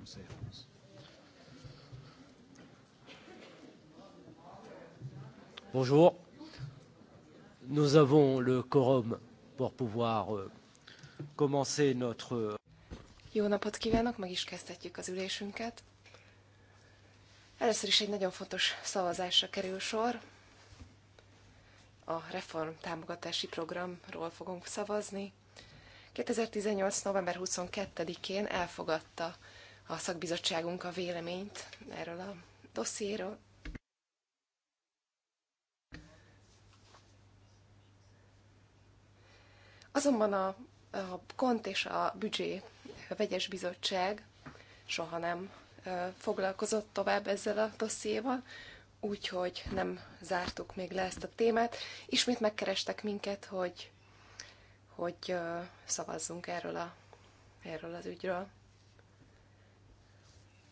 Köszönöm szépen. Bonjour. Nous avons le quorum pour pouvoir euh, commencer notre... Euh, Jó napot kívánok, meg is kezdhetjük az ülésünket. Először is egy nagyon fontos szavazásra kerül sor. A reform támogatási programról fogunk szavazni. 2018. november 22-én elfogadta a szakbizottságunk a véleményt erről a dossziéről. Azonban a, a KONT és a Büdzsé a vegyes bizottság soha nem foglalkozott tovább ezzel a dossziéval, úgyhogy nem zártuk még le ezt a témát. Ismét megkerestek minket, hogy, hogy szavazzunk erről, a, erről az ügyről.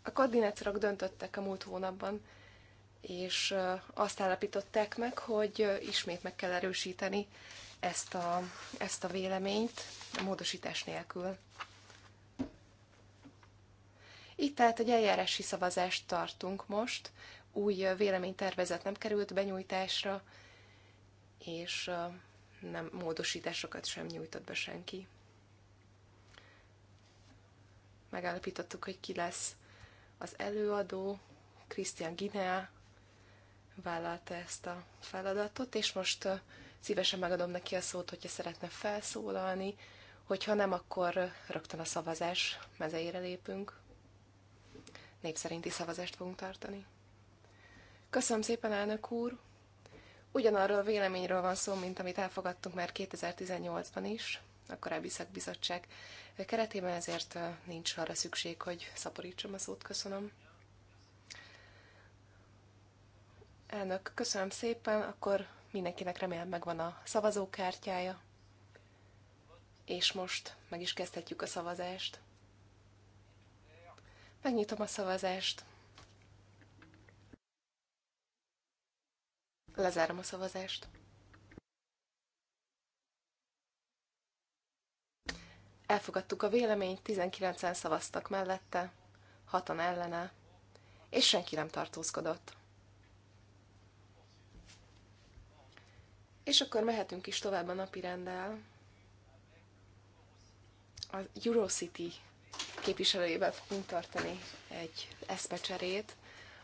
A koordinátorok döntöttek a múlt hónapban, és azt állapították meg, hogy ismét meg kell erősíteni ezt a, ezt a véleményt a módosítás nélkül. Itt tehát egy eljárási szavazást tartunk most, új véleménytervezet nem került benyújtásra, és nem módosításokat sem nyújtott be senki. Megállapítottuk, hogy ki lesz az előadó Krisztián Gineá vállalta ezt a feladatot, és most szívesen megadom neki a szót, hogyha szeretne felszólalni, hogyha nem, akkor rögtön a szavazás mezeire lépünk. Népszerinti szavazást fogunk tartani. Köszönöm szépen, elnök úr! Ugyanarról a véleményről van szó, mint amit elfogadtunk már 2018-ban is a korábbi szakbizottság keretében, ezért nincs arra szükség, hogy szaporítsam a szót. Köszönöm. Elnök, köszönöm szépen, akkor mindenkinek remélem megvan a szavazókártyája, és most meg is kezdhetjük a szavazást. Megnyitom a szavazást. Lezárom a szavazást. Elfogadtuk a véleményt, 19-en szavaztak mellette, hatan ellene, és senki nem tartózkodott. És akkor mehetünk is tovább a napi rendel. A Eurocity képviselőjével fogunk tartani egy eszpecserét.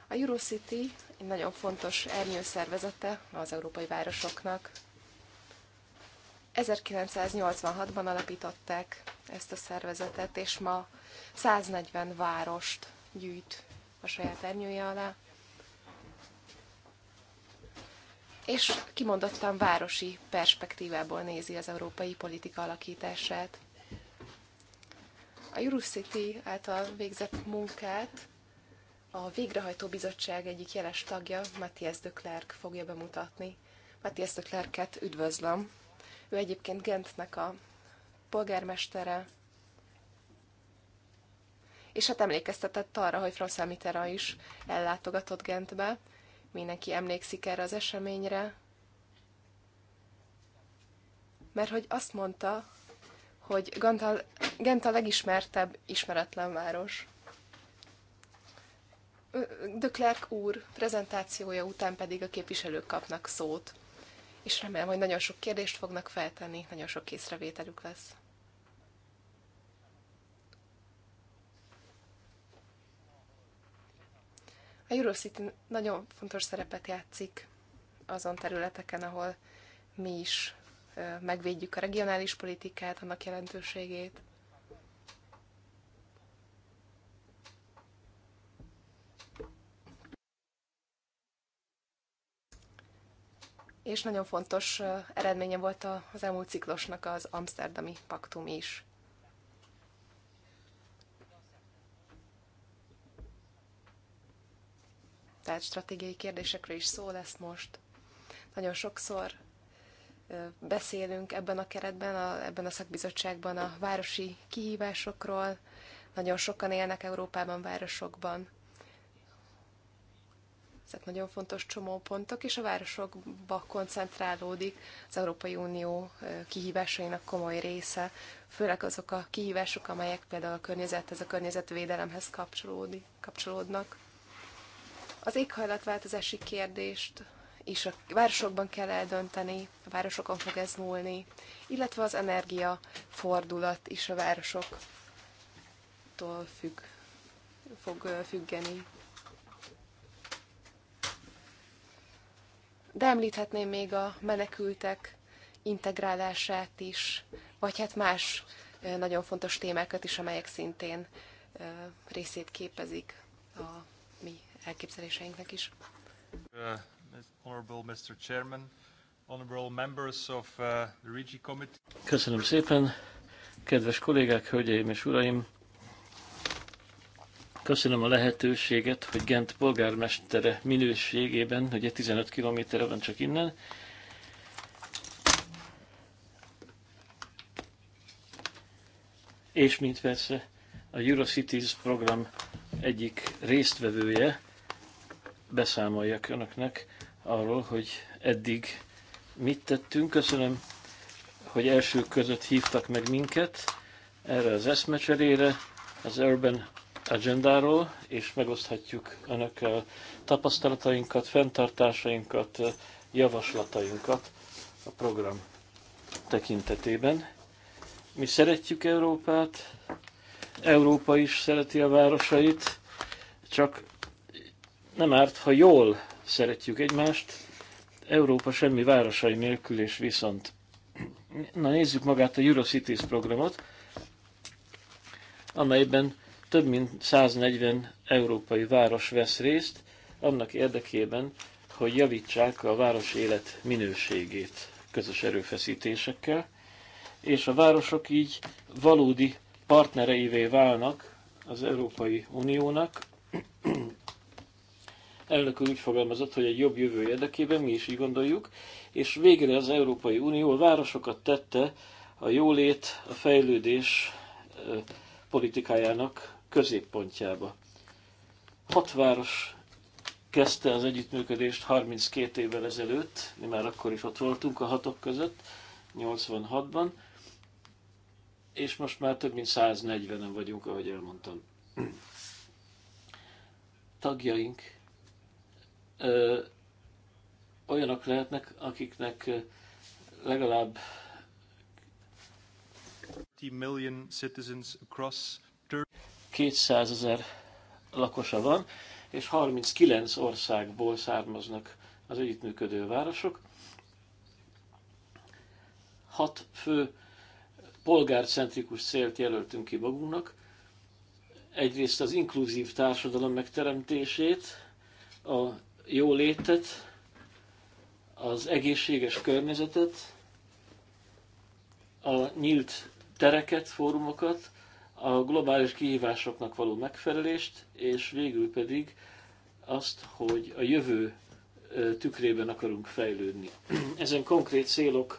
A Eurocity egy nagyon fontos ernyőszervezete az európai városoknak, 1986-ban alapították ezt a szervezetet, és ma 140 várost gyűjt a saját ernyője alá. És kimondottan városi perspektívából nézi az európai politika alakítását. A Eurocity által végzett munkát a Végrehajtó Bizottság egyik jeles tagja, Matthias de Klerk fogja bemutatni. Matthias de Klerket üdvözlöm! Ő egyébként Gentnek a polgármestere, és hát emlékeztetett arra, hogy François Mitterrand is ellátogatott Gentbe. Mindenki emlékszik erre az eseményre. Mert hogy azt mondta, hogy Gantal, Gent a legismertebb ismeretlen város. De Klerk úr prezentációja után pedig a képviselők kapnak szót és remélem, hogy nagyon sok kérdést fognak feltenni, nagyon sok észrevételük lesz. A Eurocity nagyon fontos szerepet játszik azon területeken, ahol mi is megvédjük a regionális politikát, annak jelentőségét, és nagyon fontos eredménye volt az elmúlt ciklusnak az Amsterdami Paktum is. Tehát stratégiai kérdésekről is szó lesz most. Nagyon sokszor beszélünk ebben a keretben, a, ebben a szakbizottságban a városi kihívásokról. Nagyon sokan élnek Európában, városokban tehát nagyon fontos csomópontok, és a városokba koncentrálódik az Európai Unió kihívásainak komoly része, főleg azok a kihívások, amelyek például a környezethez, a környezetvédelemhez kapcsolódnak. Az éghajlatváltozási kérdést is a városokban kell eldönteni, a városokon fog ez múlni, illetve az energia fordulat is a városoktól függ, fog függeni. de említhetném még a menekültek integrálását is, vagy hát más nagyon fontos témákat is, amelyek szintén részét képezik a mi elképzeléseinknek is. Uh, uh, Köszönöm szépen, kedves kollégák, hölgyeim és uraim! Köszönöm a lehetőséget, hogy Gent polgármestere minőségében, ugye 15 kilométerre van csak innen, és mint persze a Eurocities program egyik résztvevője, beszámoljak önöknek arról, hogy eddig mit tettünk. Köszönöm, hogy elsők között hívtak meg minket erre az eszmecserére, az Urban agendáról, és megoszthatjuk önökkel tapasztalatainkat, fenntartásainkat, javaslatainkat a program tekintetében. Mi szeretjük Európát, Európa is szereti a városait, csak nem árt, ha jól szeretjük egymást, Európa semmi városai nélkül, és viszont. Na nézzük magát a Eurocities programot, amelyben több mint 140 európai város vesz részt annak érdekében, hogy javítsák a város élet minőségét közös erőfeszítésekkel, és a városok így valódi partnereivé válnak az Európai Uniónak. Elnök úgy fogalmazott, hogy egy jobb jövő érdekében mi is így gondoljuk, és végre az Európai Unió a városokat tette a jólét, a fejlődés politikájának középpontjába. Hat város kezdte az együttműködést 32 évvel ezelőtt, mi már akkor is ott voltunk a hatok között, 86-ban, és most már több mint 140-en vagyunk, ahogy elmondtam. Tagjaink ö, olyanok lehetnek, akiknek legalább 10 million citizens across 200 ezer lakosa van, és 39 országból származnak az együttműködő városok. Hat fő polgárcentrikus célt jelöltünk ki magunknak. Egyrészt az inkluzív társadalom megteremtését, a jólétet, az egészséges környezetet, a nyílt tereket, fórumokat, a globális kihívásoknak való megfelelést, és végül pedig azt, hogy a jövő tükrében akarunk fejlődni. Ezen konkrét célokhoz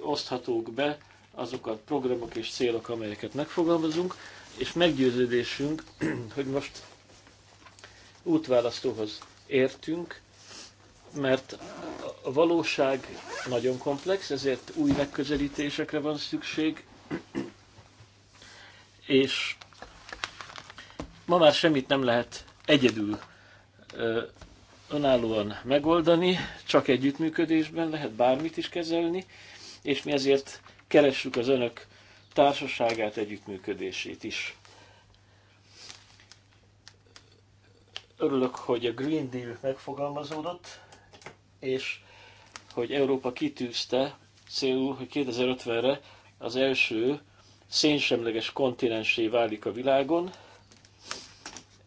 oszthatók be azok a programok és célok, amelyeket megfogalmazunk, és meggyőződésünk, hogy most útválasztóhoz értünk, mert a valóság nagyon komplex, ezért új megközelítésekre van szükség, és ma már semmit nem lehet egyedül önállóan megoldani, csak együttműködésben lehet bármit is kezelni, és mi ezért keressük az önök társaságát, együttműködését is. Örülök, hogy a Green Deal megfogalmazódott, és hogy Európa kitűzte célul, hogy 2050-re az első szénsemleges kontinensé válik a világon.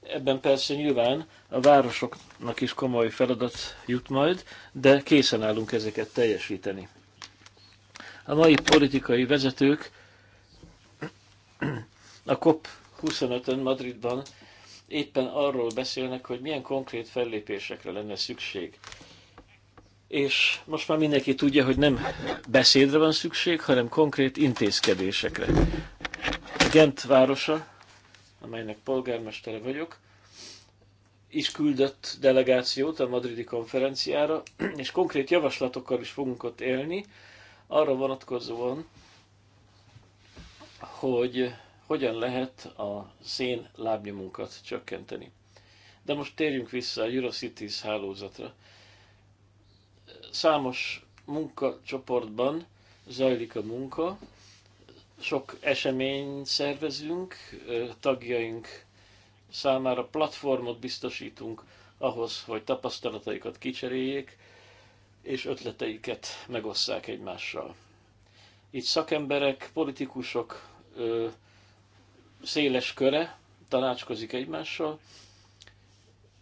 Ebben persze nyilván a városoknak is komoly feladat jut majd, de készen állunk ezeket teljesíteni. A mai politikai vezetők a COP25-ön Madridban éppen arról beszélnek, hogy milyen konkrét fellépésekre lenne szükség és most már mindenki tudja, hogy nem beszédre van szükség, hanem konkrét intézkedésekre. Gent városa, amelynek polgármestere vagyok, is küldött delegációt a madridi konferenciára, és konkrét javaslatokkal is fogunk ott élni, arra vonatkozóan, hogy hogyan lehet a szén lábnyomunkat csökkenteni. De most térjünk vissza a Eurocities hálózatra. Számos munkacsoportban zajlik a munka, sok esemény szervezünk, tagjaink számára platformot biztosítunk ahhoz, hogy tapasztalataikat kicseréljék, és ötleteiket megosszák egymással. Itt szakemberek, politikusok ö, széles köre tanácskozik egymással,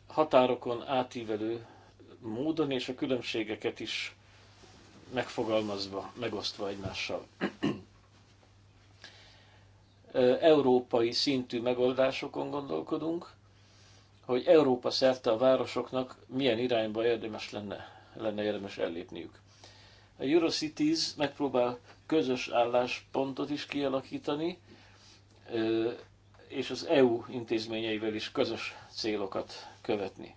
határokon átívelő módon, és a különbségeket is megfogalmazva, megosztva egymással. Európai szintű megoldásokon gondolkodunk, hogy Európa szerte a városoknak milyen irányba érdemes lenne, lenne érdemes ellépniük. A Eurocities megpróbál közös álláspontot is kialakítani, és az EU intézményeivel is közös célokat követni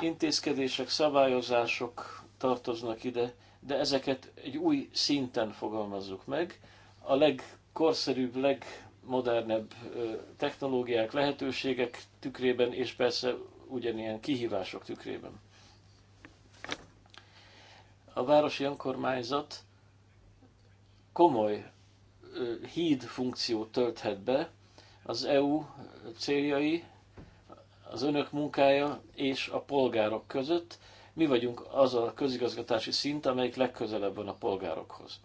intézkedések, szabályozások tartoznak ide, de ezeket egy új szinten fogalmazzuk meg. A legkorszerűbb, legmodernebb technológiák, lehetőségek tükrében, és persze ugyanilyen kihívások tükrében. A városi önkormányzat komoly híd funkciót tölthet be az EU céljai az önök munkája és a polgárok között. Mi vagyunk az a közigazgatási szint, amelyik legközelebb van a polgárokhoz.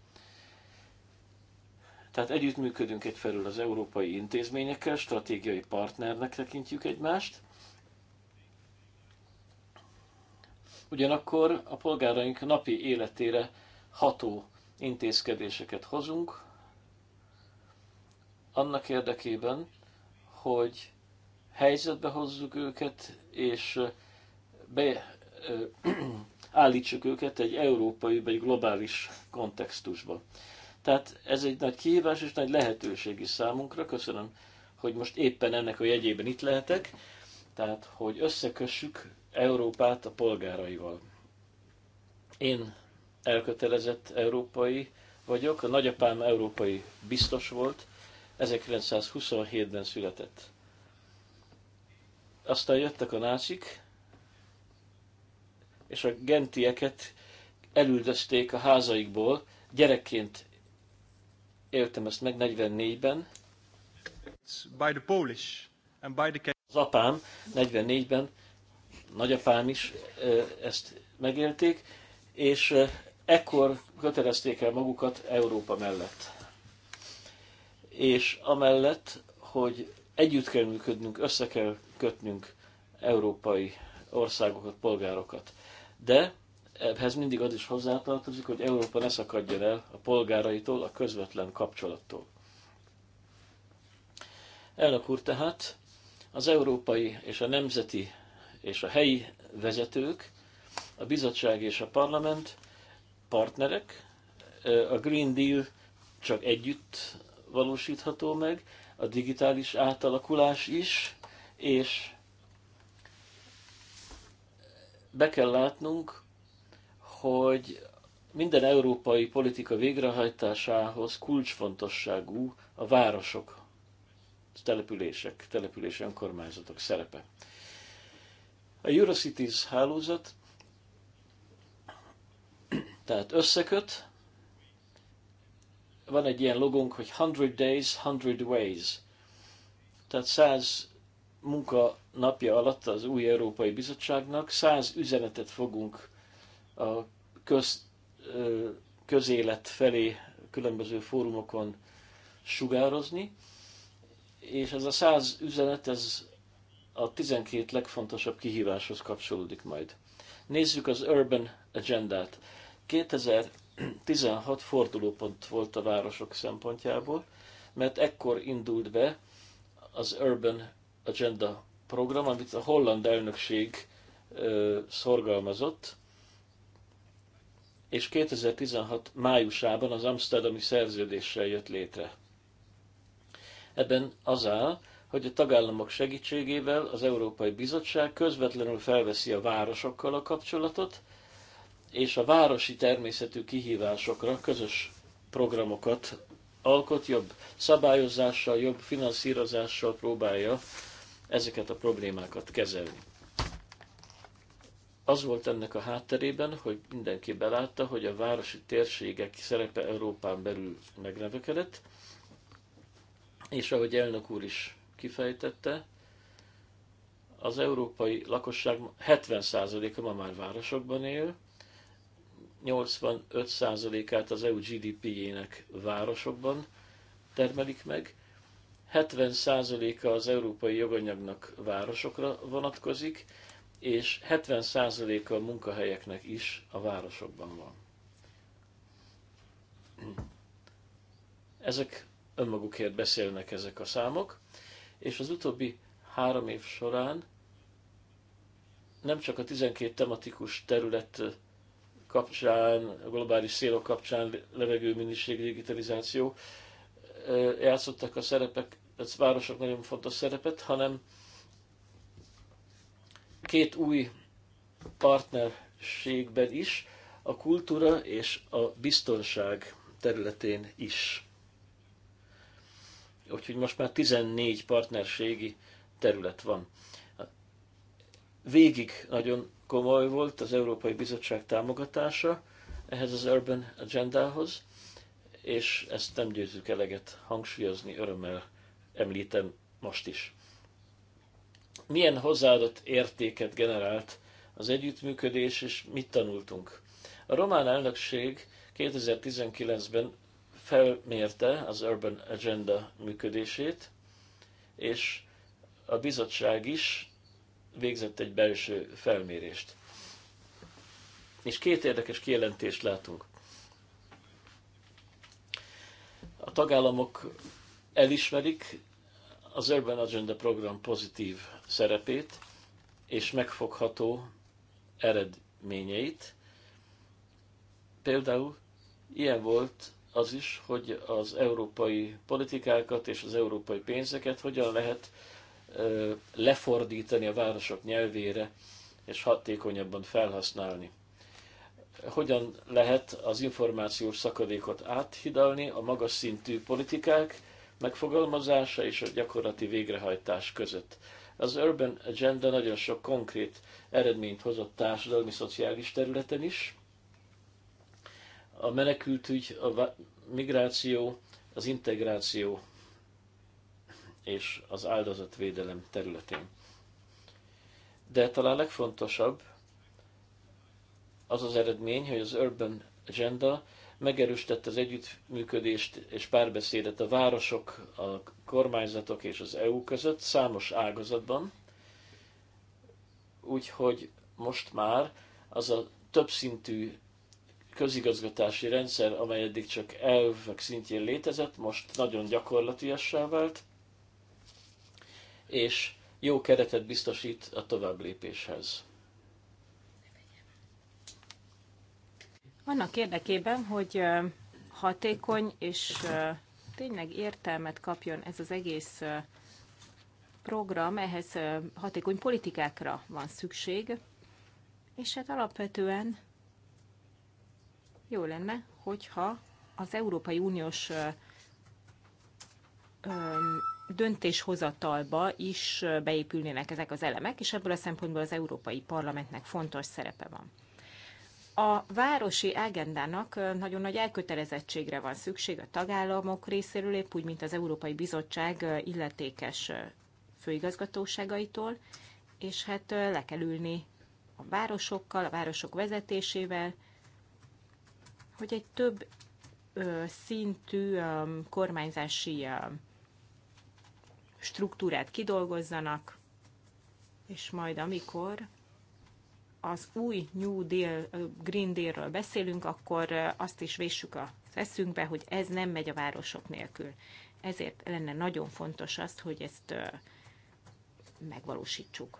Tehát együttműködünk egyfelől az európai intézményekkel, stratégiai partnernek tekintjük egymást. Ugyanakkor a polgáraink napi életére ható intézkedéseket hozunk, annak érdekében, hogy helyzetbe hozzuk őket, és be, ö, állítsuk őket egy európai, vagy globális kontextusba. Tehát ez egy nagy kihívás és nagy lehetőség is számunkra. Köszönöm, hogy most éppen ennek a jegyében itt lehetek. Tehát, hogy összekössük Európát a polgáraival. Én elkötelezett európai vagyok, a nagyapám európai biztos volt, 1927-ben született. Aztán jöttek a nácik, és a gentieket elüldözték a házaikból. Gyerekként éltem ezt meg 44-ben. By the Polish and by the... Az apám 44-ben, nagyapám is ezt megélték, és ekkor kötelezték el magukat Európa mellett. És amellett, hogy Együtt kell működnünk, össze kell kötnünk európai országokat, polgárokat. De ehhez mindig az is hozzátartozik, hogy Európa ne szakadjon el a polgáraitól, a közvetlen kapcsolattól. Elnök úr, tehát az európai és a nemzeti és a helyi vezetők, a bizottság és a parlament partnerek, a Green Deal csak együtt valósítható meg, a digitális átalakulás is, és be kell látnunk, hogy minden európai politika végrehajtásához kulcsfontosságú a városok, települések, települési önkormányzatok szerepe. A Eurocities hálózat tehát összeköt van egy ilyen logónk, hogy 100 days, 100 ways. Tehát 100 munka napja alatt az új Európai Bizottságnak 100 üzenetet fogunk a köz, közélet felé különböző fórumokon sugározni, és ez a 100 üzenet, ez a 12 legfontosabb kihíváshoz kapcsolódik majd. Nézzük az Urban Agendát. 2000 16 fordulópont volt a városok szempontjából, mert ekkor indult be az Urban Agenda program, amit a holland elnökség ö, szorgalmazott, és 2016 májusában az Amsterdami szerződéssel jött létre. Ebben az áll, hogy a tagállamok segítségével az Európai Bizottság közvetlenül felveszi a városokkal a kapcsolatot, és a városi természetű kihívásokra közös programokat alkot, jobb szabályozással, jobb finanszírozással próbálja ezeket a problémákat kezelni. Az volt ennek a hátterében, hogy mindenki belátta, hogy a városi térségek szerepe Európán belül megnevekedett, és ahogy elnök úr is kifejtette, az európai lakosság 70%-a ma már városokban él, 85%-át az EU GDP-jének városokban termelik meg, 70%-a az európai joganyagnak városokra vonatkozik, és 70%-a a munkahelyeknek is a városokban van. Ezek önmagukért beszélnek ezek a számok, és az utóbbi három év során nem csak a 12 tematikus terület kapcsán, a globális szélok kapcsán, levegőminőség, digitalizáció játszottak a szerepek, a városok nagyon fontos szerepet, hanem két új partnerségben is, a kultúra és a biztonság területén is. Úgyhogy most már 14 partnerségi terület van. Végig nagyon komoly volt az Európai Bizottság támogatása ehhez az Urban Agendához, és ezt nem győzzük eleget hangsúlyozni, örömmel említem most is. Milyen hozzáadott értéket generált az együttműködés, és mit tanultunk? A román elnökség 2019-ben felmérte az Urban Agenda működését, és a bizottság is végzett egy belső felmérést. És két érdekes kijelentést látunk. A tagállamok elismerik az Urban Agenda program pozitív szerepét és megfogható eredményeit. Például ilyen volt az is, hogy az európai politikákat és az európai pénzeket hogyan lehet lefordítani a városok nyelvére, és hatékonyabban felhasználni. Hogyan lehet az információs szakadékot áthidalni a magas szintű politikák megfogalmazása és a gyakorlati végrehajtás között? Az Urban Agenda nagyon sok konkrét eredményt hozott társadalmi-szociális területen is. A menekültügy, a migráció, az integráció és az áldozatvédelem területén. De talán legfontosabb az az eredmény, hogy az Urban Agenda megerősítette az együttműködést és párbeszédet a városok, a kormányzatok és az EU között számos ágazatban, úgyhogy most már az a többszintű közigazgatási rendszer, amely eddig csak elvek szintjén létezett, most nagyon gyakorlatiassá vált, és jó keretet biztosít a tovább lépéshez. Annak érdekében, hogy hatékony és tényleg értelmet kapjon ez az egész program, ehhez hatékony politikákra van szükség, és hát alapvetően jó lenne, hogyha az Európai Uniós döntéshozatalba is beépülnének ezek az elemek, és ebből a szempontból az Európai Parlamentnek fontos szerepe van. A városi agendának nagyon nagy elkötelezettségre van szükség a tagállamok részéről, épp úgy, mint az Európai Bizottság illetékes főigazgatóságaitól, és hát le kell ülni a városokkal, a városok vezetésével, hogy egy több szintű kormányzási struktúrát kidolgozzanak, és majd amikor az új New Deal, Green Deal-ről beszélünk, akkor azt is vessük a eszünkbe, hogy ez nem megy a városok nélkül. Ezért lenne nagyon fontos azt, hogy ezt megvalósítsuk.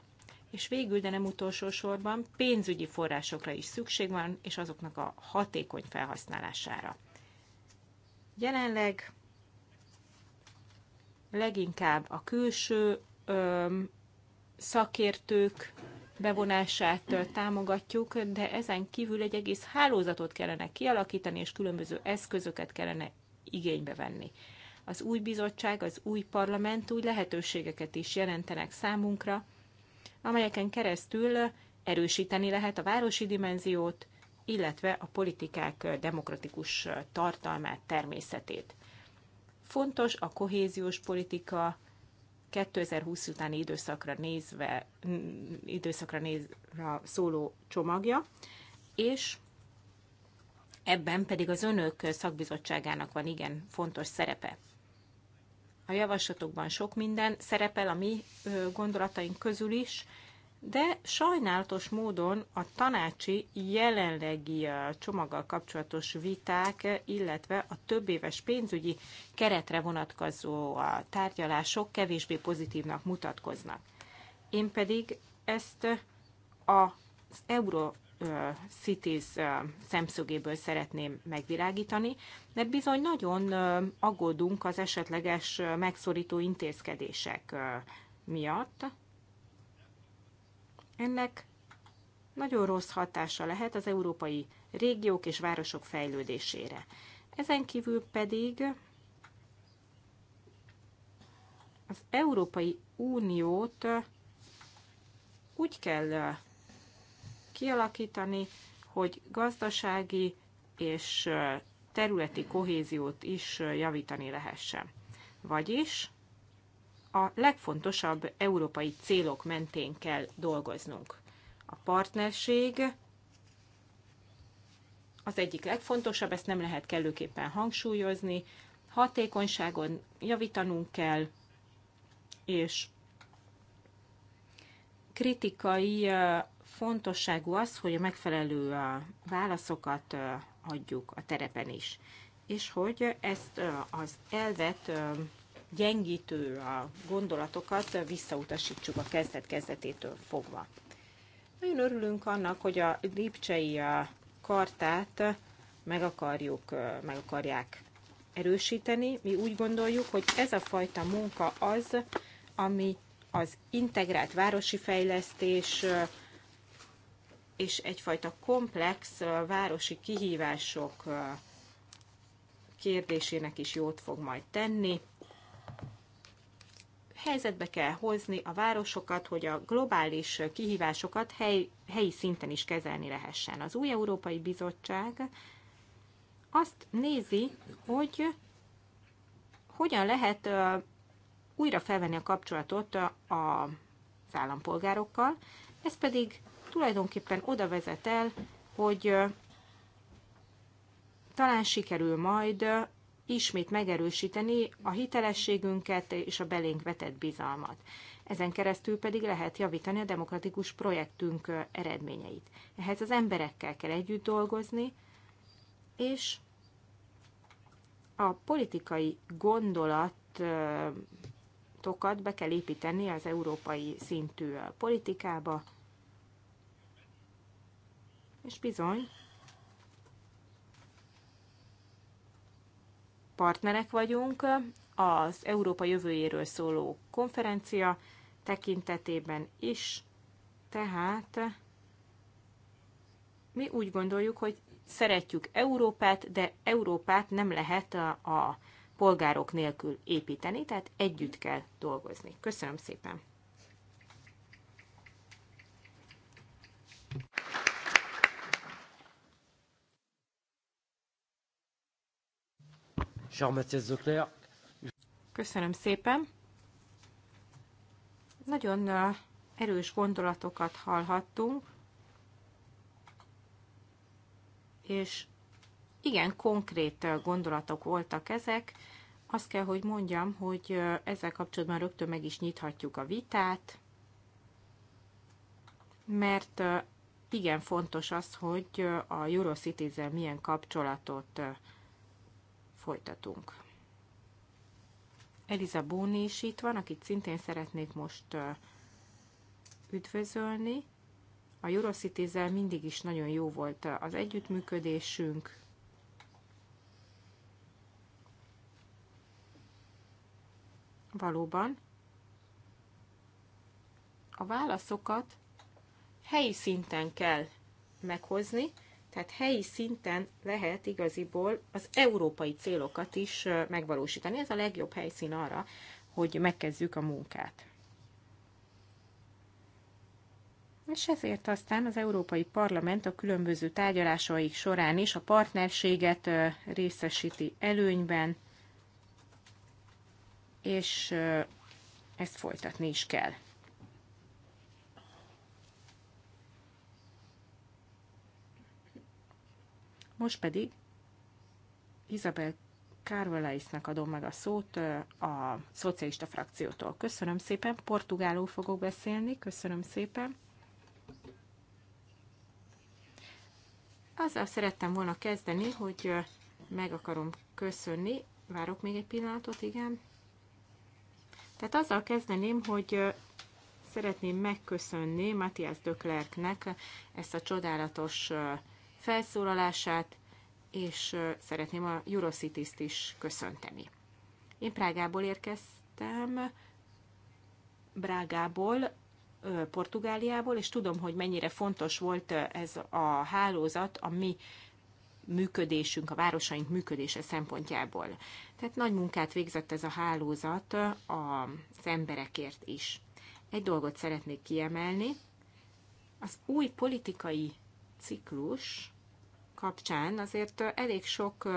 És végül, de nem utolsó sorban, pénzügyi forrásokra is szükség van, és azoknak a hatékony felhasználására. Jelenleg leginkább a külső szakértők bevonását támogatjuk, de ezen kívül egy egész hálózatot kellene kialakítani, és különböző eszközöket kellene igénybe venni. Az új bizottság, az új parlament új lehetőségeket is jelentenek számunkra, amelyeken keresztül erősíteni lehet a városi dimenziót, illetve a politikák demokratikus tartalmát, természetét. Fontos a kohéziós politika 2020 utáni időszakra nézve, időszakra nézve szóló csomagja, és ebben pedig az önök szakbizottságának van igen fontos szerepe. A javaslatokban sok minden szerepel a mi gondolataink közül is, de sajnálatos módon a tanácsi jelenlegi csomaggal kapcsolatos viták, illetve a több éves pénzügyi keretre vonatkozó tárgyalások kevésbé pozitívnak mutatkoznak. Én pedig ezt az euró Cities szemszögéből szeretném megvilágítani, mert bizony nagyon aggódunk az esetleges megszorító intézkedések miatt, ennek nagyon rossz hatása lehet az európai régiók és városok fejlődésére. Ezen kívül pedig az Európai Uniót úgy kell kialakítani, hogy gazdasági és területi kohéziót is javítani lehessen. Vagyis a legfontosabb európai célok mentén kell dolgoznunk. A partnerség az egyik legfontosabb, ezt nem lehet kellőképpen hangsúlyozni. Hatékonyságon javítanunk kell, és kritikai fontosságú az, hogy a megfelelő válaszokat adjuk a terepen is, és hogy ezt az elvet gyengítő a gondolatokat visszautasítsuk a kezdet-kezdetétől fogva. Nagyon örülünk annak, hogy a lipcsei kartát meg, akarjuk, meg akarják erősíteni. Mi úgy gondoljuk, hogy ez a fajta munka az, ami az integrált városi fejlesztés és egyfajta komplex városi kihívások kérdésének is jót fog majd tenni helyzetbe kell hozni a városokat, hogy a globális kihívásokat hely, helyi szinten is kezelni lehessen. Az új Európai Bizottság azt nézi, hogy hogyan lehet újra felvenni a kapcsolatot az állampolgárokkal, ez pedig tulajdonképpen oda vezet el, hogy talán sikerül majd ismét megerősíteni a hitelességünket és a belénk vetett bizalmat. Ezen keresztül pedig lehet javítani a demokratikus projektünk eredményeit. Ehhez az emberekkel kell együtt dolgozni, és a politikai gondolatokat be kell építeni az európai szintű politikába, és bizony partnerek vagyunk az Európa jövőjéről szóló konferencia tekintetében is, tehát mi úgy gondoljuk, hogy szeretjük Európát, de Európát nem lehet a, a polgárok nélkül építeni, tehát együtt kell dolgozni. Köszönöm szépen! Köszönöm szépen. Nagyon erős gondolatokat hallhattunk, és igen, konkrét gondolatok voltak ezek. Azt kell, hogy mondjam, hogy ezzel kapcsolatban rögtön meg is nyithatjuk a vitát, mert igen fontos az, hogy a Eurocities-el milyen kapcsolatot folytatunk. Eliza Bóni is itt van, akit szintén szeretnék most üdvözölni. A eurocity mindig is nagyon jó volt az együttműködésünk. Valóban. A válaszokat helyi szinten kell meghozni, tehát helyi szinten lehet igaziból az európai célokat is megvalósítani. Ez a legjobb helyszín arra, hogy megkezdjük a munkát. És ezért aztán az Európai Parlament a különböző tárgyalásaik során is a partnerséget részesíti előnyben, és ezt folytatni is kell. Most pedig Isabel Carvalhaisnak adom meg a szót a szocialista frakciótól. Köszönöm szépen, portugálul fogok beszélni, köszönöm szépen. Azzal szerettem volna kezdeni, hogy meg akarom köszönni, várok még egy pillanatot, igen. Tehát azzal kezdeném, hogy szeretném megköszönni Matthias Döklerknek ezt a csodálatos felszólalását, és szeretném a Eurocities-t is köszönteni. Én Prágából érkeztem, Brágából, Portugáliából, és tudom, hogy mennyire fontos volt ez a hálózat a mi működésünk, a városaink működése szempontjából. Tehát nagy munkát végzett ez a hálózat az emberekért is. Egy dolgot szeretnék kiemelni, az új politikai ciklus kapcsán azért elég sok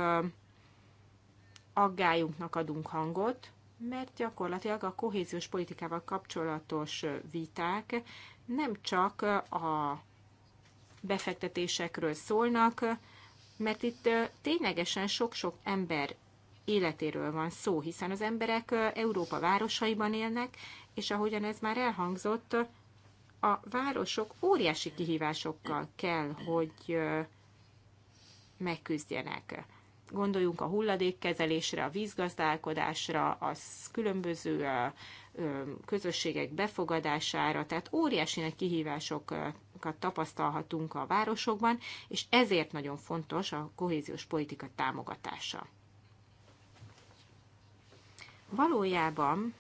aggályunknak adunk hangot, mert gyakorlatilag a kohéziós politikával kapcsolatos viták nem csak a befektetésekről szólnak, mert itt ténylegesen sok-sok ember életéről van szó, hiszen az emberek Európa városaiban élnek, és ahogyan ez már elhangzott, a városok óriási kihívásokkal kell, hogy megküzdjenek. Gondoljunk a hulladékkezelésre, a vízgazdálkodásra, a különböző közösségek befogadására, tehát óriási nagy kihívásokat tapasztalhatunk a városokban, és ezért nagyon fontos a kohéziós politika támogatása. Valójában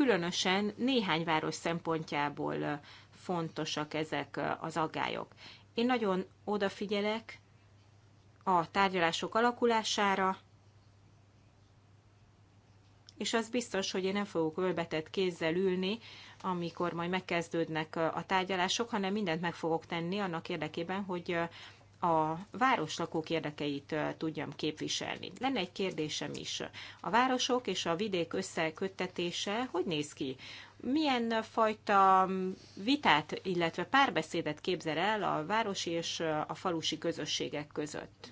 különösen néhány város szempontjából fontosak ezek az aggályok. Én nagyon odafigyelek a tárgyalások alakulására, és az biztos, hogy én nem fogok ölbetett kézzel ülni, amikor majd megkezdődnek a tárgyalások, hanem mindent meg fogok tenni annak érdekében, hogy a városlakók érdekeit tudjam képviselni. Lenne egy kérdésem is. A városok és a vidék összeköttetése hogy néz ki? Milyen fajta vitát, illetve párbeszédet képzel el a városi és a falusi közösségek között?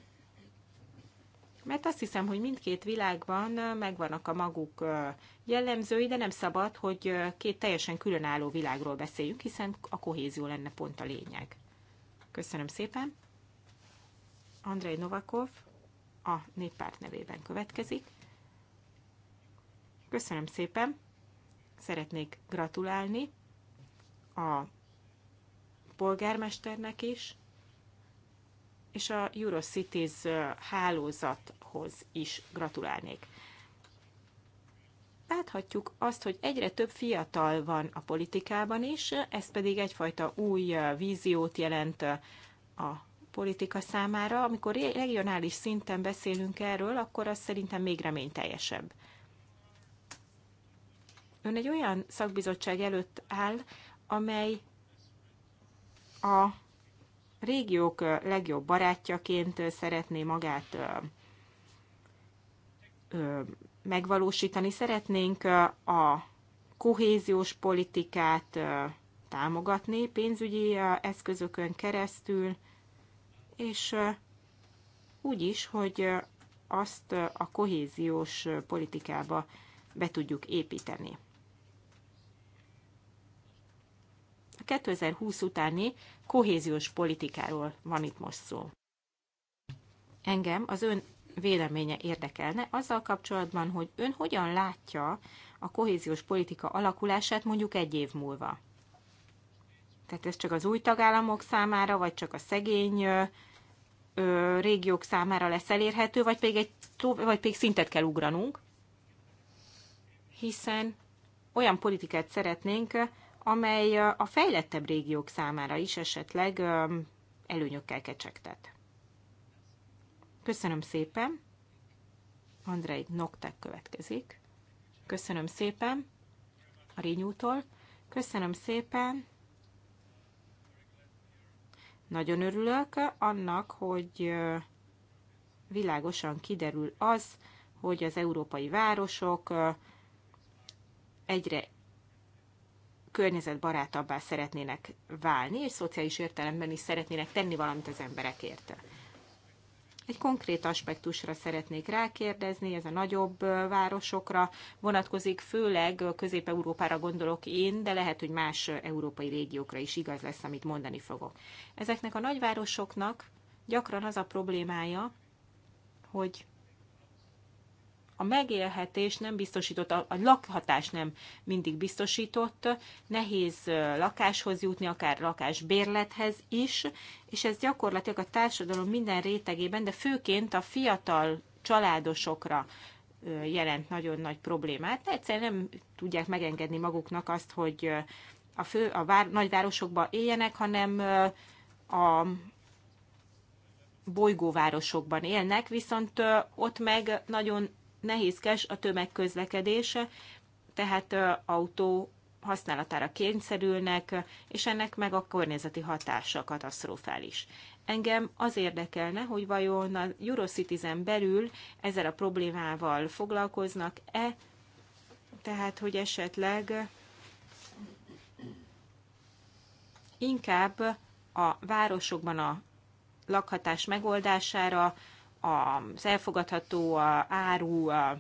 Mert azt hiszem, hogy mindkét világban megvannak a maguk jellemzői, de nem szabad, hogy két teljesen különálló világról beszéljünk, hiszen a kohézió lenne pont a lényeg. Köszönöm szépen! Andrei Novakov a néppárt nevében következik. Köszönöm szépen! Szeretnék gratulálni a polgármesternek is, és a Eurocities hálózathoz is gratulálnék. Láthatjuk azt, hogy egyre több fiatal van a politikában is, ez pedig egyfajta új víziót jelent a politika számára. Amikor regionális szinten beszélünk erről, akkor az szerintem még reményteljesebb. Ön egy olyan szakbizottság előtt áll, amely a régiók legjobb barátjaként szeretné magát megvalósítani. Szeretnénk a kohéziós politikát támogatni pénzügyi eszközökön keresztül, és úgy is, hogy azt a kohéziós politikába be tudjuk építeni. A 2020 utáni kohéziós politikáról van itt most szó. Engem az ön véleménye érdekelne azzal kapcsolatban, hogy ön hogyan látja a kohéziós politika alakulását mondjuk egy év múlva. Tehát ez csak az új tagállamok számára, vagy csak a szegény ö, régiók számára lesz elérhető, vagy pedig, egy, vagy pedig szintet kell ugranunk, hiszen olyan politikát szeretnénk, amely a fejlettebb régiók számára is esetleg előnyökkel kecsegtet. Köszönöm szépen. Andrei Noktek következik. Köszönöm szépen a Rényútól. Köszönöm szépen. Nagyon örülök annak, hogy világosan kiderül az, hogy az európai városok egyre környezetbarátabbá szeretnének válni, és szociális értelemben is szeretnének tenni valamit az emberekért. Egy konkrét aspektusra szeretnék rákérdezni, ez a nagyobb városokra vonatkozik, főleg Közép-Európára gondolok én, de lehet, hogy más európai régiókra is igaz lesz, amit mondani fogok. Ezeknek a nagyvárosoknak gyakran az a problémája, hogy a megélhetés nem biztosított, a, a lakhatás nem mindig biztosított, nehéz lakáshoz jutni, akár lakásbérlethez is, és ez gyakorlatilag a társadalom minden rétegében, de főként a fiatal családosokra jelent nagyon nagy problémát. De egyszerűen nem tudják megengedni maguknak azt, hogy a, fő, a vár, nagyvárosokban éljenek, hanem a bolygóvárosokban élnek, viszont ott meg nagyon nehézkes a tömegközlekedése, tehát autó használatára kényszerülnek, és ennek meg a környezeti hatása katasztrofális. Engem az érdekelne, hogy vajon a Eurocitizen belül ezzel a problémával foglalkoznak-e, tehát hogy esetleg inkább a városokban a lakhatás megoldására az elfogadható a áru a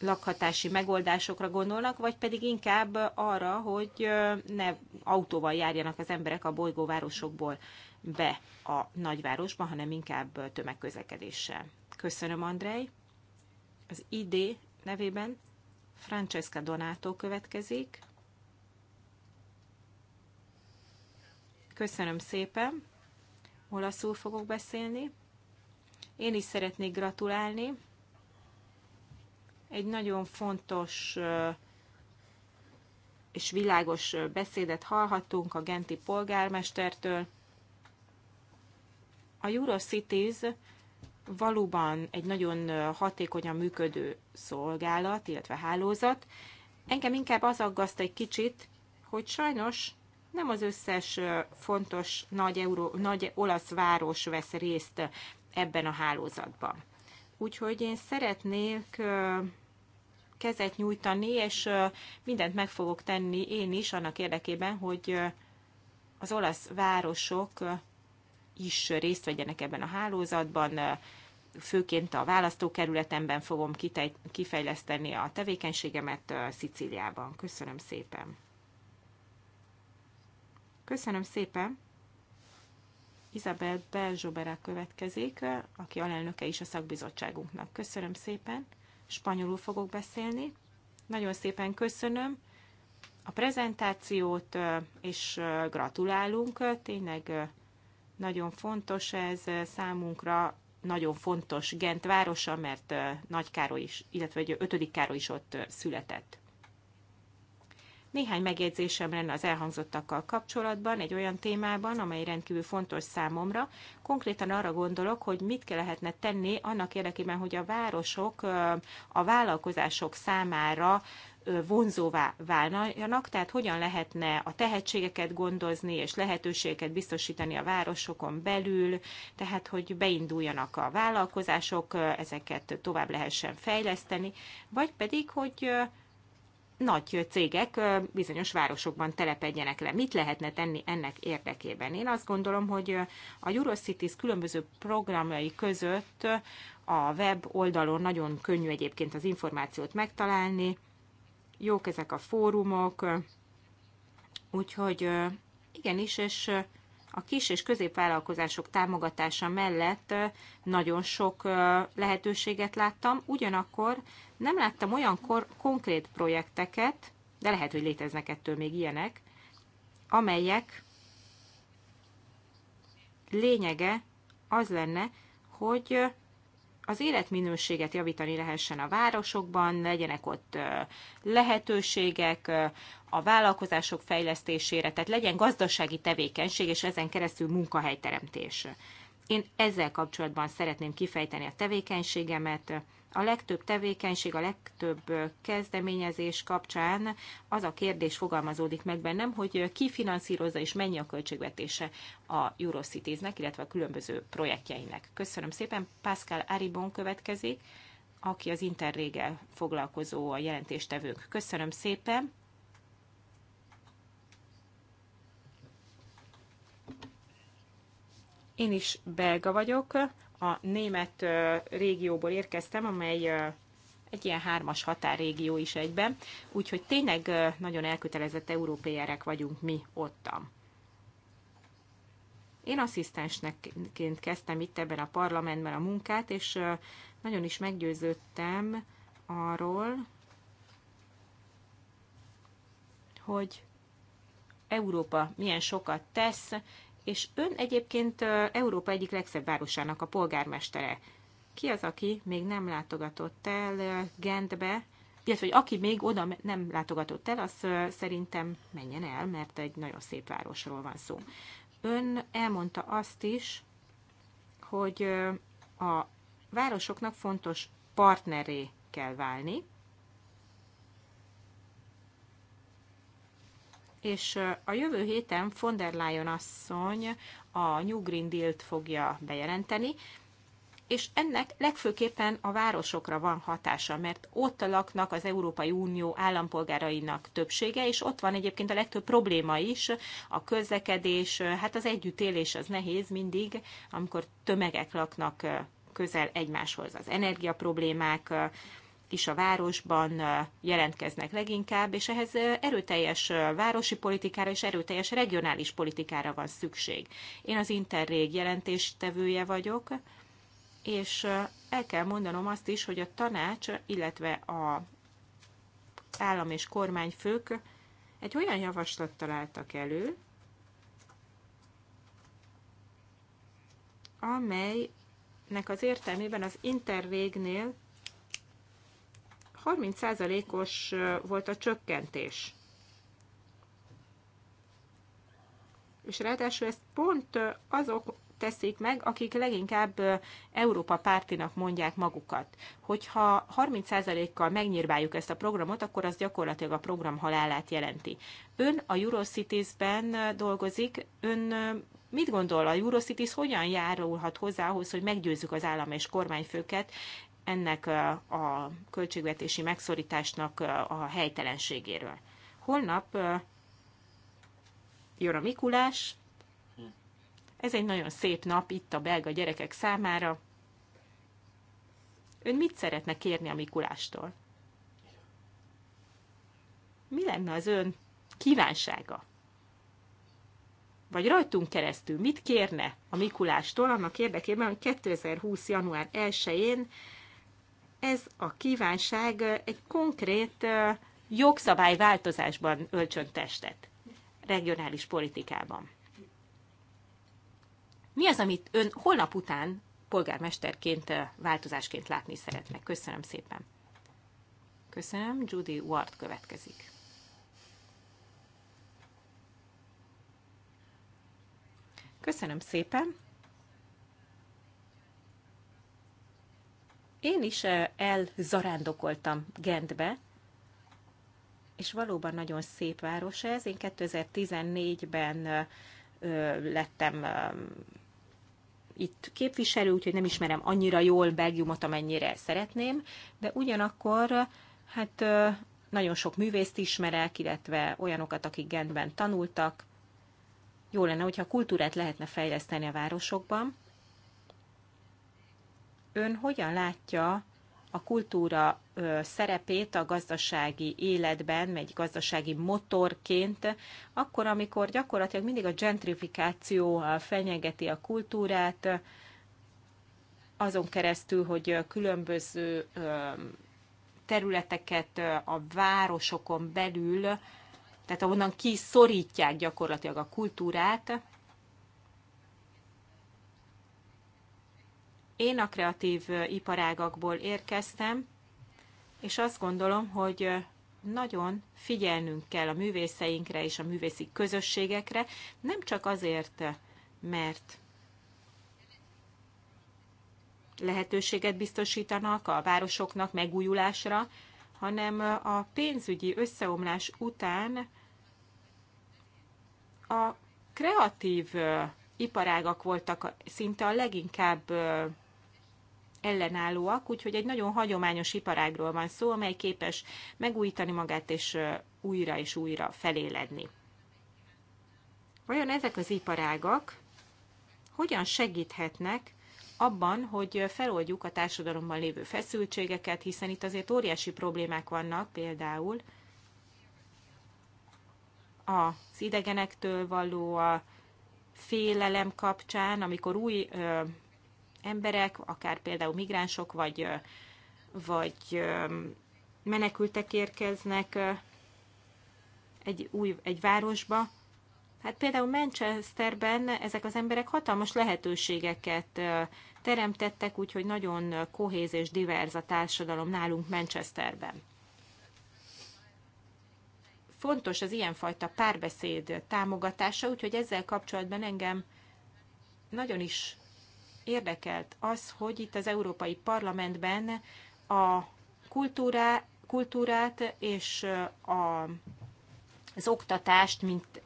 lakhatási megoldásokra gondolnak, vagy pedig inkább arra, hogy ne autóval járjanak az emberek a bolygóvárosokból be a nagyvárosba, hanem inkább tömegközlekedéssel. Köszönöm, Andrei. Az ID nevében Francesca Donato következik. Köszönöm szépen olaszul fogok beszélni. Én is szeretnék gratulálni. Egy nagyon fontos és világos beszédet hallhattunk a genti polgármestertől. A Eurocities valóban egy nagyon hatékonyan működő szolgálat, illetve hálózat. Engem inkább az aggaszt egy kicsit, hogy sajnos nem az összes fontos nagy, euró, nagy olasz város vesz részt ebben a hálózatban. Úgyhogy én szeretnék kezet nyújtani, és mindent meg fogok tenni én is annak érdekében, hogy az olasz városok is részt vegyenek ebben a hálózatban, főként a választókerületemben fogom kifejleszteni a tevékenységemet Szicíliában. Köszönöm szépen! Köszönöm szépen! Izabel Belzsobera következik, aki alelnöke is a szakbizottságunknak. Köszönöm szépen, spanyolul fogok beszélni. Nagyon szépen köszönöm a prezentációt, és gratulálunk. Tényleg nagyon fontos ez számunkra, nagyon fontos Gent városa, mert Nagy Károly is, illetve 5. Károly is ott született. Néhány megjegyzésem lenne az elhangzottakkal kapcsolatban, egy olyan témában, amely rendkívül fontos számomra. Konkrétan arra gondolok, hogy mit kell lehetne tenni annak érdekében, hogy a városok a vállalkozások számára vonzóvá válnak, tehát hogyan lehetne a tehetségeket gondozni és lehetőségeket biztosítani a városokon belül, tehát hogy beinduljanak a vállalkozások, ezeket tovább lehessen fejleszteni, vagy pedig, hogy nagy cégek bizonyos városokban telepedjenek le. Mit lehetne tenni ennek érdekében? Én azt gondolom, hogy a Eurocities különböző programjai között a web oldalon nagyon könnyű egyébként az információt megtalálni, jók ezek a fórumok, úgyhogy igenis, és a kis és középvállalkozások támogatása mellett nagyon sok lehetőséget láttam, ugyanakkor nem láttam olyan konkrét projekteket, de lehet, hogy léteznek ettől még ilyenek, amelyek lényege az lenne, hogy az életminőséget javítani lehessen a városokban, legyenek ott lehetőségek a vállalkozások fejlesztésére, tehát legyen gazdasági tevékenység, és ezen keresztül munkahelyteremtés. Én ezzel kapcsolatban szeretném kifejteni a tevékenységemet, a legtöbb tevékenység, a legtöbb kezdeményezés kapcsán az a kérdés fogalmazódik meg bennem, hogy ki finanszírozza és mennyi a költségvetése a Eurocities-nek, illetve a különböző projektjeinek. Köszönöm szépen. Pascal Aribon következik, aki az Interrégel foglalkozó a jelentéstevők. Köszönöm szépen. Én is belga vagyok, a német régióból érkeztem, amely egy ilyen hármas határrégió is egyben, úgyhogy tényleg nagyon elkötelezett európéjárek vagyunk mi ottam. Én asszisztensneként kezdtem itt ebben a parlamentben a munkát, és nagyon is meggyőződtem arról, hogy Európa milyen sokat tesz, és ön egyébként Európa egyik legszebb városának a polgármestere. Ki az, aki még nem látogatott el Gentbe, illetve hogy aki még oda nem látogatott el, az szerintem menjen el, mert egy nagyon szép városról van szó. Ön elmondta azt is, hogy a városoknak fontos partneré kell válni, és a jövő héten von der Leyen asszony a New Green Deal-t fogja bejelenteni, és ennek legfőképpen a városokra van hatása, mert ott laknak az Európai Unió állampolgárainak többsége, és ott van egyébként a legtöbb probléma is, a közlekedés, hát az együttélés az nehéz mindig, amikor tömegek laknak közel egymáshoz, az energiaproblémák, problémák, is a városban jelentkeznek leginkább, és ehhez erőteljes városi politikára és erőteljes regionális politikára van szükség. Én az Interreg jelentéstevője vagyok, és el kell mondanom azt is, hogy a tanács, illetve a állam és kormányfők egy olyan javaslat találtak elő, amelynek az értelmében az Interrégnél 30%-os volt a csökkentés. És ráadásul ezt pont azok teszik meg, akik leginkább Európa pártinak mondják magukat. Hogyha 30%-kal megnyírbáljuk ezt a programot, akkor az gyakorlatilag a program halálát jelenti. Ön a Eurocities-ben dolgozik, ön mit gondol a Eurocities, hogyan járulhat hozzá ahhoz, hogy meggyőzzük az állam és kormányfőket ennek a költségvetési megszorításnak a helytelenségéről. Holnap jön a Mikulás, ez egy nagyon szép nap itt a belga gyerekek számára. Ön mit szeretne kérni a Mikulástól? Mi lenne az ön kívánsága? Vagy rajtunk keresztül mit kérne a Mikulástól annak érdekében, hogy 2020. január 1-én ez a kívánság egy konkrét jogszabályváltozásban ölcsön testet, regionális politikában. Mi az, amit ön holnap után polgármesterként, változásként látni szeretne? Köszönöm szépen. Köszönöm, Judy Ward következik. Köszönöm szépen. Én is eh, elzarándokoltam Gentbe, és valóban nagyon szép város ez. Én 2014-ben eh, eh, lettem itt képviselő, úgyhogy nem ismerem annyira jól Belgiumot, amennyire szeretném, de ugyanakkor hát nagyon sok művészt ismerek, illetve olyanokat, akik Gentben tanultak. Jó lenne, hogyha kultúrát lehetne fejleszteni a városokban, Ön hogyan látja a kultúra szerepét a gazdasági életben, egy gazdasági motorként, akkor, amikor gyakorlatilag mindig a gentrifikáció fenyegeti a kultúrát, azon keresztül, hogy különböző területeket a városokon belül, tehát ahonnan kiszorítják gyakorlatilag a kultúrát, Én a kreatív iparágakból érkeztem, és azt gondolom, hogy nagyon figyelnünk kell a művészeinkre és a művészi közösségekre, nem csak azért, mert lehetőséget biztosítanak a városoknak megújulásra, hanem a pénzügyi összeomlás után a kreatív iparágak voltak szinte a leginkább ellenállóak, úgyhogy egy nagyon hagyományos iparágról van szó, amely képes megújítani magát és újra és újra feléledni. Vajon ezek az iparágak hogyan segíthetnek abban, hogy feloldjuk a társadalomban lévő feszültségeket, hiszen itt azért óriási problémák vannak, például az idegenektől való a félelem kapcsán, amikor új emberek, akár például migránsok, vagy, vagy menekültek érkeznek egy új egy városba. Hát például Manchesterben ezek az emberek hatalmas lehetőségeket teremtettek, úgyhogy nagyon kohéz és diverz a társadalom nálunk Manchesterben. Fontos az ilyenfajta párbeszéd támogatása, úgyhogy ezzel kapcsolatban engem nagyon is érdekelt az, hogy itt az Európai Parlamentben a kultúrá, kultúrát és a, az oktatást, mint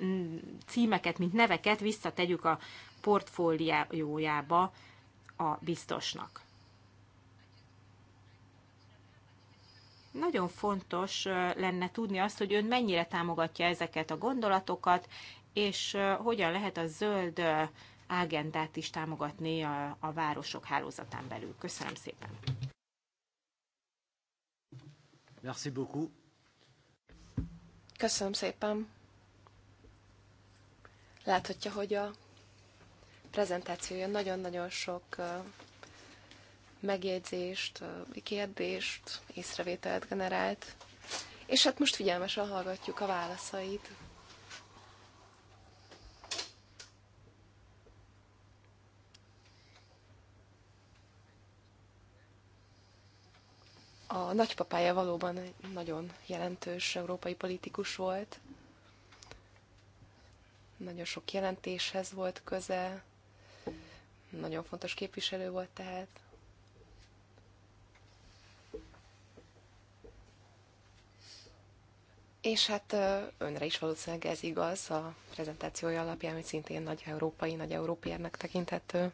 címeket, mint neveket visszategyük a portfóliójába a biztosnak. Nagyon fontos lenne tudni azt, hogy ön mennyire támogatja ezeket a gondolatokat, és hogyan lehet a zöld ágendát is támogatni a, a városok hálózatán belül. Köszönöm szépen! Merci beaucoup. Köszönöm szépen! Láthatja, hogy a prezentációja nagyon-nagyon sok megjegyzést, kérdést, észrevételt generált, és hát most figyelmesen hallgatjuk a válaszait. A nagypapája valóban egy nagyon jelentős európai politikus volt. Nagyon sok jelentéshez volt köze. Nagyon fontos képviselő volt tehát. És hát önre is valószínűleg ez igaz a prezentációja alapján, hogy szintén nagy európai, nagy európérnek tekinthető.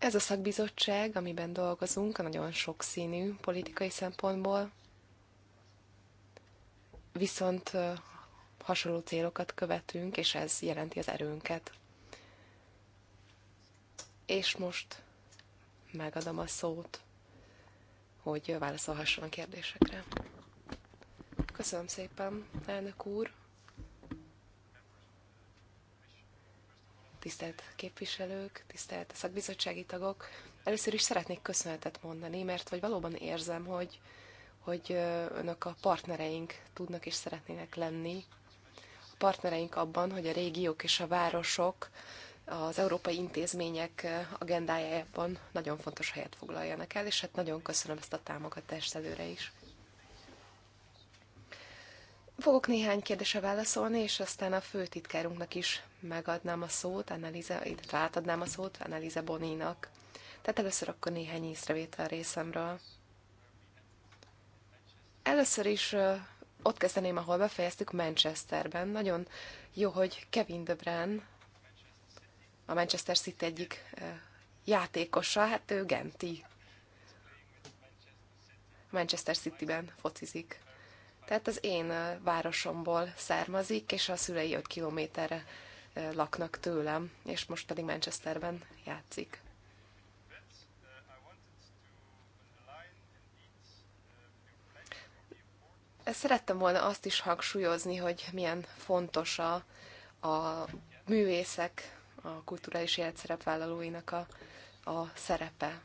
Ez a szakbizottság, amiben dolgozunk, nagyon sokszínű politikai szempontból, viszont hasonló célokat követünk, és ez jelenti az erőnket. És most megadom a szót, hogy válaszolhasson a kérdésekre. Köszönöm szépen, elnök úr! tisztelt képviselők, tisztelt szakbizottsági tagok. Először is szeretnék köszönetet mondani, mert hogy valóban érzem, hogy, hogy önök a partnereink tudnak és szeretnének lenni. A partnereink abban, hogy a régiók és a városok az európai intézmények agendájában nagyon fontos helyet foglaljanak el, és hát nagyon köszönöm ezt a támogatást előre is. Fogok néhány kérdése válaszolni, és aztán a főtitkárunknak is megadnám a szót, Annalisa, illetve átadnám a szót Annalisa Boninak. Tehát először akkor néhány észrevétel részemről. Először is ott kezdeném, ahol befejeztük, Manchesterben. Nagyon jó, hogy Kevin De Bruyne, a Manchester City egyik játékosa, hát ő Genti. Manchester Cityben focizik. Tehát az én városomból származik, és a szülei 5 kilométerre laknak tőlem, és most pedig Manchesterben játszik. Szerettem volna azt is hangsúlyozni, hogy milyen fontos a, a művészek, a kulturális élet a, a szerepe.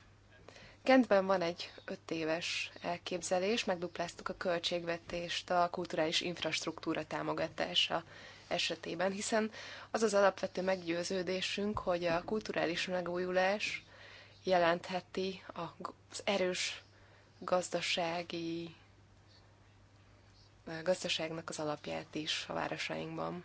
Kentben van egy öt éves elképzelés, megdupláztuk a költségvetést a kulturális infrastruktúra támogatása esetében, hiszen az az alapvető meggyőződésünk, hogy a kulturális megújulás jelentheti az erős gazdasági gazdaságnak az alapját is a városainkban.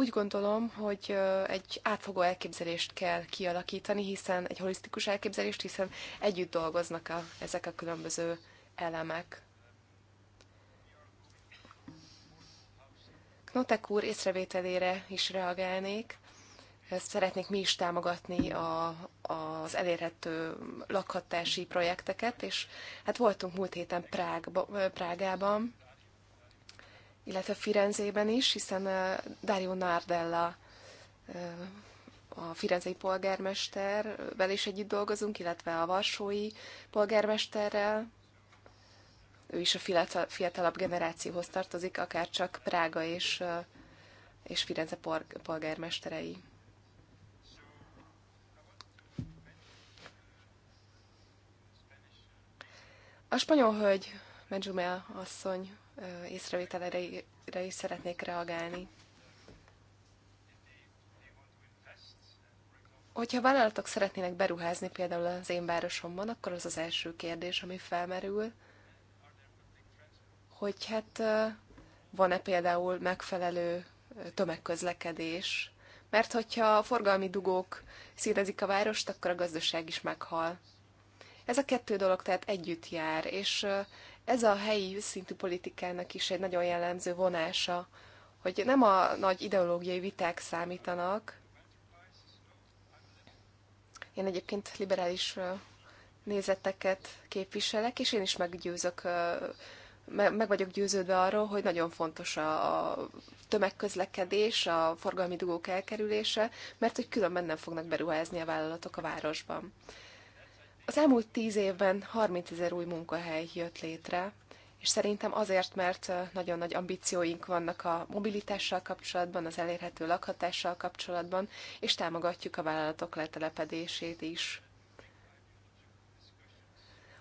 Úgy gondolom, hogy egy átfogó elképzelést kell kialakítani, hiszen egy holisztikus elképzelést, hiszen együtt dolgoznak a, ezek a különböző elemek. Knotek úr észrevételére is reagálnék. Ezt szeretnék mi is támogatni a, az elérhető lakhatási projekteket, és hát voltunk múlt héten Prágba, Prágában, illetve Firenzében is, hiszen Dario Nardella a firenzei polgármestervel is együtt dolgozunk, illetve a varsói polgármesterrel. Ő is a fiatalabb generációhoz tartozik, akár csak Prága és, és Firenze polgármesterei. A spanyol hölgy, Medzsumel asszony észrevételére is szeretnék reagálni. Hogyha vállalatok szeretnének beruházni például az én városomban, akkor az az első kérdés, ami felmerül, hogy hát van-e például megfelelő tömegközlekedés, mert hogyha a forgalmi dugók szétezik a várost, akkor a gazdaság is meghal. Ez a kettő dolog tehát együtt jár, és ez a helyi szintű politikának is egy nagyon jellemző vonása, hogy nem a nagy ideológiai viták számítanak. Én egyébként liberális nézeteket képviselek, és én is meggyőzök, meg vagyok győződve arról, hogy nagyon fontos a tömegközlekedés, a forgalmi dugók elkerülése, mert hogy különben nem fognak beruházni a vállalatok a városban. Az elmúlt tíz évben 30 ezer új munkahely jött létre, és szerintem azért, mert nagyon nagy ambícióink vannak a mobilitással kapcsolatban, az elérhető lakhatással kapcsolatban, és támogatjuk a vállalatok letelepedését is.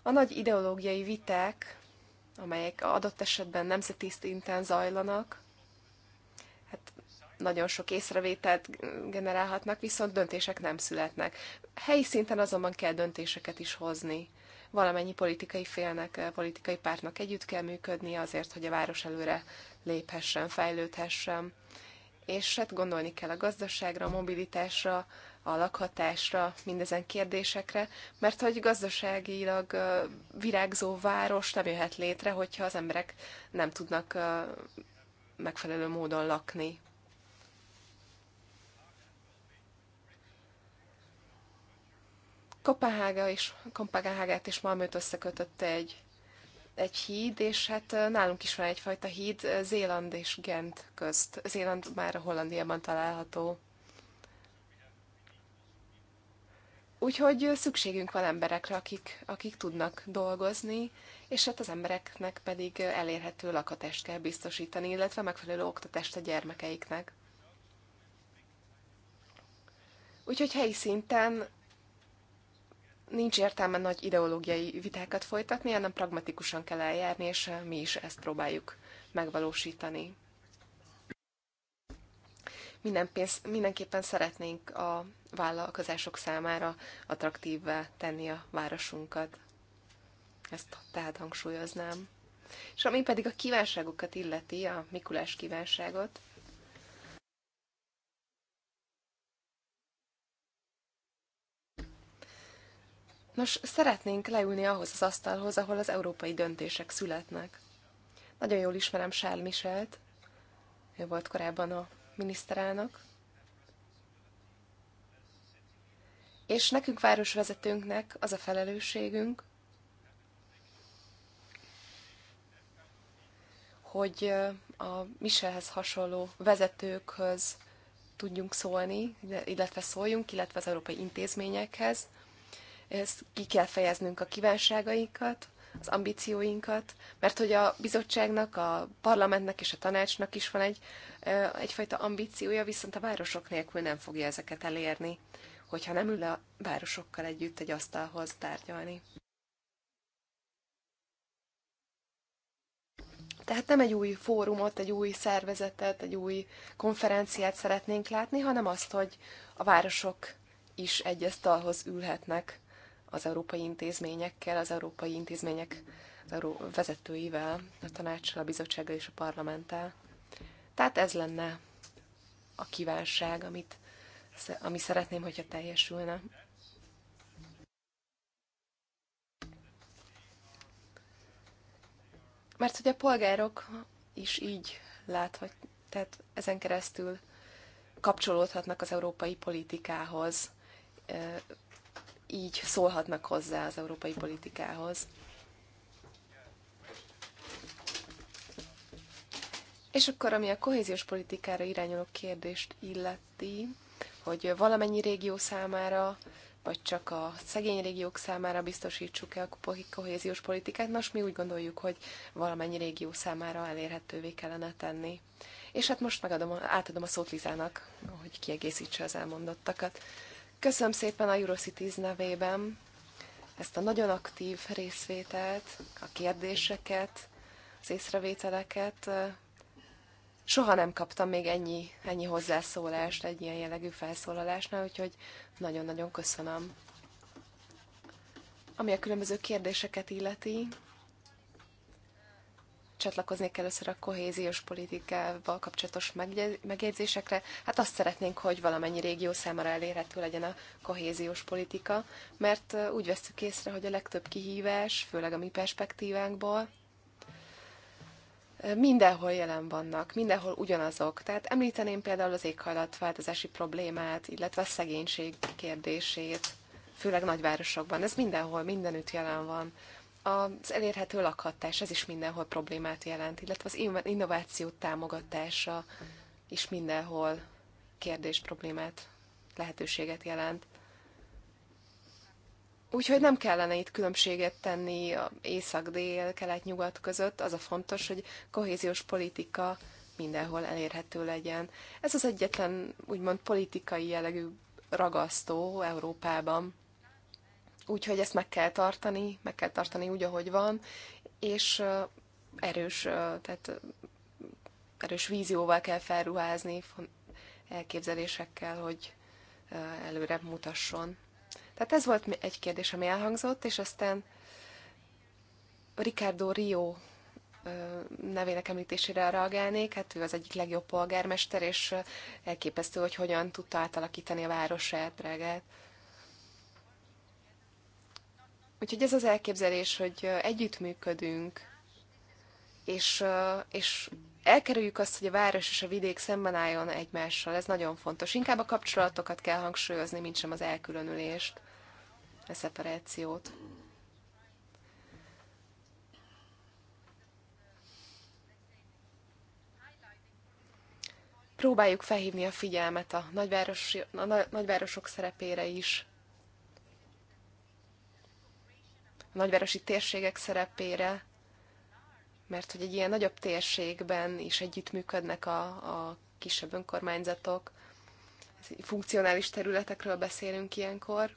A nagy ideológiai viták, amelyek adott esetben nemzeti szinten zajlanak, nagyon sok észrevételt generálhatnak, viszont döntések nem születnek. Helyi szinten azonban kell döntéseket is hozni. Valamennyi politikai félnek, eh, politikai pártnak együtt kell működni azért, hogy a város előre léphessen, fejlődhessen. És hát gondolni kell a gazdaságra, a mobilitásra, a lakhatásra, mindezen kérdésekre, mert hogy gazdaságilag eh, virágzó város nem jöhet létre, hogyha az emberek nem tudnak eh, megfelelő módon lakni. Kopenhága és, Kopenhágát és Malmöt összekötötte egy, egy híd, és hát nálunk is van egyfajta híd Zéland és Gent közt. Zéland már a Hollandiában található. Úgyhogy szükségünk van emberekre, akik, akik tudnak dolgozni, és hát az embereknek pedig elérhető lakatást kell biztosítani, illetve megfelelő oktatást a gyermekeiknek. Úgyhogy helyi szinten nincs értelme nagy ideológiai vitákat folytatni, hanem pragmatikusan kell eljárni, és eh, mi is ezt próbáljuk megvalósítani. Minden pénz, mindenképpen szeretnénk a vállalkozások számára attraktívvá tenni a városunkat. Ezt tehát hangsúlyoznám. És ami pedig a kívánságokat illeti, a Mikulás kívánságot, Nos, szeretnénk leülni ahhoz az asztalhoz, ahol az európai döntések születnek. Nagyon jól ismerem Charles Michelt, ő volt korábban a miniszterelnök. És nekünk városvezetőnknek az a felelősségünk, hogy a Michelhez hasonló vezetőkhöz tudjunk szólni, illetve szóljunk, illetve az európai intézményekhez, ezt ki kell fejeznünk a kívánságainkat, az ambícióinkat, mert hogy a bizottságnak, a parlamentnek és a tanácsnak is van egy, egyfajta ambíciója, viszont a városok nélkül nem fogja ezeket elérni, hogyha nem ül a városokkal együtt egy asztalhoz tárgyalni. Tehát nem egy új fórumot, egy új szervezetet, egy új konferenciát szeretnénk látni, hanem azt, hogy a városok is egy asztalhoz ülhetnek az európai intézményekkel, az európai intézmények az euró vezetőivel, a tanácssal, a bizottsággal és a parlamenttel. Tehát ez lenne a kívánság, amit, ami szeretném, hogyha teljesülne. Mert hogy a polgárok is így láthat, tehát ezen keresztül kapcsolódhatnak az európai politikához, így szólhatnak hozzá az európai politikához. És akkor, ami a kohéziós politikára irányuló kérdést illeti, hogy valamennyi régió számára, vagy csak a szegény régiók számára biztosítsuk-e a kohéziós politikát, most mi úgy gondoljuk, hogy valamennyi régió számára elérhetővé kellene tenni. És hát most megadom, átadom a szót Lizának, hogy kiegészítse az elmondottakat. Köszönöm szépen a Eurocities nevében ezt a nagyon aktív részvételt, a kérdéseket, az észrevételeket. Soha nem kaptam még ennyi, ennyi hozzászólást egy ilyen jellegű felszólalásnál, úgyhogy nagyon-nagyon köszönöm. Ami a különböző kérdéseket illeti, csatlakoznék először a kohéziós politikával kapcsolatos megjegyzésekre. Hát azt szeretnénk, hogy valamennyi régió számára elérhető legyen a kohéziós politika, mert úgy veszük észre, hogy a legtöbb kihívás, főleg a mi perspektívánkból, mindenhol jelen vannak, mindenhol ugyanazok. Tehát említeném például az éghajlatváltozási problémát, illetve a szegénység kérdését, főleg nagyvárosokban. Ez mindenhol, mindenütt jelen van az elérhető lakhatás, ez is mindenhol problémát jelent, illetve az innováció támogatása is mindenhol kérdés, problémát, lehetőséget jelent. Úgyhogy nem kellene itt különbséget tenni észak-dél, kelet-nyugat között. Az a fontos, hogy kohéziós politika mindenhol elérhető legyen. Ez az egyetlen úgymond politikai jellegű ragasztó Európában. Úgyhogy ezt meg kell tartani, meg kell tartani úgy, ahogy van, és erős, tehát erős vízióval kell felruházni, elképzelésekkel, hogy előre mutasson. Tehát ez volt egy kérdés, ami elhangzott, és aztán Ricardo Rio nevének említésére reagálnék, hát ő az egyik legjobb polgármester, és elképesztő, hogy hogyan tudta átalakítani a városát, Bregát. Úgyhogy ez az elképzelés, hogy együttműködünk, és, és elkerüljük azt, hogy a város és a vidék szemben álljon egymással. Ez nagyon fontos. Inkább a kapcsolatokat kell hangsúlyozni, mint sem az elkülönülést, a szeparációt. Próbáljuk felhívni a figyelmet a, nagyvárosi, a nagyvárosok szerepére is. nagyvárosi térségek szerepére, mert hogy egy ilyen nagyobb térségben is együttműködnek a, a kisebb önkormányzatok, funkcionális területekről beszélünk ilyenkor,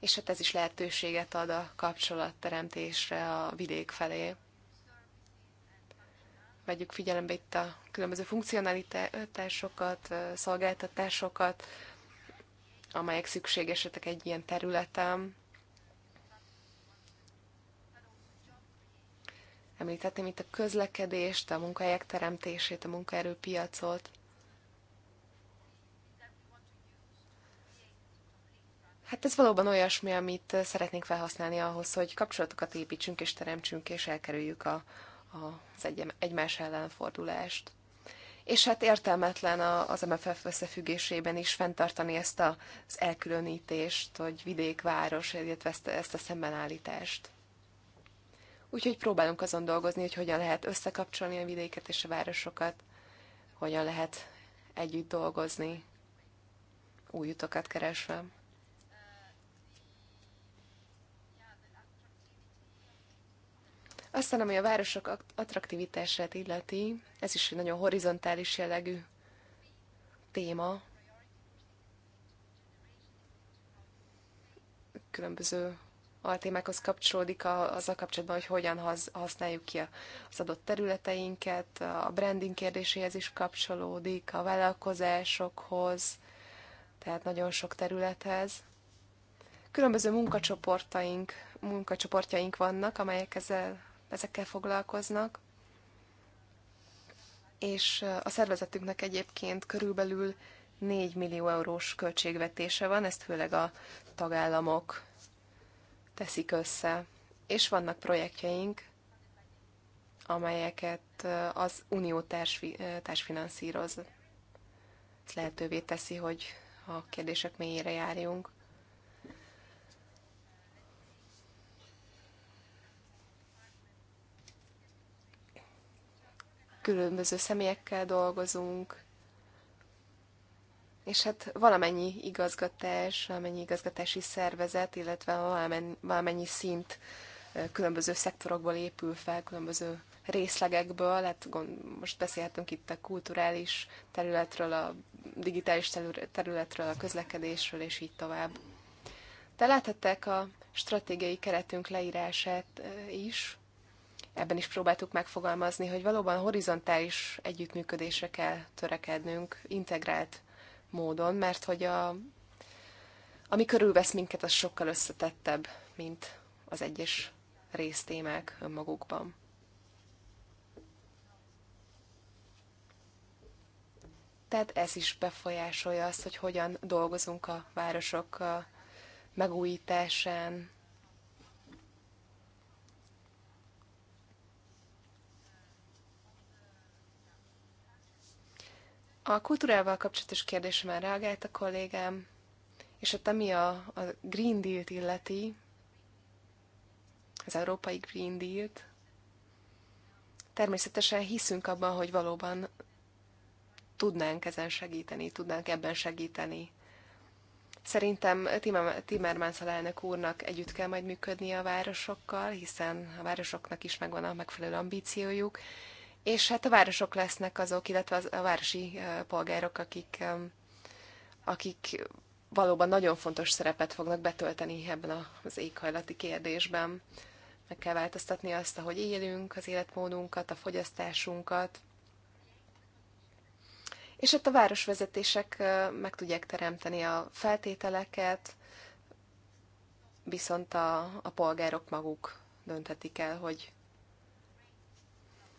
és hát ez is lehetőséget ad a kapcsolatteremtésre a vidék felé. Vegyük figyelembe itt a különböző funkcionalitásokat, szolgáltatásokat, amelyek szükségesetek egy ilyen területen, Említettem itt a közlekedést, a munkahelyek teremtését, a munkaerőpiacot. Hát ez valóban olyasmi, amit szeretnénk felhasználni ahhoz, hogy kapcsolatokat építsünk és teremtsünk, és elkerüljük a, a, az egy, egymás ellenfordulást. fordulást. És hát értelmetlen az MFF összefüggésében is fenntartani ezt az elkülönítést, hogy vidék-város, illetve ezt a szembenállítást. Úgyhogy próbálunk azon dolgozni, hogy hogyan lehet összekapcsolni a vidéket és a városokat, hogyan lehet együtt dolgozni, új utakat keresve. Aztán, ami a városok attraktivitását illeti, ez is egy nagyon horizontális jellegű téma. Különböző a témákhoz kapcsolódik a, kapcsolatban, hogy hogyan használjuk ki az adott területeinket, a branding kérdéséhez is kapcsolódik, a vállalkozásokhoz, tehát nagyon sok területhez. Különböző munkacsoportaink, munkacsoportjaink vannak, amelyek ezzel, ezekkel foglalkoznak, és a szervezetünknek egyébként körülbelül 4 millió eurós költségvetése van, ezt főleg a tagállamok teszik össze. És vannak projektjeink, amelyeket az Unió társfi, társfinanszíroz. Ez lehetővé teszi, hogy a kérdések mélyére járjunk. Különböző személyekkel dolgozunk, és hát valamennyi igazgatás, valamennyi igazgatási szervezet, illetve valamennyi, szint különböző szektorokból épül fel, különböző részlegekből, hát most beszélhetünk itt a kulturális területről, a digitális területről, a közlekedésről, és így tovább. Te láthatták a stratégiai keretünk leírását is, ebben is próbáltuk megfogalmazni, hogy valóban horizontális együttműködésre kell törekednünk, integrált módon, mert hogy a, ami körülvesz minket, az sokkal összetettebb, mint az egyes résztémák önmagukban. Tehát ez is befolyásolja azt, hogy hogyan dolgozunk a városok megújításán, A kultúrával kapcsolatos kérdésemben reagált a kollégám, és ott ami a, a Green Deal-t illeti, az európai Green Deal-t, természetesen hiszünk abban, hogy valóban tudnánk ezen segíteni, tudnánk ebben segíteni. Szerintem Timmermans elnök úrnak együtt kell majd működnie a városokkal, hiszen a városoknak is megvan a megfelelő ambíciójuk, és hát a városok lesznek azok, illetve a városi polgárok, akik, akik valóban nagyon fontos szerepet fognak betölteni ebben az éghajlati kérdésben. Meg kell változtatni azt, ahogy élünk, az életmódunkat, a fogyasztásunkat. És hát a városvezetések meg tudják teremteni a feltételeket, viszont a, a polgárok maguk dönthetik el, hogy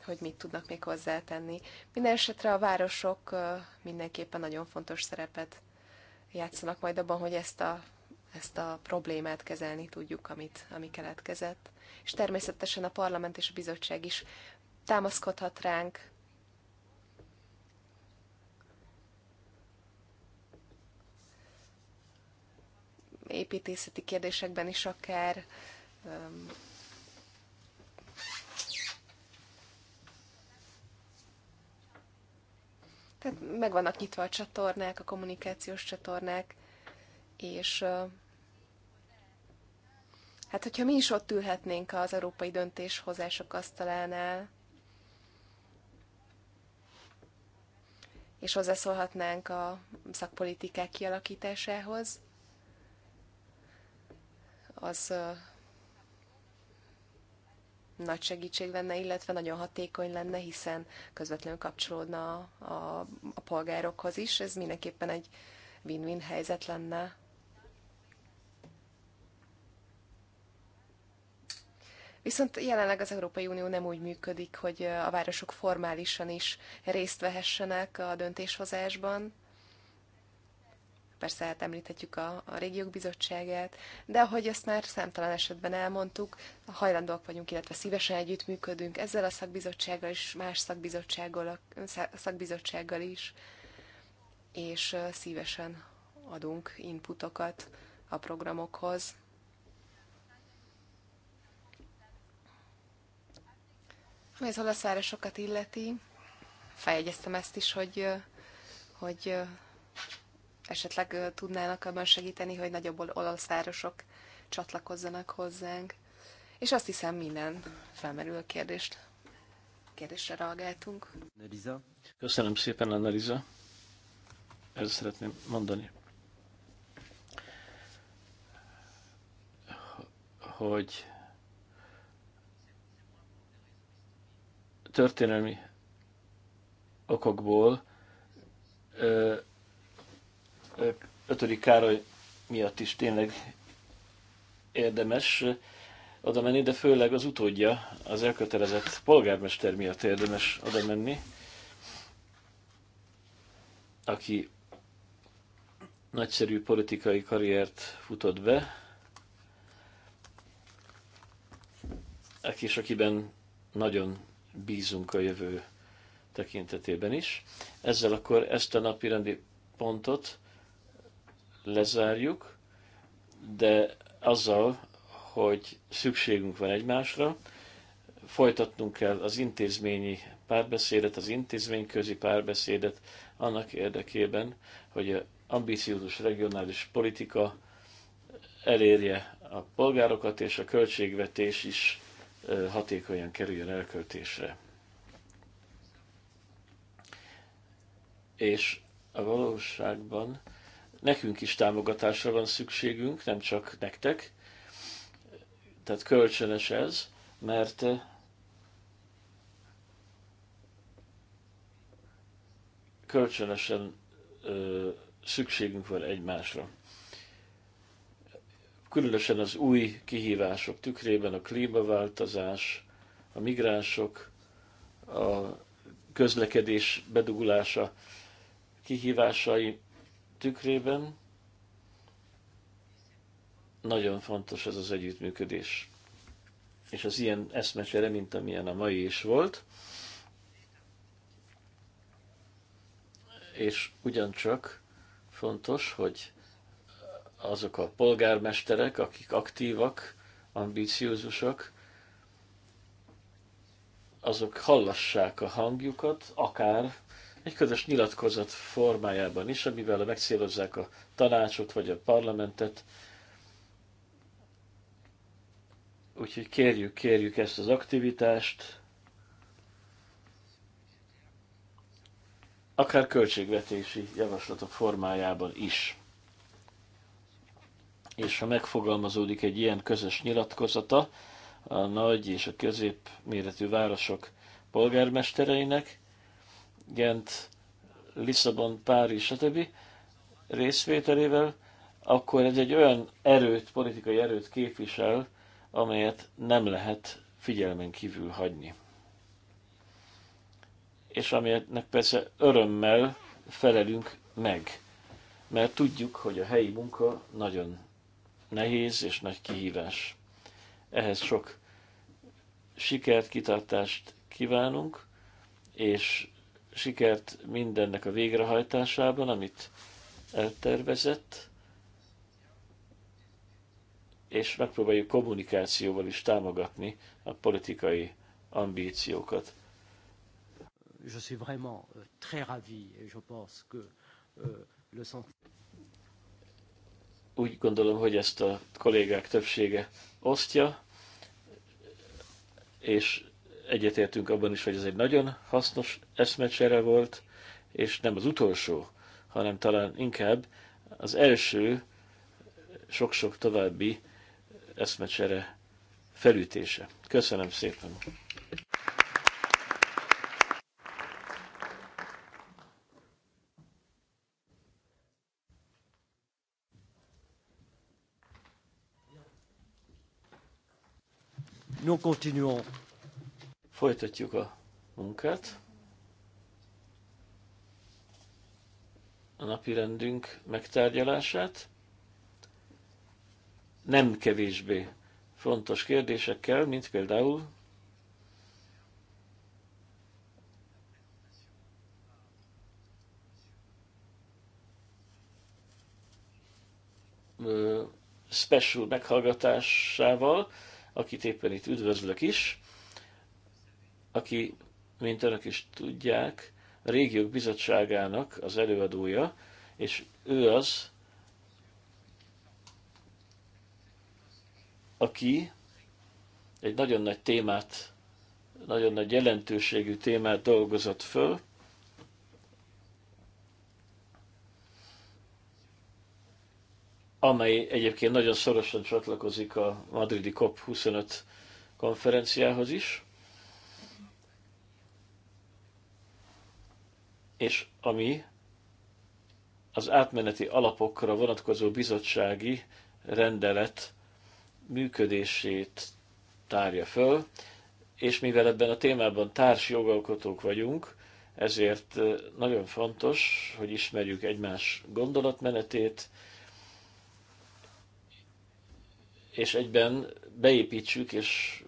hogy mit tudnak még hozzátenni. Minden esetre a városok mindenképpen nagyon fontos szerepet játszanak majd abban, hogy ezt a, ezt a problémát kezelni tudjuk, amit, ami keletkezett. És természetesen a parlament és a bizottság is támaszkodhat ránk, építészeti kérdésekben is akár, Tehát meg vannak nyitva a csatornák, a kommunikációs csatornák, és hát hogyha mi is ott ülhetnénk az európai döntéshozások asztalánál, és hozzászólhatnánk a szakpolitikák kialakításához, az nagy segítség lenne, illetve nagyon hatékony lenne, hiszen közvetlenül kapcsolódna a, a, a polgárokhoz is. Ez mindenképpen egy win-win helyzet lenne. Viszont jelenleg az Európai Unió nem úgy működik, hogy a városok formálisan is részt vehessenek a döntéshozásban persze hát említhetjük a, a régiók bizottságát, de ahogy ezt már számtalan esetben elmondtuk, hajlandóak vagyunk, illetve szívesen együttműködünk ezzel a szakbizottsággal és más szakbizottsággal, a szakbizottsággal is, és szívesen adunk inputokat a programokhoz. Ami az olaszvárosokat illeti, feljegyeztem ezt is, hogy, hogy esetleg tudnának abban segíteni, hogy nagyobb olaszárosok csatlakozzanak hozzánk. És azt hiszem minden felmerül a kérdést. Kérdésre reagáltunk. Analiza. Köszönöm szépen, Analiza. Ezt szeretném mondani. Hogy történelmi okokból ötödik Károly miatt is tényleg érdemes oda menni, de főleg az utódja, az elkötelezett polgármester miatt érdemes oda menni, aki nagyszerű politikai karriert futott be, aki és akiben nagyon bízunk a jövő tekintetében is. Ezzel akkor ezt a napi rendi pontot lezárjuk, de azzal, hogy szükségünk van egymásra, folytatnunk kell az intézményi párbeszédet, az intézményközi párbeszédet annak érdekében, hogy a ambiciózus regionális politika elérje a polgárokat, és a költségvetés is hatékonyan kerüljön elköltésre. És a valóságban nekünk is támogatásra van szükségünk, nem csak nektek. Tehát kölcsönös ez, mert eh, kölcsönösen ö, eh, szükségünk van egymásra. Különösen az új kihívások tükrében a klímaváltozás, a migránsok, a közlekedés bedugulása kihívásai tükrében. Nagyon fontos ez az együttműködés. És az ilyen eszmecsere, mint amilyen a mai is volt. És ugyancsak fontos, hogy azok a polgármesterek, akik aktívak, ambíciózusak, azok hallassák a hangjukat, akár egy közös nyilatkozat formájában is, amivel megcélozzák a tanácsot vagy a parlamentet. Úgyhogy kérjük, kérjük ezt az aktivitást. akár költségvetési javaslatok formájában is. És ha megfogalmazódik egy ilyen közös nyilatkozata a nagy és a közép méretű városok polgármestereinek, Gent, Lisszabon, Párizs, stb. részvételével, akkor ez egy olyan erőt, politikai erőt képvisel, amelyet nem lehet figyelmen kívül hagyni. És amelyetnek persze örömmel felelünk meg, mert tudjuk, hogy a helyi munka nagyon nehéz és nagy kihívás. Ehhez sok sikert, kitartást kívánunk, és sikert mindennek a végrehajtásában, amit eltervezett, és megpróbáljuk kommunikációval is támogatni a politikai ambíciókat. Je suis vraiment euh, très ravi et je pense que euh, le Úgy gondolom, hogy ezt a kollégák többsége osztja, és egyetértünk abban is, hogy ez egy nagyon hasznos eszmecsere volt, és nem az utolsó, hanem talán inkább az első sok-sok további eszmecsere felütése. Köszönöm szépen! Nous continuons. Folytatjuk a munkát. A napi rendünk megtárgyalását. Nem kevésbé fontos kérdésekkel, mint például special meghallgatásával, akit éppen itt üdvözlök is aki, mint önök is tudják, a régiók bizottságának az előadója, és ő az, aki egy nagyon nagy témát, nagyon nagy jelentőségű témát dolgozott föl, amely egyébként nagyon szorosan csatlakozik a madridi COP25 konferenciához is. és ami az átmeneti alapokra vonatkozó bizottsági rendelet működését tárja föl, és mivel ebben a témában társ jogalkotók vagyunk, ezért nagyon fontos, hogy ismerjük egymás gondolatmenetét, és egyben beépítsük és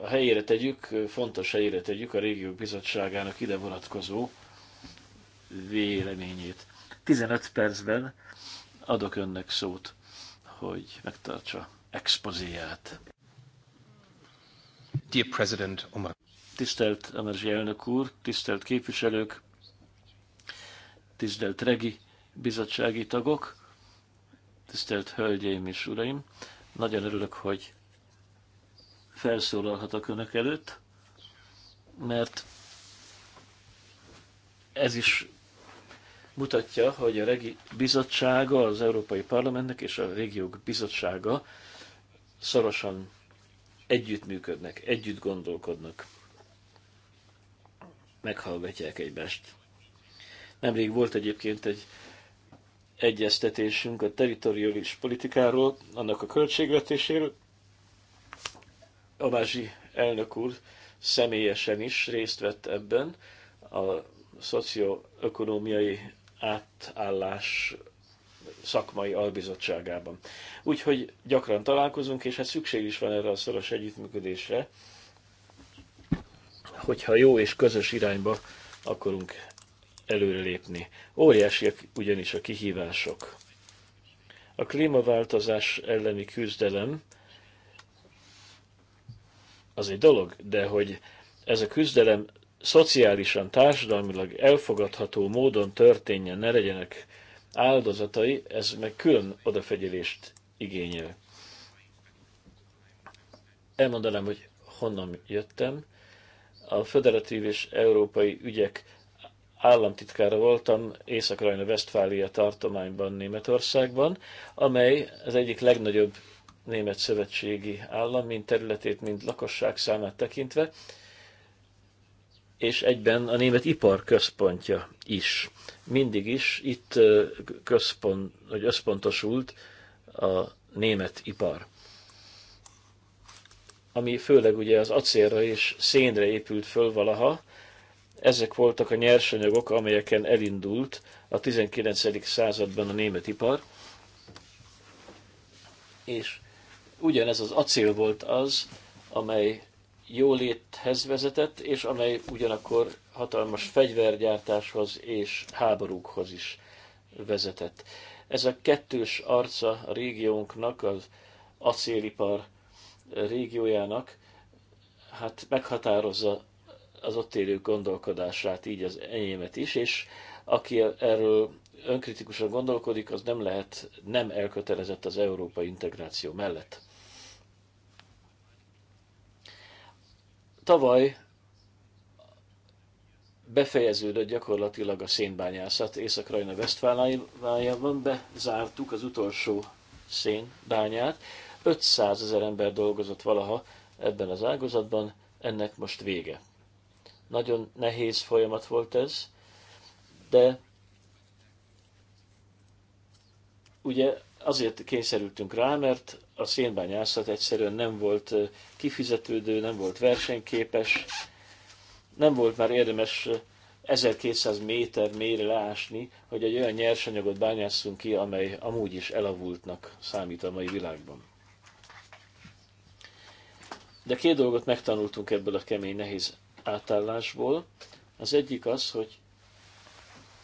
a helyére tegyük, fontos helyére tegyük a régiók bizottságának ide vonatkozó véleményét. 15 percben adok önnek szót, hogy megtartsa expozéját. Dear President Omar. Tisztelt Amerzsi elnök úr, tisztelt képviselők, tisztelt regi bizottsági tagok, tisztelt hölgyeim és uraim, nagyon örülök, hogy felszólalhatok önök előtt, mert ez is mutatja, hogy a Regi Bizottsága, az Európai Parlamentnek és a Régiók Bizottsága szorosan együttműködnek, együtt gondolkodnak, meghallgatják egymást. Nemrég volt egyébként egy egyeztetésünk a teritoriális politikáról, annak a költségvetéséről. Amázsi elnök úr személyesen is részt vett ebben a szocioökonomiai átállás szakmai albizottságában. Úgyhogy gyakran találkozunk, és hát szükség is van erre a szoros együttműködésre, hogyha jó és közös irányba akarunk előrelépni. Óriásiak ugyanis a kihívások. A klímaváltozás elleni küzdelem az egy dolog, de hogy ez a küzdelem szociálisan, társadalmilag elfogadható módon történjen, ne legyenek áldozatai, ez meg külön odafegyelést igényel. Elmondanám, hogy honnan jöttem. A Föderatív és Európai Ügyek államtitkára voltam észak rajna Westfália tartományban Németországban, amely az egyik legnagyobb német szövetségi állam, mint területét, mint lakosság számát tekintve, és egyben a német ipar központja is. Mindig is itt központ, hogy összpontosult a német ipar ami főleg ugye az acélra és szénre épült föl valaha, ezek voltak a nyersanyagok, amelyeken elindult a 19. században a német ipar, és ugyanez az acél volt az, amely jóléthez vezetett, és amely ugyanakkor hatalmas fegyvergyártáshoz és háborúkhoz is vezetett. Ez a kettős arca a régiónknak, az acélipar régiójának, hát meghatározza az ott élők gondolkodását, így az enyémet is, és aki erről önkritikusan gondolkodik, az nem lehet nem elkötelezett az európai integráció mellett. Tavaly befejeződött gyakorlatilag a szénbányászat Észak-Rajna Westfáliában, bezártuk az utolsó szénbányát. 500 ezer ember dolgozott valaha ebben az ágazatban, ennek most vége. Nagyon nehéz folyamat volt ez, de ugye azért kényszerültünk rá, mert a szénbányászat egyszerűen nem volt kifizetődő, nem volt versenyképes, nem volt már érdemes 1200 méter mélyre leásni, hogy egy olyan nyersanyagot bányásszunk ki, amely amúgy is elavultnak számít a mai világban. De két dolgot megtanultunk ebből a kemény, nehéz átállásból. Az egyik az, hogy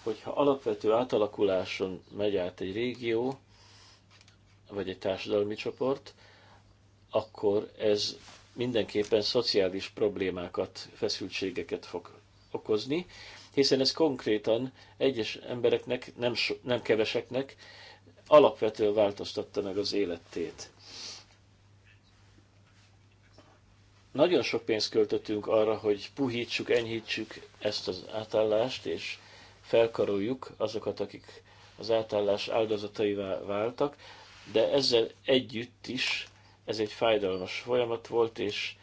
hogyha alapvető átalakuláson megy át egy régió, vagy egy társadalmi csoport, akkor ez mindenképpen szociális problémákat, feszültségeket fog okozni, hiszen ez konkrétan egyes embereknek, nem, so, nem keveseknek alapvetően változtatta meg az életét. Nagyon sok pénzt költöttünk arra, hogy puhítsuk, enyhítsük ezt az átállást, és felkaroljuk azokat, akik az átállás áldozataivá váltak, de ezzel együtt is ez egy fájdalmas folyamat volt, és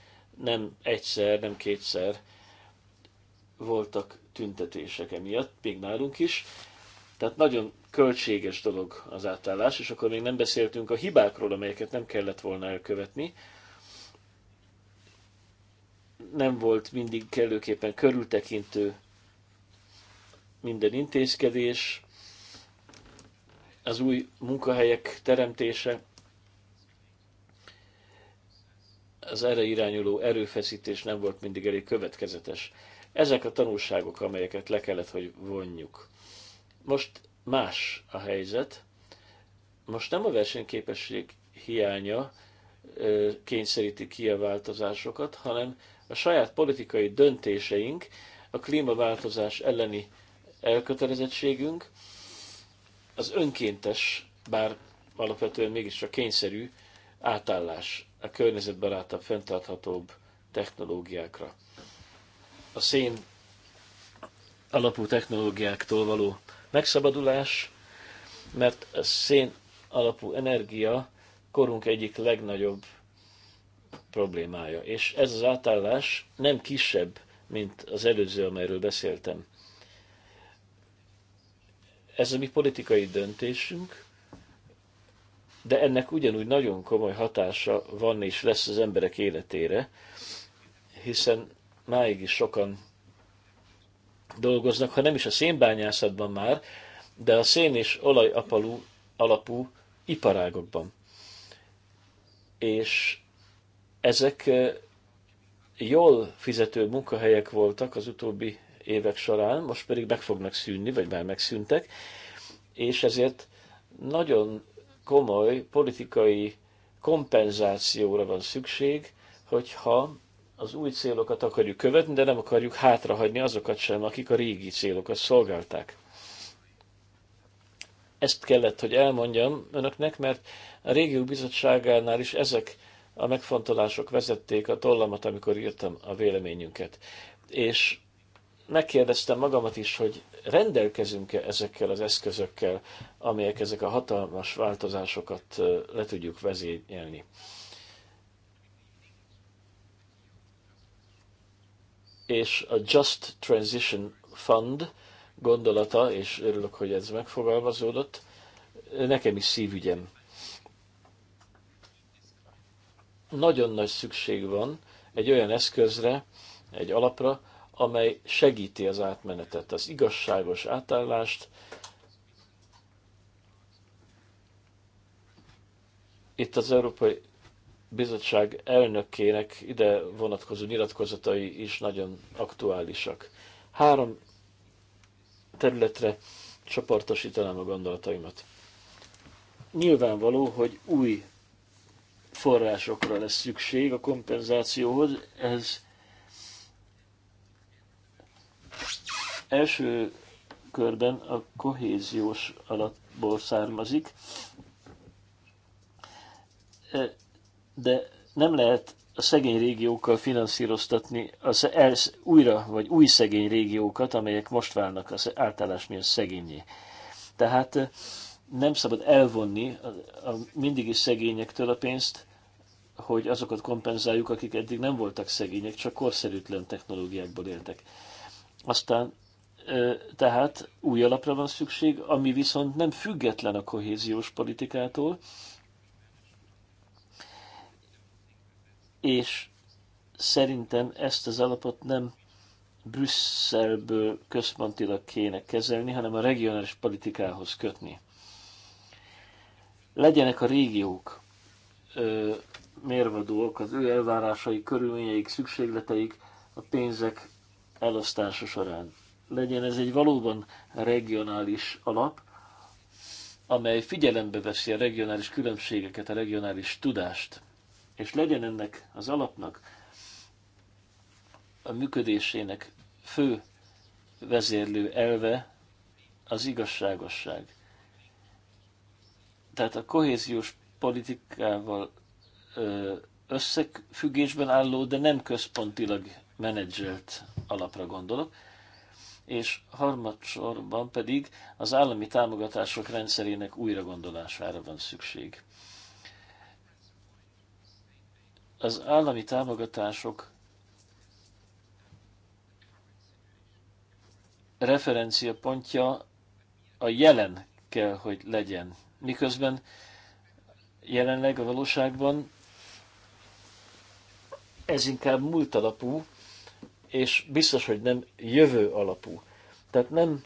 nem egyszer, nem kétszer voltak tüntetések emiatt, még nálunk is. Tehát nagyon költséges dolog az átállás, és akkor még nem beszéltünk a hibákról, amelyeket nem kellett volna elkövetni. Nem volt mindig kellőképpen körültekintő minden intézkedés, az új munkahelyek teremtése, az erre irányuló erőfeszítés nem volt mindig elég következetes. Ezek a tanulságok, amelyeket le kellett, hogy vonjuk. Most más a helyzet. Most nem a versenyképesség hiánya kényszeríti ki a változásokat, hanem a saját politikai döntéseink, a klímaváltozás elleni elkötelezettségünk, az önkéntes, bár alapvetően mégiscsak kényszerű átállás a környezetbarátabb, fenntarthatóbb technológiákra. A szén alapú technológiáktól való megszabadulás, mert a szén alapú energia korunk egyik legnagyobb problémája. És ez az átállás nem kisebb, mint az előző, amelyről beszéltem. Ez a mi politikai döntésünk, de ennek ugyanúgy nagyon komoly hatása van és lesz az emberek életére, hiszen máig is sokan dolgoznak, ha nem is a szénbányászatban már, de a szén és olaj apalú, alapú iparágokban. És ezek eh, jól fizető munkahelyek voltak az utóbbi évek során, most pedig meg fognak szűnni, vagy már megszűntek, és ezért nagyon komoly politikai kompenzációra van szükség, hogyha az új célokat akarjuk követni, de nem akarjuk hátrahagyni azokat sem, akik a régi célokat szolgálták. Ezt kellett, hogy elmondjam önöknek, mert a régió bizottságánál is ezek a megfontolások vezették a tollamat, amikor írtam a véleményünket. És megkérdeztem magamat is, hogy rendelkezünk-e ezekkel az eszközökkel, amelyek ezek a hatalmas változásokat le tudjuk vezényelni. És a Just Transition Fund gondolata, és örülök, hogy ez megfogalmazódott, nekem is szívügyem. Nagyon nagy szükség van egy olyan eszközre, egy alapra, amely segíti az átmenetet, az igazságos átállást. Itt az Európai Bizottság elnökének ide vonatkozó nyilatkozatai is nagyon aktuálisak. Három területre csoportosítanám a gondolataimat. Nyilvánvaló, hogy új forrásokra lesz szükség a kompenzációhoz, ez Első körben a kohéziós alapból származik, e, de nem lehet a szegény régiókkal finanszíroztatni az elsz, újra vagy új szegény régiókat, amelyek most válnak az általás miatt szegényé. Tehát e, nem szabad elvonni a, a mindig is szegényektől a pénzt, hogy azokat kompenzáljuk, akik eddig nem voltak szegények, csak korszerűtlen technológiákból éltek. Aztán tehát új alapra van szükség, ami viszont nem független a kohéziós politikától, és szerintem ezt az alapot nem Brüsszelből központilag kéne kezelni, hanem a regionális politikához kötni. Legyenek a régiók ö, mérvadóak, az ő elvárásai, körülményeik, szükségleteik a pénzek elosztása során legyen ez egy valóban regionális alap, amely figyelembe veszi a regionális különbségeket, a regionális tudást, és legyen ennek az alapnak a működésének fő vezérlő elve az igazságosság. Tehát a kohéziós politikával összefüggésben álló, de nem központilag menedzselt alapra gondolok és harmadsorban pedig az állami támogatások rendszerének újragondolására van szükség. Az állami támogatások referencia pontja a jelen kell, hogy legyen. Miközben jelenleg a valóságban ez inkább múltalapú, és biztos, hogy nem jövő alapú. Tehát nem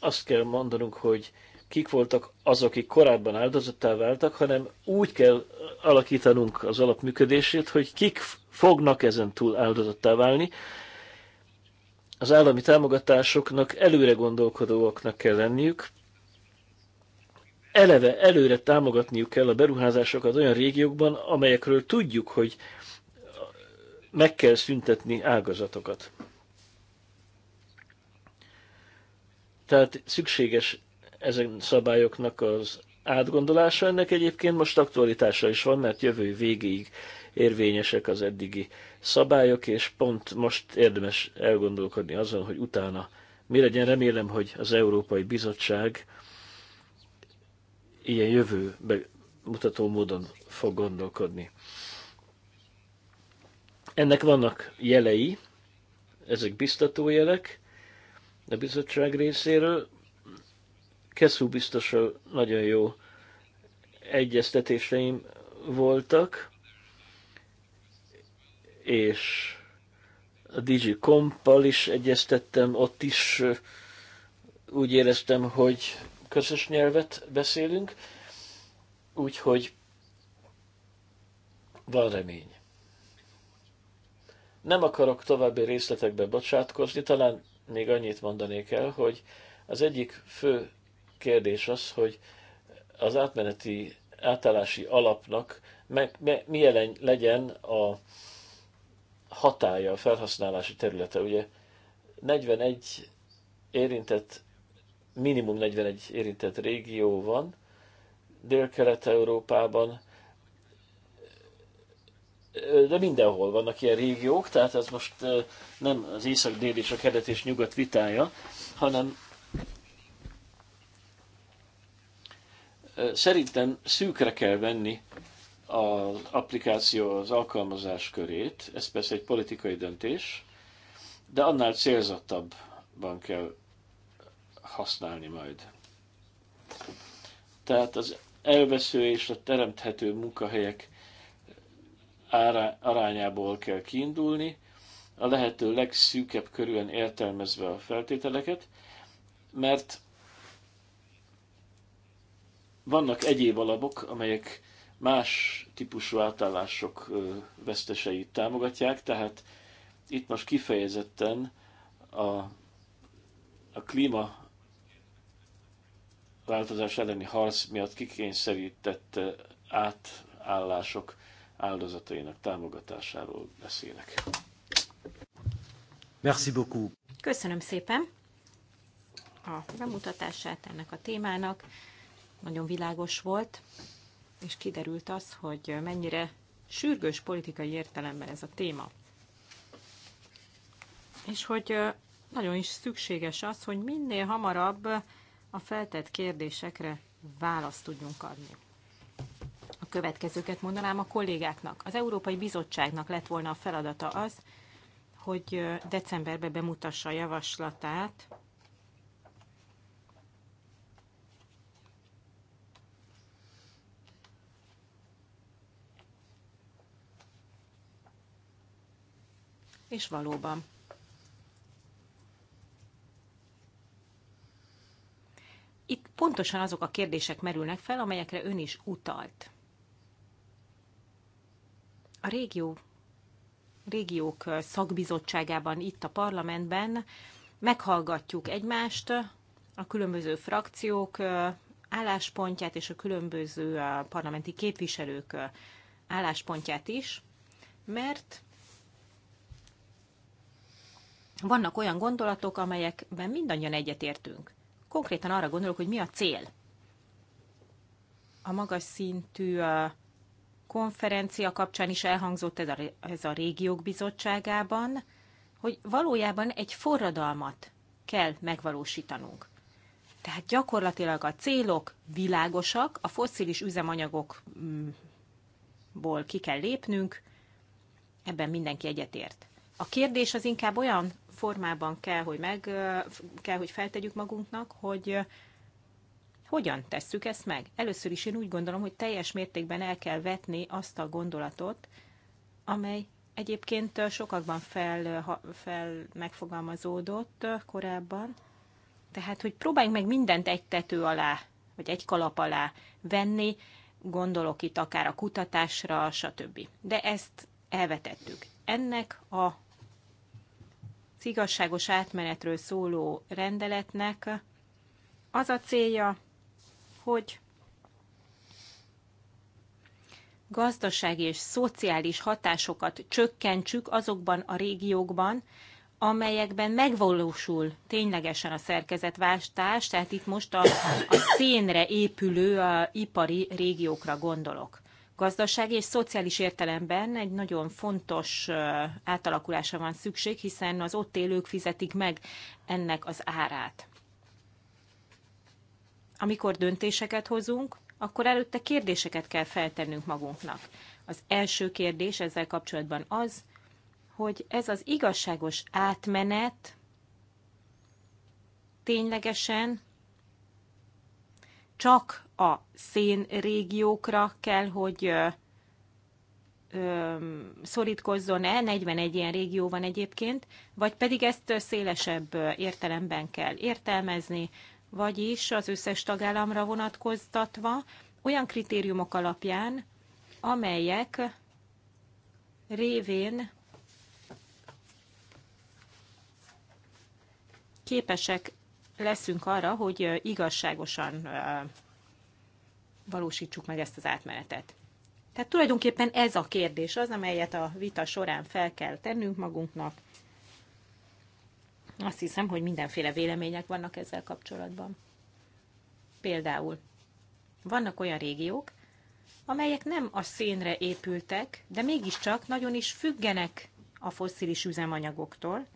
azt kell mondanunk, hogy kik voltak azok, akik korábban áldozattá váltak, hanem úgy kell alakítanunk az alapműködését, hogy kik fognak ezen túl áldozattá válni. Az állami támogatásoknak előre gondolkodóaknak kell lenniük, eleve előre támogatniuk kell a beruházásokat olyan régiókban, amelyekről tudjuk, hogy meg kell szüntetni ágazatokat. Tehát szükséges ezen szabályoknak az átgondolása. Ennek egyébként most aktualitása is van, mert jövő végéig érvényesek az eddigi szabályok, és pont most érdemes elgondolkodni azon, hogy utána mi legyen. Remélem, hogy az Európai Bizottság ilyen jövő mutató módon fog gondolkodni. Ennek vannak jelei, ezek biztató jelek a bizottság részéről. Keszú biztosan nagyon jó egyeztetéseim voltak, és a Digi Kompal is egyeztettem, ott is úgy éreztem, hogy közös nyelvet beszélünk, úgyhogy van remény. Nem akarok további részletekbe bocsátkozni, talán még annyit mondanék el, hogy az egyik fő kérdés az, hogy az átmeneti átállási alapnak milyen legyen a hatája, a felhasználási területe. Ugye 41 érintett, minimum 41 érintett régió van, Dél-Kelet-Európában, de mindenhol vannak ilyen régiók, tehát ez most nem az észak-dél és a kelet és nyugat vitája, hanem szerintem szűkre kell venni az applikáció, az alkalmazás körét, ez persze egy politikai döntés, de annál célzottabban kell használni majd. Tehát az elvesző és a teremthető munkahelyek arányából kell kiindulni, a lehető legszűkebb körülön értelmezve a feltételeket, mert vannak egyéb alapok, amelyek más típusú átállások veszteseit támogatják, tehát itt most kifejezetten a, a klíma változás elleni harc miatt kikényszerített átállások áldozatainak támogatásáról beszélek. Merci beaucoup. Köszönöm szépen a bemutatását ennek a témának. Nagyon világos volt, és kiderült az, hogy mennyire sürgős politikai értelemben ez a téma. És hogy nagyon is szükséges az, hogy minél hamarabb a feltett kérdésekre választ tudjunk adni következőket mondanám a kollégáknak. Az Európai Bizottságnak lett volna a feladata az, hogy decemberben bemutassa a javaslatát És valóban. Itt pontosan azok a kérdések merülnek fel, amelyekre ön is utalt. A régió, régiók szakbizottságában, itt a parlamentben meghallgatjuk egymást, a különböző frakciók álláspontját és a különböző parlamenti képviselők álláspontját is, mert vannak olyan gondolatok, amelyekben mindannyian egyetértünk. Konkrétan arra gondolok, hogy mi a cél. A magas szintű konferencia kapcsán is elhangzott ez a, ez a régiók bizottságában, hogy valójában egy forradalmat kell megvalósítanunk. Tehát gyakorlatilag a célok világosak, a fosszilis üzemanyagokból ki kell lépnünk, ebben mindenki egyetért. A kérdés az inkább olyan formában kell, hogy meg kell, hogy feltegyük magunknak, hogy hogyan tesszük ezt meg? Először is én úgy gondolom, hogy teljes mértékben el kell vetni azt a gondolatot, amely egyébként sokakban fel, fel megfogalmazódott korábban. Tehát, hogy próbáljunk meg mindent egy tető alá, vagy egy kalap alá venni, gondolok itt akár a kutatásra, stb. De ezt elvetettük. Ennek a igazságos átmenetről szóló rendeletnek az a célja, hogy gazdasági és szociális hatásokat csökkentsük azokban a régiókban, amelyekben megvalósul ténylegesen a szerkezetváltás, tehát itt most a, a szénre épülő a ipari régiókra gondolok. Gazdasági és szociális értelemben egy nagyon fontos átalakulásra van szükség, hiszen az ott élők fizetik meg ennek az árát amikor döntéseket hozunk, akkor előtte kérdéseket kell feltennünk magunknak. Az első kérdés ezzel kapcsolatban az, hogy ez az igazságos átmenet ténylegesen csak a szén régiókra kell, hogy szorítkozzon el, 41 ilyen régió van egyébként, vagy pedig ezt szélesebb értelemben kell értelmezni, vagyis az összes tagállamra vonatkoztatva, olyan kritériumok alapján, amelyek révén képesek leszünk arra, hogy igazságosan valósítsuk meg ezt az átmenetet. Tehát tulajdonképpen ez a kérdés az, amelyet a vita során fel kell tennünk magunknak, azt hiszem, hogy mindenféle vélemények vannak ezzel kapcsolatban. Például vannak olyan régiók, amelyek nem a szénre épültek, de mégiscsak nagyon is függenek a fosszilis üzemanyagoktól.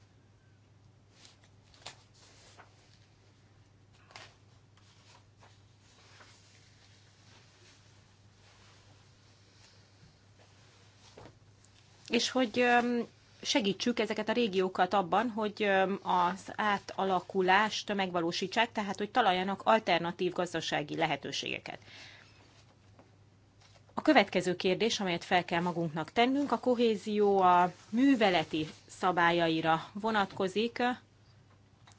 És hogy segítsük ezeket a régiókat abban, hogy az átalakulást megvalósítsák, tehát hogy találjanak alternatív gazdasági lehetőségeket. A következő kérdés, amelyet fel kell magunknak tennünk, a kohézió a műveleti szabályaira vonatkozik.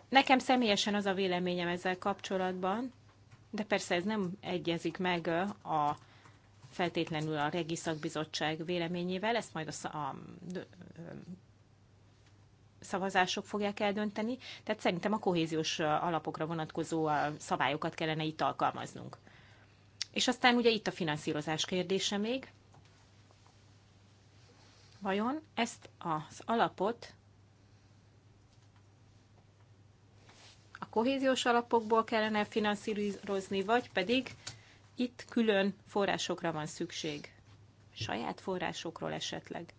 Nekem személyesen az a véleményem ezzel kapcsolatban, de persze ez nem egyezik meg a feltétlenül a Regi Szakbizottság véleményével, ezt majd a, a szavazások fogják eldönteni, tehát szerintem a kohéziós alapokra vonatkozó szabályokat kellene itt alkalmaznunk. És aztán ugye itt a finanszírozás kérdése még. Vajon ezt az alapot a kohéziós alapokból kellene finanszírozni, vagy pedig itt külön forrásokra van szükség. Saját forrásokról esetleg.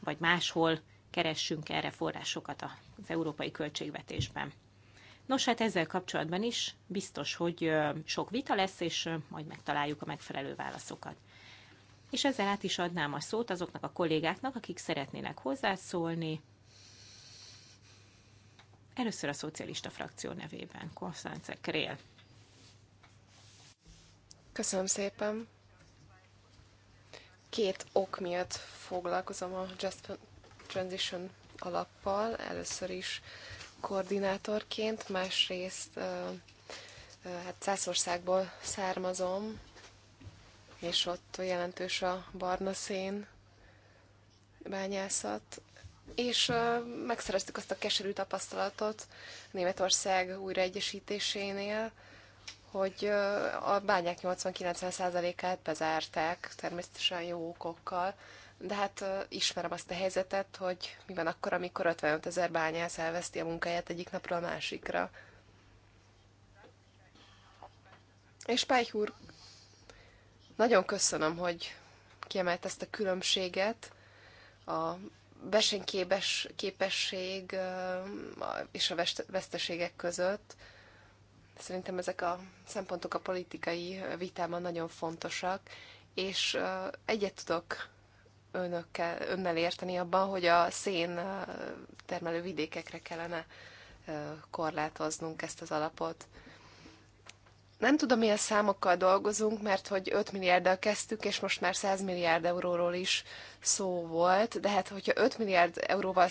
Vagy máshol keressünk erre forrásokat az európai költségvetésben. Nos, hát ezzel kapcsolatban is biztos, hogy sok vita lesz, és majd megtaláljuk a megfelelő válaszokat. És ezzel át is adnám a szót azoknak a kollégáknak, akik szeretnének hozzászólni. Először a szocialista frakció nevében, Konstance Krél. Köszönöm szépen. Két ok miatt foglalkozom a Just Transition alappal. Először is koordinátorként, másrészt hát Szászországból származom, és ott jelentős a barna szén bányászat, és megszereztük azt a keserű tapasztalatot Németország újraegyesítésénél, hogy a bányák 80-90%-át bezárták, természetesen jó okokkal, de hát ismerem azt a helyzetet, hogy mi van akkor, amikor 55 ezer bányász elveszti a munkáját egyik napról a másikra. És Pályh úr, nagyon köszönöm, hogy kiemelt ezt a különbséget a versenyképes képesség és a veszteségek között Szerintem ezek a szempontok a politikai vitában nagyon fontosak, és egyet tudok önökkel, önnel érteni abban, hogy a szén termelő vidékekre kellene korlátoznunk ezt az alapot. Nem tudom, milyen számokkal dolgozunk, mert hogy 5 milliárddal kezdtük, és most már 100 milliárd euróról is szó volt, de hát hogyha 5 milliárd euróval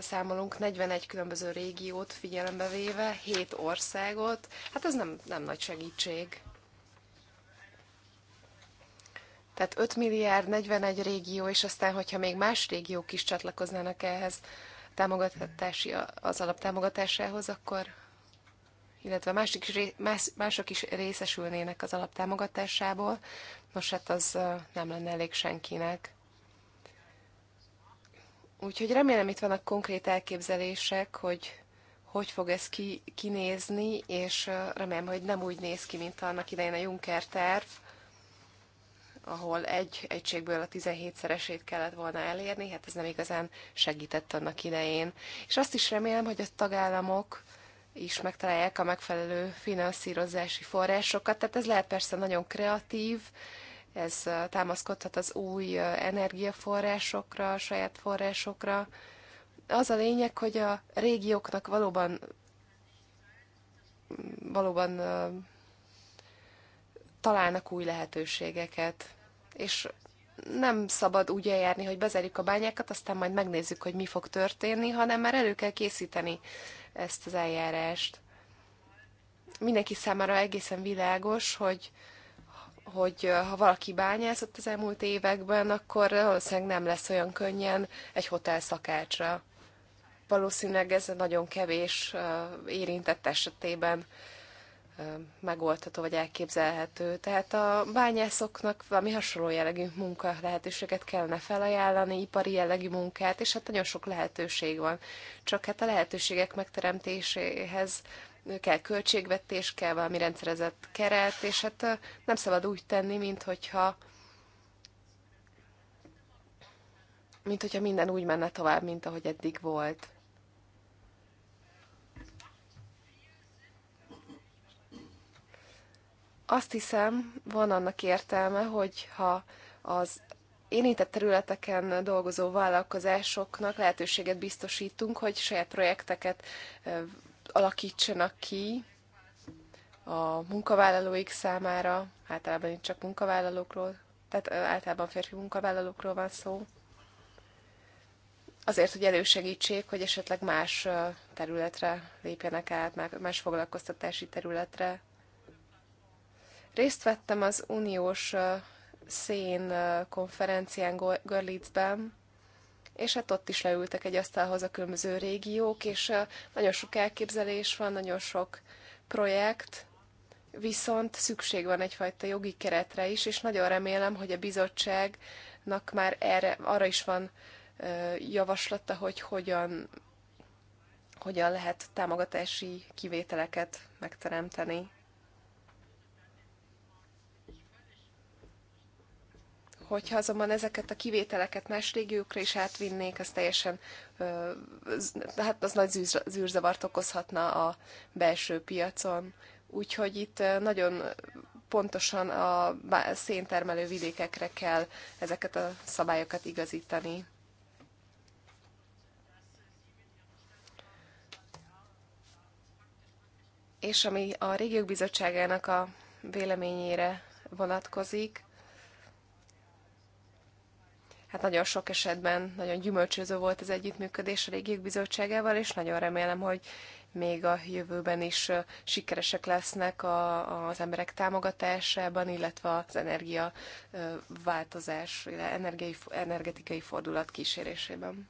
számolunk, 41 különböző régiót figyelembe véve, 7 országot, hát ez nem, nem nagy segítség. Tehát 5 milliárd, 41 régió, és aztán, hogyha még más régiók is csatlakoznának ehhez támogatási, az alaptámogatásához, akkor illetve másik is, más, mások is részesülnének az alaptámogatásából, most hát az nem lenne elég senkinek. Úgyhogy remélem itt vannak konkrét elképzelések, hogy hogy fog ez ki, kinézni, és remélem, hogy nem úgy néz ki, mint annak idején a Juncker terv, ahol egy egységből a 17-szeresét kellett volna elérni, hát ez nem igazán segített annak idején. És azt is remélem, hogy a tagállamok is megtalálják a megfelelő finanszírozási forrásokat. Tehát ez lehet persze nagyon kreatív, ez támaszkodhat az új energiaforrásokra, saját forrásokra. Az a lényeg, hogy a régióknak valóban valóban találnak új lehetőségeket, és nem szabad úgy eljárni, hogy bezerjük a bányákat, aztán majd megnézzük, hogy mi fog történni, hanem már elő kell készíteni ezt az eljárást. Mindenki számára egészen világos, hogy hogy ha valaki bányászott az elmúlt években, akkor valószínűleg nem lesz olyan könnyen egy hotel szakácsra. Valószínűleg ez nagyon kevés érintett esetében megoldható vagy elképzelhető. Tehát a bányászoknak valami hasonló jellegű munka lehetőséget kellene felajánlani, ipari jellegű munkát, és hát nagyon sok lehetőség van. Csak hát a lehetőségek megteremtéséhez kell költségvetés, kell valami rendszerezett keret, és hát nem szabad úgy tenni, mint hogyha mint hogyha minden úgy menne tovább, mint ahogy eddig volt. Azt hiszem, van annak értelme, hogy ha az érintett területeken dolgozó vállalkozásoknak lehetőséget biztosítunk, hogy saját projekteket alakítsanak ki a munkavállalóik számára, általában itt csak munkavállalókról, tehát általában férfi munkavállalókról van szó, azért, hogy elősegítsék, hogy esetleg más területre lépjenek át, más foglalkoztatási területre. Részt vettem az uniós szén konferencián Görlitzben, és hát ott is leültek egy asztalhoz a különböző régiók, és nagyon sok elképzelés van, nagyon sok projekt, viszont szükség van egyfajta jogi keretre is, és nagyon remélem, hogy a bizottságnak már erre, arra is van javaslata, hogy hogyan, hogyan lehet támogatási kivételeket megteremteni. Hogyha azonban ezeket a kivételeket más régiókra is átvinnék, az teljesen, hát az nagy zűrzavart okozhatna a belső piacon. Úgyhogy itt nagyon pontosan a széntermelő vidékekre kell ezeket a szabályokat igazítani. És ami a régiók bizottságának a véleményére vonatkozik, hát nagyon sok esetben nagyon gyümölcsöző volt az együttműködés a régiók bizottságával, és nagyon remélem, hogy még a jövőben is sikeresek lesznek a, az emberek támogatásában, illetve az energia változás, energiai, energetikai fordulat kísérésében.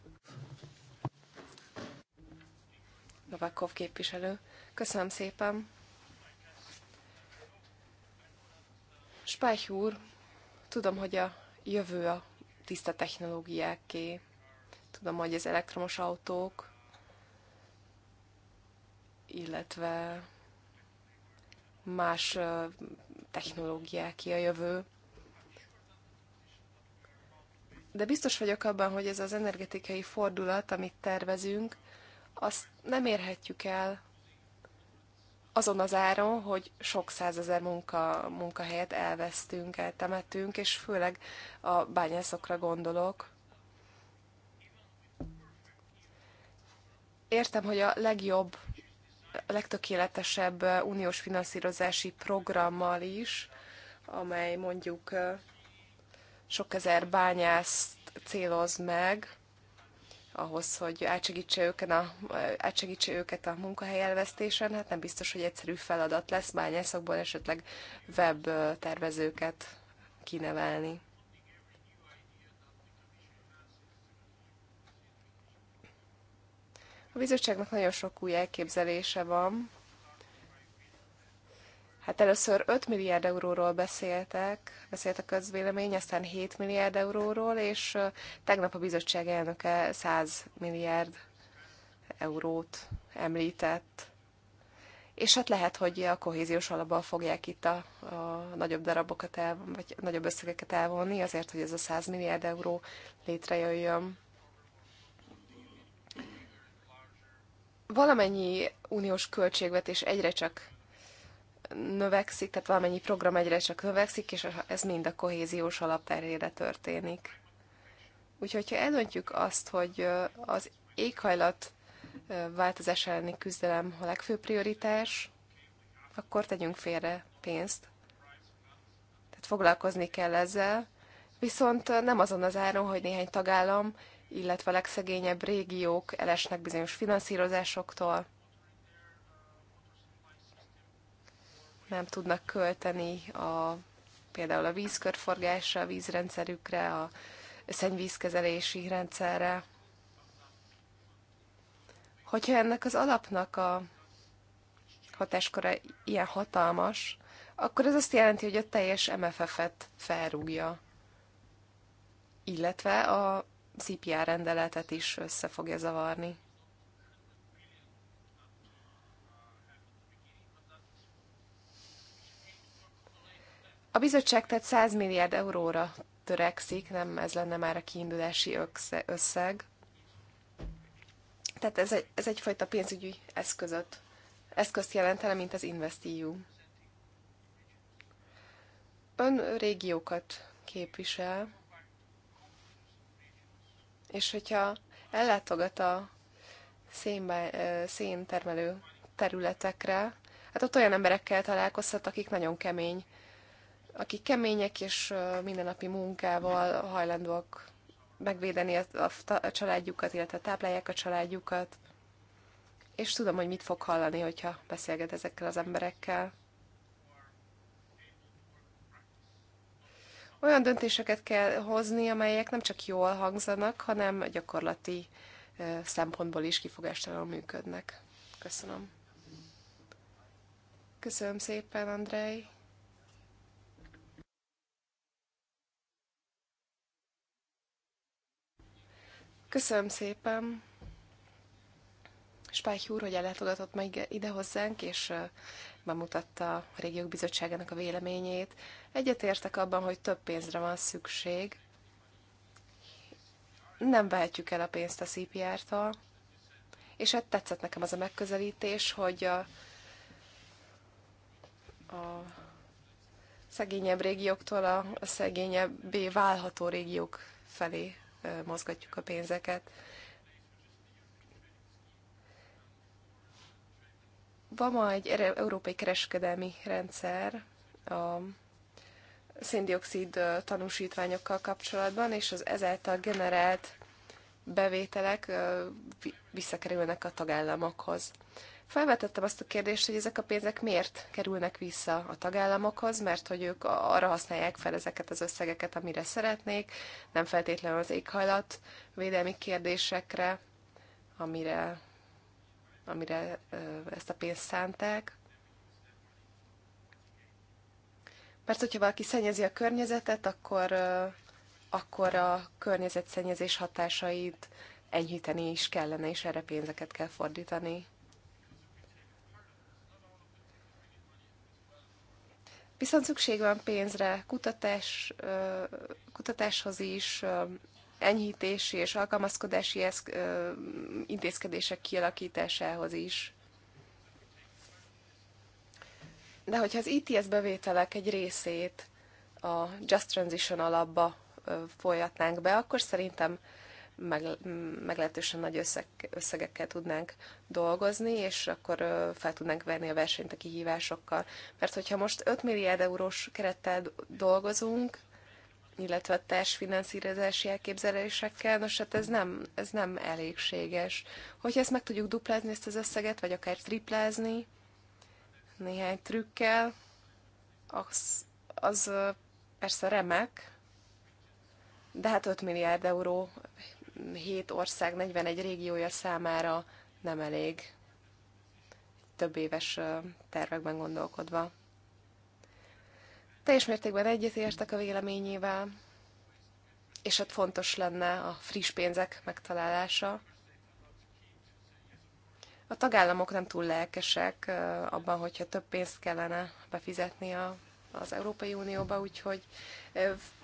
Novakov képviselő. Köszönöm szépen. Spájh úr, tudom, hogy a jövő a tiszta technológiáké. Tudom, hogy az elektromos autók, illetve más technológiáké a jövő. De biztos vagyok abban, hogy ez az energetikai fordulat, amit tervezünk, azt nem érhetjük el azon az áron, hogy sok százezer munka, munkahelyet elvesztünk, eltemettünk, és főleg a bányászokra gondolok. Értem, hogy a legjobb, a legtökéletesebb uniós finanszírozási programmal is, amely mondjuk sok ezer bányászt céloz meg, ahhoz, hogy átsegítse, őket, a, átsegítse őket a munkahely elvesztésen, hát nem biztos, hogy egyszerű feladat lesz bányászokból esetleg web tervezőket kinevelni. A bizottságnak nagyon sok új elképzelése van, Hát először 5 milliárd euróról beszéltek, beszélt a közvélemény, aztán 7 milliárd euróról, és tegnap a bizottság elnöke 100 milliárd eurót említett. És hát lehet, hogy a kohéziós alapban fogják itt a, a nagyobb darabokat, el, vagy nagyobb összegeket elvonni, azért, hogy ez a 100 milliárd euró létrejöjjön. Valamennyi uniós költségvetés egyre csak növekszik, tehát valamennyi program egyre csak növekszik, és ez mind a kohéziós alapterére történik. Úgyhogy, ha elöntjük azt, hogy az éghajlat változás elleni küzdelem a legfőbb prioritás, akkor tegyünk félre pénzt. Tehát foglalkozni kell ezzel, viszont nem azon az áron, hogy néhány tagállam, illetve a legszegényebb régiók elesnek bizonyos finanszírozásoktól, nem tudnak költeni a, például a vízkörforgásra, a vízrendszerükre, a szennyvízkezelési rendszerre. Hogyha ennek az alapnak a hatáskora ilyen hatalmas, akkor ez azt jelenti, hogy a teljes MFF-et felrúgja, illetve a CPR rendeletet is össze fogja zavarni. bizottság tehát 100 milliárd euróra törekszik, nem ez lenne már a kiindulási összeg. Tehát ez, egy, ez egyfajta pénzügyi eszközöt, eszközt jelentene, mint az InvestEU. Ön régiókat képvisel, és hogyha ellátogat a szénbe, széntermelő területekre, hát ott olyan emberekkel találkozhat, akik nagyon kemény akik kemények és mindennapi munkával hajlandóak megvédeni a, a, a családjukat, illetve táplálják a családjukat. És tudom, hogy mit fog hallani, hogyha beszélget ezekkel az emberekkel. Olyan döntéseket kell hozni, amelyek nem csak jól hangzanak, hanem gyakorlati szempontból is kifogástalanul működnek. Köszönöm. Köszönöm szépen, Andrei. Köszönöm szépen, Spájki úr, hogy ellátogatott meg ide hozzánk, és bemutatta a Régiók Bizottságának a véleményét. Egyetértek abban, hogy több pénzre van szükség. Nem vehetjük el a pénzt a CPR-tól, és hát tetszett nekem az a megközelítés, hogy a, a szegényebb régióktól a, a szegényebbé válható régiók felé mozgatjuk a pénzeket. Van ma egy európai kereskedelmi rendszer a széndiokszid tanúsítványokkal kapcsolatban, és az ezáltal generált bevételek visszakerülnek a tagállamokhoz. Felvetettem azt a kérdést, hogy ezek a pénzek miért kerülnek vissza a tagállamokhoz, mert hogy ők arra használják fel ezeket az összegeket, amire szeretnék, nem feltétlenül az éghajlat védelmi kérdésekre, amire, amire ezt a pénzt szánták. Mert hogyha valaki szennyezi a környezetet, akkor, akkor a környezetszennyezés hatásait enyhíteni is kellene, és erre pénzeket kell fordítani. Viszont szükség van pénzre, kutatás, kutatáshoz is, enyhítési és alkalmazkodási eszk- intézkedések kialakításához is. De hogyha az ITS e bevételek egy részét a Just Transition alapba folyatnánk be, akkor szerintem meg, meglehetősen nagy összeg, összegekkel tudnánk dolgozni, és akkor fel tudnánk venni a versenyt a kihívásokkal. Mert hogyha most 5 milliárd eurós kerettel dolgozunk, illetve a társfinanszírozási elképzelésekkel, nos hát ez nem, ez nem elégséges. Hogyha ezt meg tudjuk duplázni, ezt az összeget, vagy akár triplázni néhány trükkel, az, az persze remek, de hát 5 milliárd euró 7 ország 41 régiója számára nem elég több éves tervekben gondolkodva. Teljes mértékben egyetértek a véleményével, és hát fontos lenne a friss pénzek megtalálása. A tagállamok nem túl lelkesek abban, hogyha több pénzt kellene befizetni a, az Európai Unióba, úgyhogy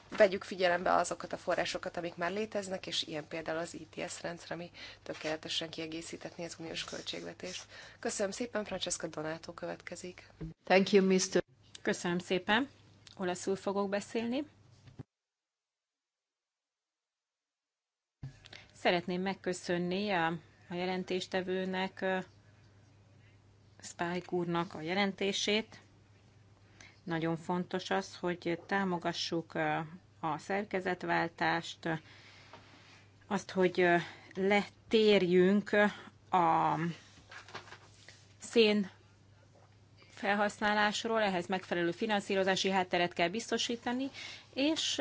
vegyük figyelembe azokat a forrásokat, amik már léteznek, és ilyen például az ITS e rendszer, ami tökéletesen kiegészítetni az uniós költségvetést. Köszönöm szépen, Francesca Donato következik. Thank you, Mr. Köszönöm szépen. Olaszul fogok beszélni. Szeretném megköszönni a, a jelentéstevőnek, Spike úrnak a jelentését. Nagyon fontos az, hogy támogassuk a szerkezetváltást, azt, hogy letérjünk a szén felhasználásról, ehhez megfelelő finanszírozási hátteret kell biztosítani, és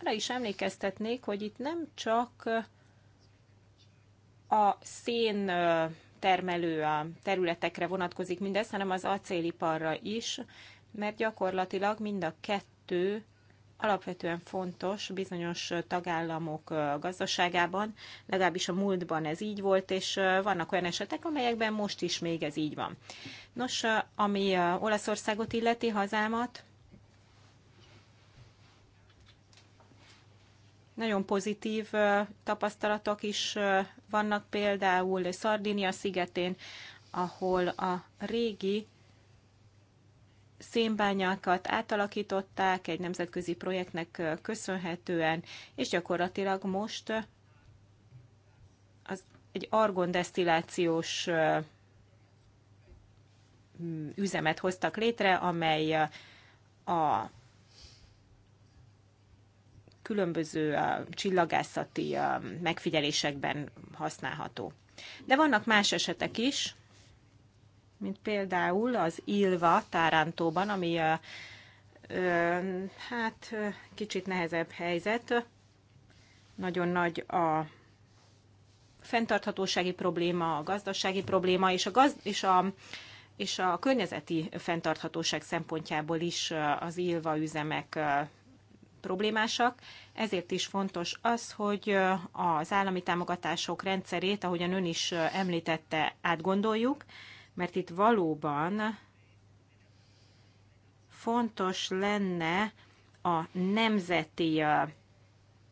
arra is emlékeztetnék, hogy itt nem csak a szén termelő területekre vonatkozik mindez, hanem az acéliparra is, mert gyakorlatilag mind a kettő alapvetően fontos bizonyos tagállamok gazdaságában, legalábbis a múltban ez így volt, és vannak olyan esetek, amelyekben most is még ez így van. Nos, ami Olaszországot illeti hazámat, nagyon pozitív tapasztalatok is vannak, például Szardinia szigetén, ahol a régi szénbányákat átalakították egy nemzetközi projektnek köszönhetően, és gyakorlatilag most az egy argondesztillációs üzemet hoztak létre, amely a különböző csillagászati megfigyelésekben használható. De vannak más esetek is, mint például az Ilva Tárántóban, ami a, ö, hát kicsit nehezebb helyzet. Nagyon nagy a fenntarthatósági probléma, a gazdasági probléma, és a, gaz, és a, és a környezeti fenntarthatóság szempontjából is az Ilva üzemek problémásak. Ezért is fontos az, hogy az állami támogatások rendszerét, ahogyan ön is említette, átgondoljuk, mert itt valóban fontos lenne a nemzeti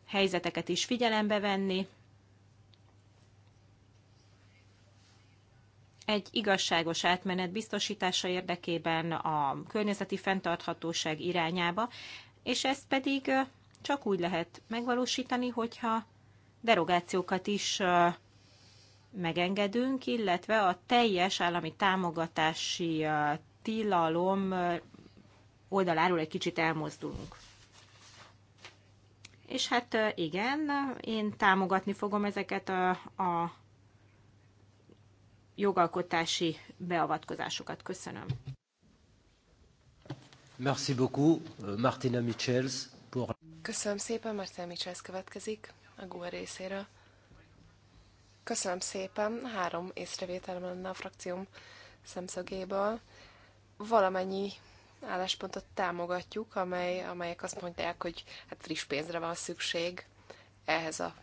helyzeteket is figyelembe venni. Egy igazságos átmenet biztosítása érdekében a környezeti fenntarthatóság irányába, és ezt pedig csak úgy lehet megvalósítani, hogyha derogációkat is megengedünk, illetve a teljes állami támogatási uh, tilalom uh, oldaláról egy kicsit elmozdulunk. És hát uh, igen, én támogatni fogom ezeket a, a jogalkotási beavatkozásokat. Köszönöm. Merci beaucoup, euh, Martina Michels. Pour... Köszönöm szépen, Martina Michels következik a GUA e részéről. Köszönöm szépen. Három észrevételem lenne a frakcióm szemszögéből. Valamennyi álláspontot támogatjuk, amely, amelyek azt mondják, hogy hát friss pénzre van szükség ehhez a,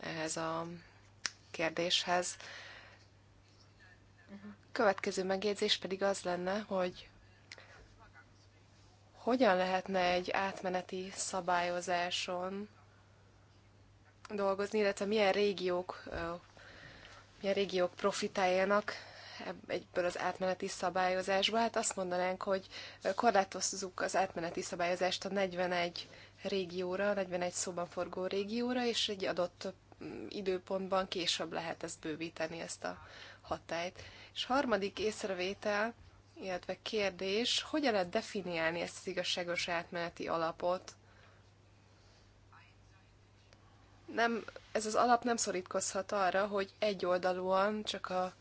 ehhez a kérdéshez. Következő megjegyzés pedig az lenne, hogy hogyan lehetne egy átmeneti szabályozáson dolgozni, illetve milyen régiók hogy a régiók profitáljanak egyből az átmeneti szabályozásba, hát azt mondanánk, hogy korlátozzuk az átmeneti szabályozást a 41 régióra, 41 szóban forgó régióra, és egy adott mm, időpontban később lehet ezt bővíteni, ezt a hatályt. És harmadik észrevétel, illetve kérdés, hogyan lehet definiálni ezt az igazságos átmeneti alapot? nem, ez az alap nem szorítkozhat arra, hogy egyoldalúan csak a,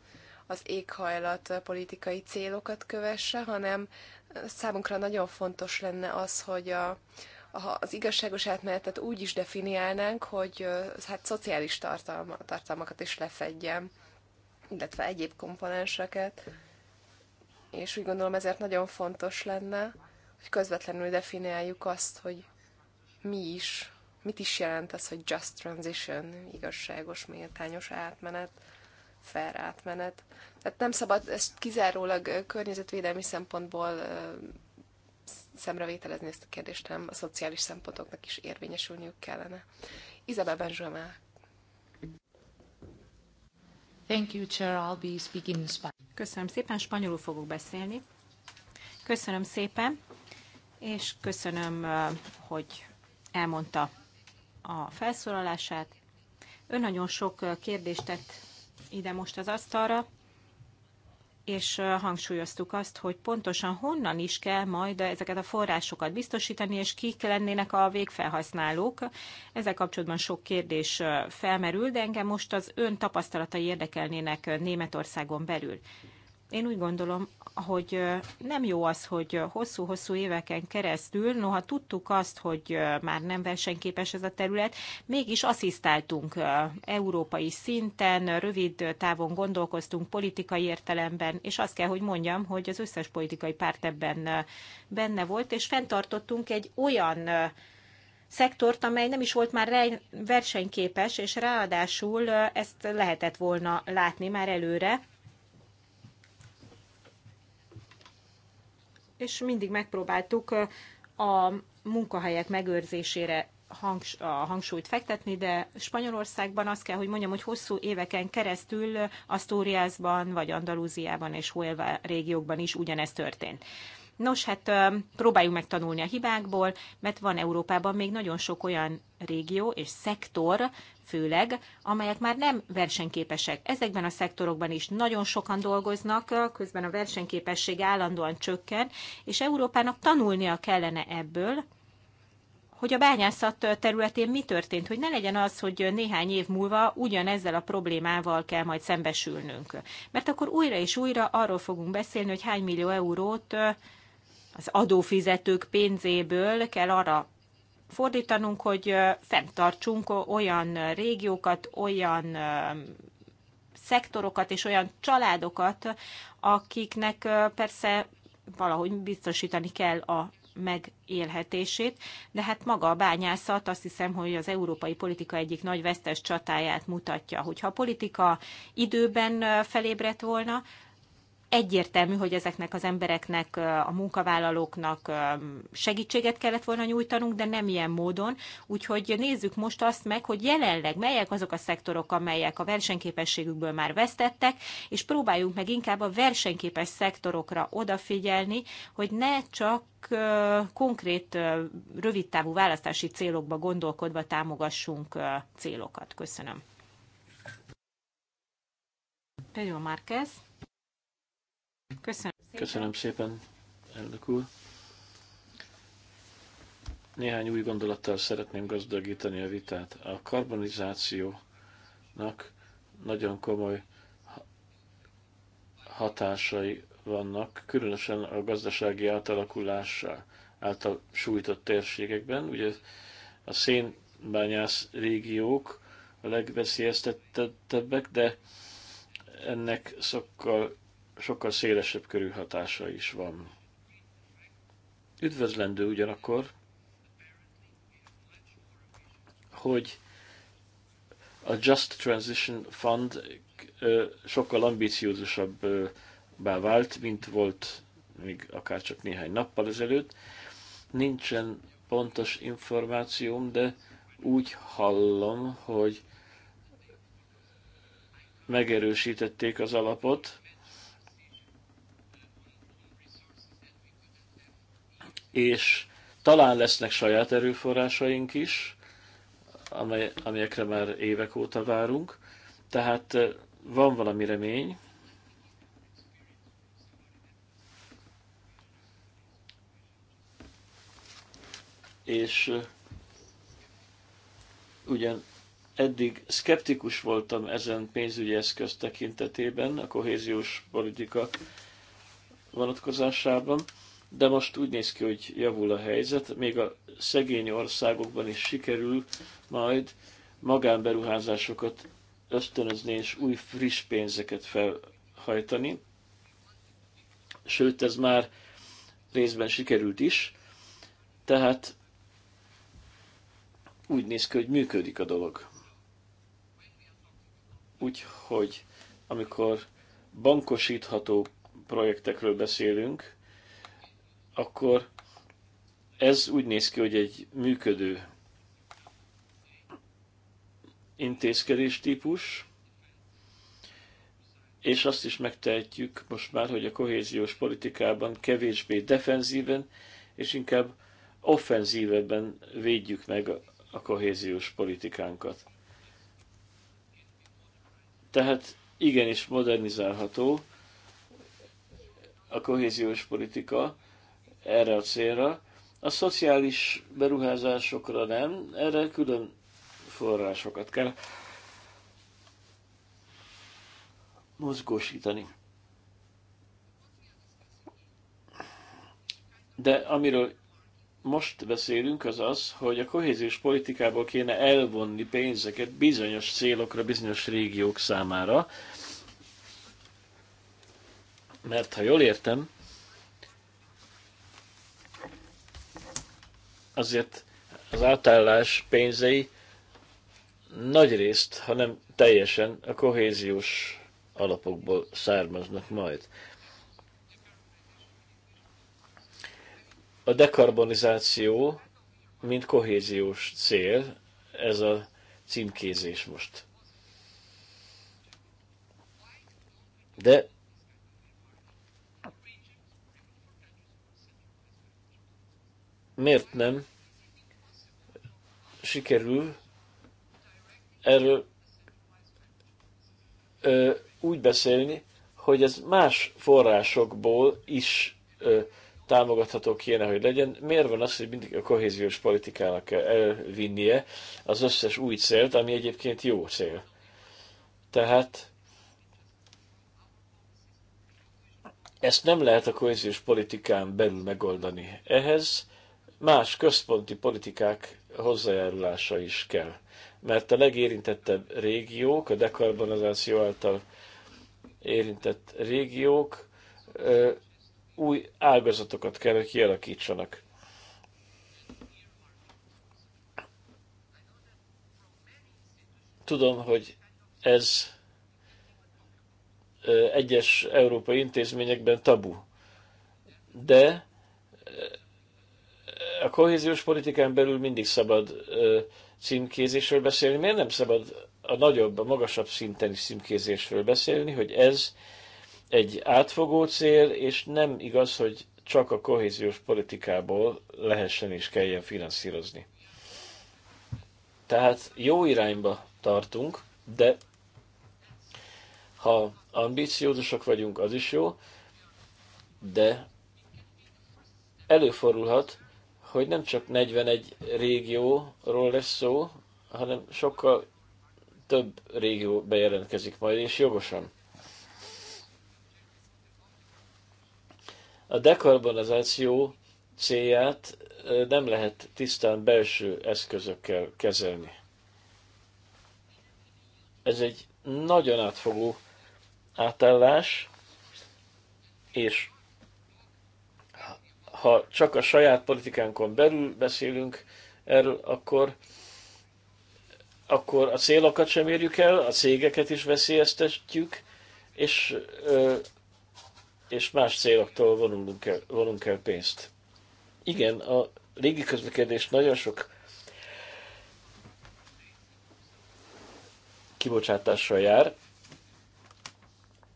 az éghajlat politikai célokat kövesse, hanem számunkra nagyon fontos lenne az, hogy a, ha az igazságos átmenetet úgy is definiálnánk, hogy hát szociális tartalma, tartalmakat is lefedjen, illetve egyéb komponenseket. És úgy gondolom ezért nagyon fontos lenne, hogy közvetlenül definiáljuk azt, hogy mi is Mit is jelent az, hogy just transition, igazságos, méltányos átmenet, fair átmenet? Tehát nem szabad ezt kizárólag környezetvédelmi szempontból szemrevételezni ezt a kérdést, hanem a szociális szempontoknak is érvényesülniük kellene. Isabel Benjamin. Thank you, Chair. I'll be speaking in Spanish. Köszönöm szépen, spanyolul fogok beszélni. Köszönöm szépen, és köszönöm, hogy elmondta a felszólalását. Ön nagyon sok kérdést tett ide most az asztalra, és hangsúlyoztuk azt, hogy pontosan honnan is kell majd ezeket a forrásokat biztosítani, és kik lennének a végfelhasználók. Ezzel kapcsolatban sok kérdés felmerül, de engem most az ön tapasztalatai érdekelnének Németországon belül én úgy gondolom, hogy nem jó az, hogy hosszú-hosszú éveken keresztül, noha tudtuk azt, hogy már nem versenyképes ez a terület, mégis asszisztáltunk európai szinten, rövid távon gondolkoztunk politikai értelemben, és azt kell, hogy mondjam, hogy az összes politikai párt ebben benne volt, és fenntartottunk egy olyan szektort, amely nem is volt már versenyképes, és ráadásul ezt lehetett volna látni már előre, és mindig megpróbáltuk a munkahelyek megőrzésére hangs- a hangsúlyt fektetni, de Spanyolországban azt kell, hogy mondjam, hogy hosszú éveken keresztül Asztóriászban, vagy Andalúziában és Huelva régiókban is ugyanezt történt. Nos, hát próbáljuk meg tanulni a hibákból, mert van Európában még nagyon sok olyan régió és szektor, főleg, amelyek már nem versenyképesek. Ezekben a szektorokban is nagyon sokan dolgoznak, közben a versenyképesség állandóan csökken, és Európának tanulnia kellene ebből, hogy a bányászat területén mi történt, hogy ne legyen az, hogy néhány év múlva ugyanezzel a problémával kell majd szembesülnünk. Mert akkor újra és újra arról fogunk beszélni, hogy hány millió eurót az adófizetők pénzéből kell arra fordítanunk, hogy fenntartsunk olyan régiókat, olyan szektorokat és olyan családokat, akiknek persze valahogy biztosítani kell a megélhetését, de hát maga a bányászat azt hiszem, hogy az európai politika egyik nagy vesztes csatáját mutatja, hogyha a politika időben felébredt volna, egyértelmű, hogy ezeknek az embereknek, a munkavállalóknak segítséget kellett volna nyújtanunk, de nem ilyen módon. Úgyhogy nézzük most azt meg, hogy jelenleg melyek azok a szektorok, amelyek a versenyképességükből már vesztettek, és próbáljuk meg inkább a versenyképes szektorokra odafigyelni, hogy ne csak konkrét rövidtávú választási célokba gondolkodva támogassunk célokat. Köszönöm. Pedro Márquez. Köszönöm. Köszönöm szépen, elnök úr. Néhány új gondolattal szeretném gazdagítani a vitát. A karbonizációnak nagyon komoly hatásai vannak, különösen a gazdasági átalakulással által sújtott térségekben. Ugye a szénbányász régiók a legveszélyeztettebbek, de ennek sokkal sokkal szélesebb körű hatása is van. Üdvözlendő ugyanakkor, hogy a Just Transition Fund sokkal ambiciózusabbá vált, mint volt még akár csak néhány nappal ezelőtt. Nincsen pontos információm, de úgy hallom, hogy megerősítették az alapot, és talán lesznek saját erőforrásaink is, amely, amelyekre már évek óta várunk. Tehát eh, van valami remény. És eh, ugyan eddig szkeptikus voltam ezen pénzügyi eszköz tekintetében, a kohéziós politika vonatkozásában, de most úgy néz ki, hogy javul a helyzet. Még a szegény országokban is sikerül majd magánberuházásokat ösztönözni és új friss pénzeket felhajtani. Sőt, ez már részben sikerült is. Tehát úgy néz ki, hogy működik a dolog. Úgyhogy amikor bankosítható projektekről beszélünk, akkor ez úgy néz ki, hogy egy működő intézkedés típus, és azt is megtehetjük most már, hogy a kohéziós politikában kevésbé defenzíven, és inkább offenzívebben védjük meg a kohéziós politikánkat. Tehát igenis modernizálható a kohéziós politika, erre a célra. A szociális beruházásokra nem, erre külön forrásokat kell mozgósítani. De amiről most beszélünk, az az, hogy a kohéziós politikából kéne elvonni pénzeket bizonyos célokra, bizonyos régiók számára. Mert ha jól értem, azért az átállás pénzei nagy részt, hanem teljesen a kohéziós alapokból származnak majd. A dekarbonizáció, mint kohéziós cél, ez a címkézés most. De miért nem sikerül erről ö, úgy beszélni, hogy ez más forrásokból is ö, támogatható kéne, hogy legyen. Miért van az, hogy mindig a kohéziós politikának kell elvinnie az összes új célt, ami egyébként jó cél? Tehát ezt nem lehet a kohéziós politikán belül megoldani. Ehhez más központi politikák hozzájárulása is kell. Mert a legérintettebb régiók, a dekarbonizáció által érintett régiók új ágazatokat kell, hogy kialakítsanak. Tudom, hogy ez egyes európai intézményekben tabu, de a kohéziós politikán belül mindig szabad címkézésről beszélni. Miért nem szabad a nagyobb, a magasabb szinten is címkézésről beszélni, hogy ez egy átfogó cél, és nem igaz, hogy csak a kohéziós politikából lehessen és kelljen finanszírozni. Tehát jó irányba tartunk, de ha ambíciózusok vagyunk, az is jó, de előfordulhat, hogy nem csak 41 régióról lesz szó, hanem sokkal több régió bejelentkezik majd, és jogosan. A dekarbonizáció célját nem lehet tisztán belső eszközökkel kezelni. Ez egy nagyon átfogó átállás, és ha csak a saját politikánkon belül beszélünk erről, akkor, akkor a célokat sem érjük el, a cégeket is veszélyeztetjük, és, és más céloktól vonulunk el, vonunk el pénzt. Igen, a légi közlekedés nagyon sok kibocsátással jár,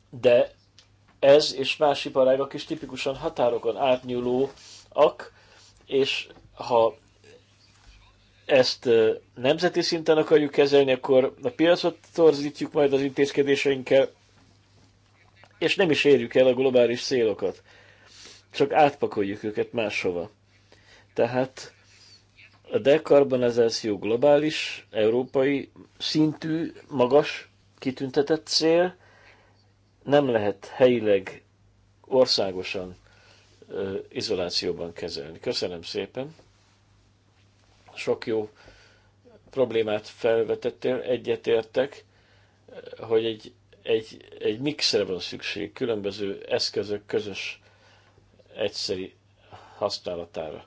de ez és más iparágak is tipikusan határokon átnyúlóak, és ha ezt nemzeti szinten akarjuk kezelni, akkor a piacot torzítjuk majd az intézkedéseinkkel, és nem is érjük el a globális célokat, csak átpakoljuk őket máshova. Tehát a dekarbonizáció globális, európai szintű, magas, kitüntetett cél, nem lehet helyileg országosan izolációban kezelni. Köszönöm szépen. Sok jó problémát felvetettél, egyetértek, hogy egy, egy, egy mixre van szükség, különböző eszközök közös egyszeri használatára.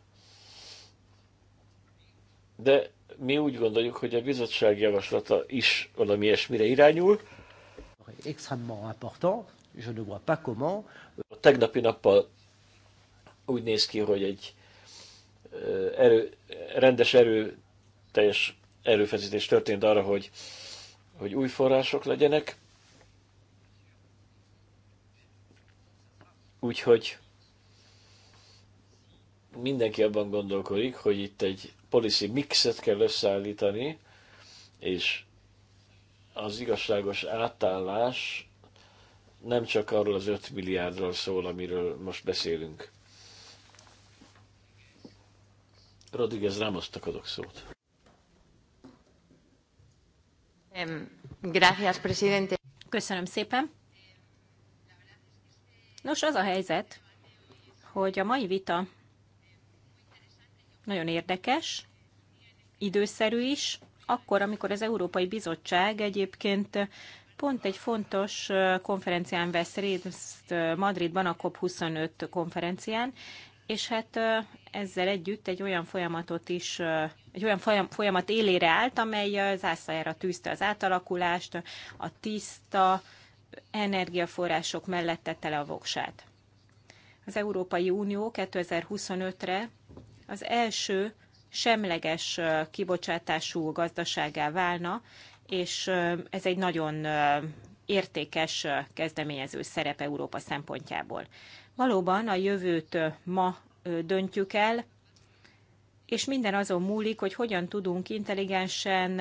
De mi úgy gondoljuk, hogy a bizottság javaslata is valami ilyesmire irányul, extrêmement important. Je ne vois pas comment. Euh, A tegnapi nappal úgy néz ki, hogy egy euh, erő, rendes erő, teljes erőfeszítés történt arra, hogy, hogy új források legyenek. Úgyhogy mindenki abban gondolkodik, hogy itt egy policy mixet kell összeállítani, és az igazságos átállás nem csak arról az 5 milliárdról szól, amiről most beszélünk. Rodriguez Ramosnak adok szót. Köszönöm szépen. Nos, az a helyzet, hogy a mai vita nagyon érdekes, időszerű is, akkor, amikor az Európai Bizottság egyébként pont egy fontos konferencián vesz részt Madridban, a COP25 konferencián, és hát ezzel együtt egy olyan folyamatot is, egy olyan folyamat élére állt, amely zászlajára tűzte az átalakulást, a tiszta energiaforrások mellett tette le a voksát. Az Európai Unió 2025-re az első semleges kibocsátású gazdaságá válna, és ez egy nagyon értékes kezdeményező szerep Európa szempontjából. Valóban a jövőt ma döntjük el, és minden azon múlik, hogy hogyan tudunk intelligensen,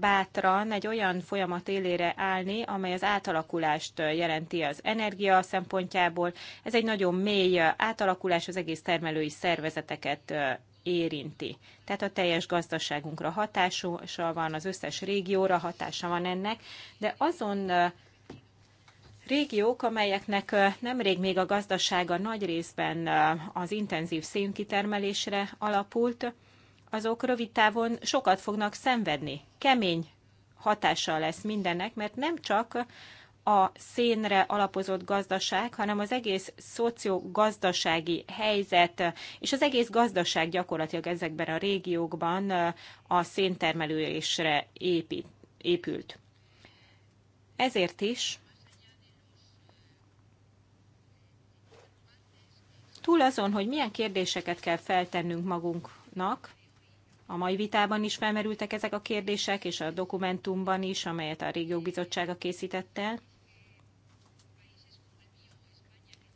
bátran egy olyan folyamat élére állni, amely az átalakulást jelenti az energia szempontjából. Ez egy nagyon mély átalakulás, az egész termelői szervezeteket érinti. Tehát a teljes gazdaságunkra hatása van, az összes régióra hatása van ennek, de azon régiók, amelyeknek nemrég még a gazdasága nagy részben az intenzív szénkitermelésre alapult, azok rövid távon sokat fognak szenvedni. Kemény hatással lesz mindennek, mert nem csak a szénre alapozott gazdaság, hanem az egész szociogazdasági helyzet és az egész gazdaság gyakorlatilag ezekben a régiókban a széntermelésre épült. Ezért is túl azon, hogy milyen kérdéseket kell feltennünk magunknak, a mai vitában is felmerültek ezek a kérdések, és a dokumentumban is, amelyet a Régiók Bizottsága készített el.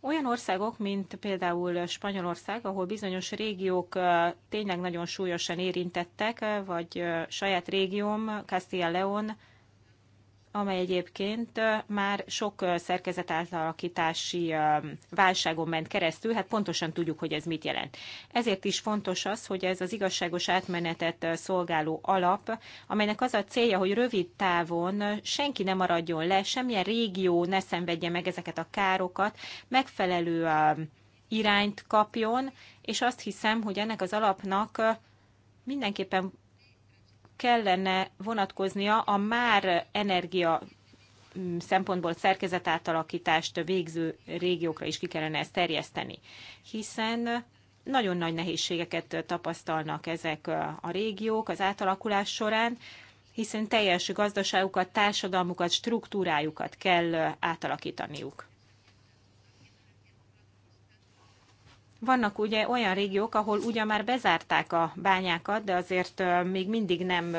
Olyan országok, mint például Spanyolország, ahol bizonyos régiók tényleg nagyon súlyosan érintettek, vagy saját régióm, Castilla-León, amely egyébként már sok szerkezet átalakítási válságon ment keresztül, hát pontosan tudjuk, hogy ez mit jelent. Ezért is fontos az, hogy ez az igazságos átmenetet szolgáló alap, amelynek az a célja, hogy rövid távon senki ne maradjon le, semmilyen régió ne szenvedje meg ezeket a károkat, megfelelő irányt kapjon, és azt hiszem, hogy ennek az alapnak mindenképpen kellene vonatkoznia a már energia mm, szempontból szerkezetátalakítást végző régiókra is ki kellene ezt terjeszteni, hiszen nagyon nagy nehézségeket tapasztalnak ezek a régiók az átalakulás során, hiszen teljes gazdaságukat, társadalmukat, struktúrájukat kell átalakítaniuk. Vannak ugye olyan régiók, ahol ugyan már bezárták a bányákat, de azért még mindig nem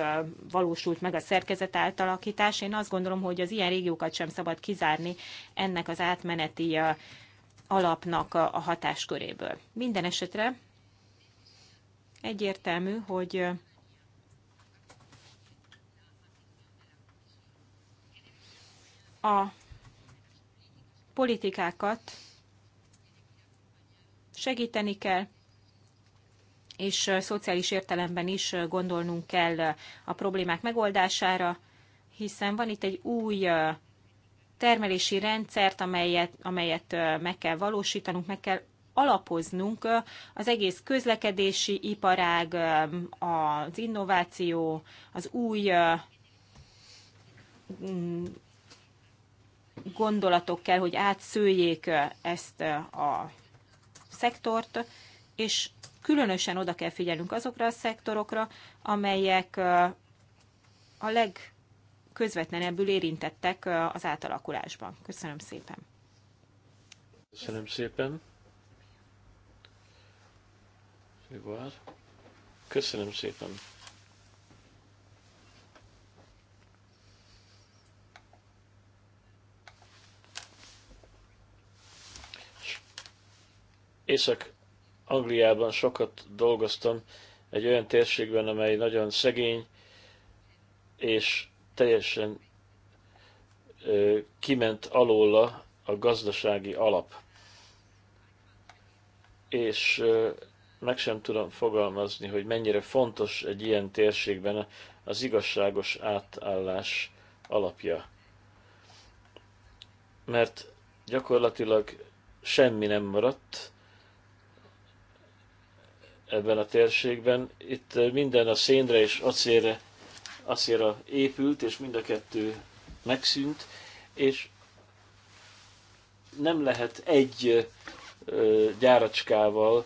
valósult meg a szerkezet átalakítás. Én azt gondolom, hogy az ilyen régiókat sem szabad kizárni ennek az átmeneti alapnak a hatásköréből. Minden esetre egyértelmű, hogy a politikákat segíteni kell, és szociális értelemben is gondolnunk kell a problémák megoldására, hiszen van itt egy új termelési rendszert, amelyet, amelyet meg kell valósítanunk, meg kell alapoznunk az egész közlekedési iparág, az innováció, az új gondolatok kell, hogy átszőjék ezt a szektort, és különösen oda kell figyelnünk azokra a szektorokra, amelyek a legközvetlenebbül érintettek az átalakulásban. Köszönöm szépen! Köszönöm szépen! Köszönöm szépen! Észak-Angliában sokat dolgoztam, egy olyan térségben, amely nagyon szegény, és teljesen ö, kiment alóla a gazdasági alap. És ö, meg sem tudom fogalmazni, hogy mennyire fontos egy ilyen térségben az igazságos átállás alapja. Mert gyakorlatilag semmi nem maradt, ebben a térségben. Itt eh, minden a szénre és acélre, acélra épült, és mind a kettő megszűnt, és nem lehet egy eh, gyáracskával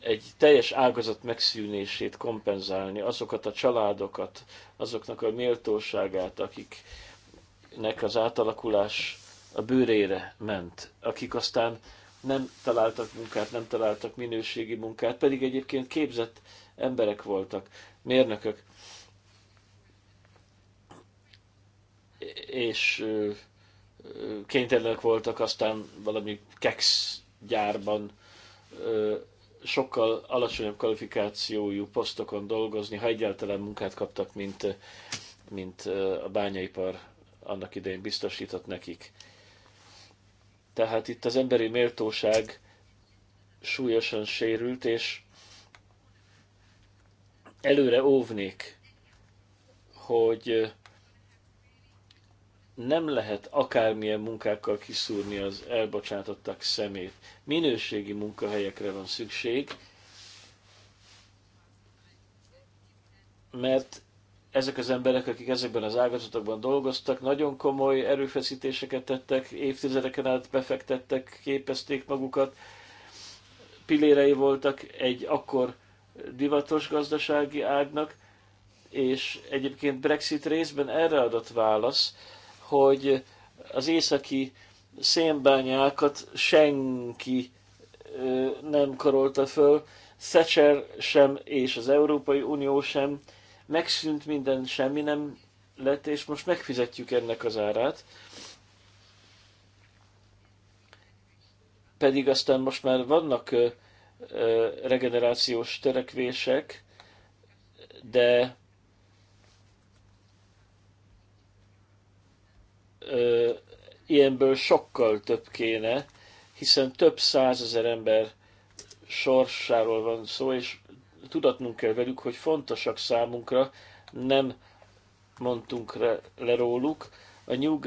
egy teljes ágazat megszűnését kompenzálni, azokat a családokat, azoknak a méltóságát, akiknek az átalakulás a bőrére ment, akik aztán nem találtak munkát, nem találtak minőségi munkát, pedig egyébként képzett emberek voltak, mérnökök. És kénytelenek voltak aztán valami kex gyárban sokkal alacsonyabb kvalifikációjú posztokon dolgozni, ha egyáltalán munkát kaptak, mint, mint a bányaipar annak idején biztosított nekik. Tehát itt az emberi méltóság súlyosan sérült, és előre óvnék, hogy nem lehet akármilyen munkákkal kiszúrni az elbocsátottak szemét. Minőségi munkahelyekre van szükség, mert ezek az emberek, akik ezekben az ágazatokban dolgoztak, nagyon komoly erőfeszítéseket tettek, évtizedeken át befektettek, képezték magukat, pilérei voltak egy akkor divatos gazdasági ágnak, és egyébként Brexit részben erre adott válasz, hogy az északi szénbányákat senki nem karolta föl, Thatcher sem, és az Európai Unió sem, megszűnt minden, semmi nem lett, és most megfizetjük ennek az árát. Pedig aztán most már vannak regenerációs törekvések, de ilyenből sokkal több kéne, hiszen több százezer ember sorsáról van szó, és tudatnunk kell velük, hogy fontosak számunkra, nem mondtunk le róluk. A New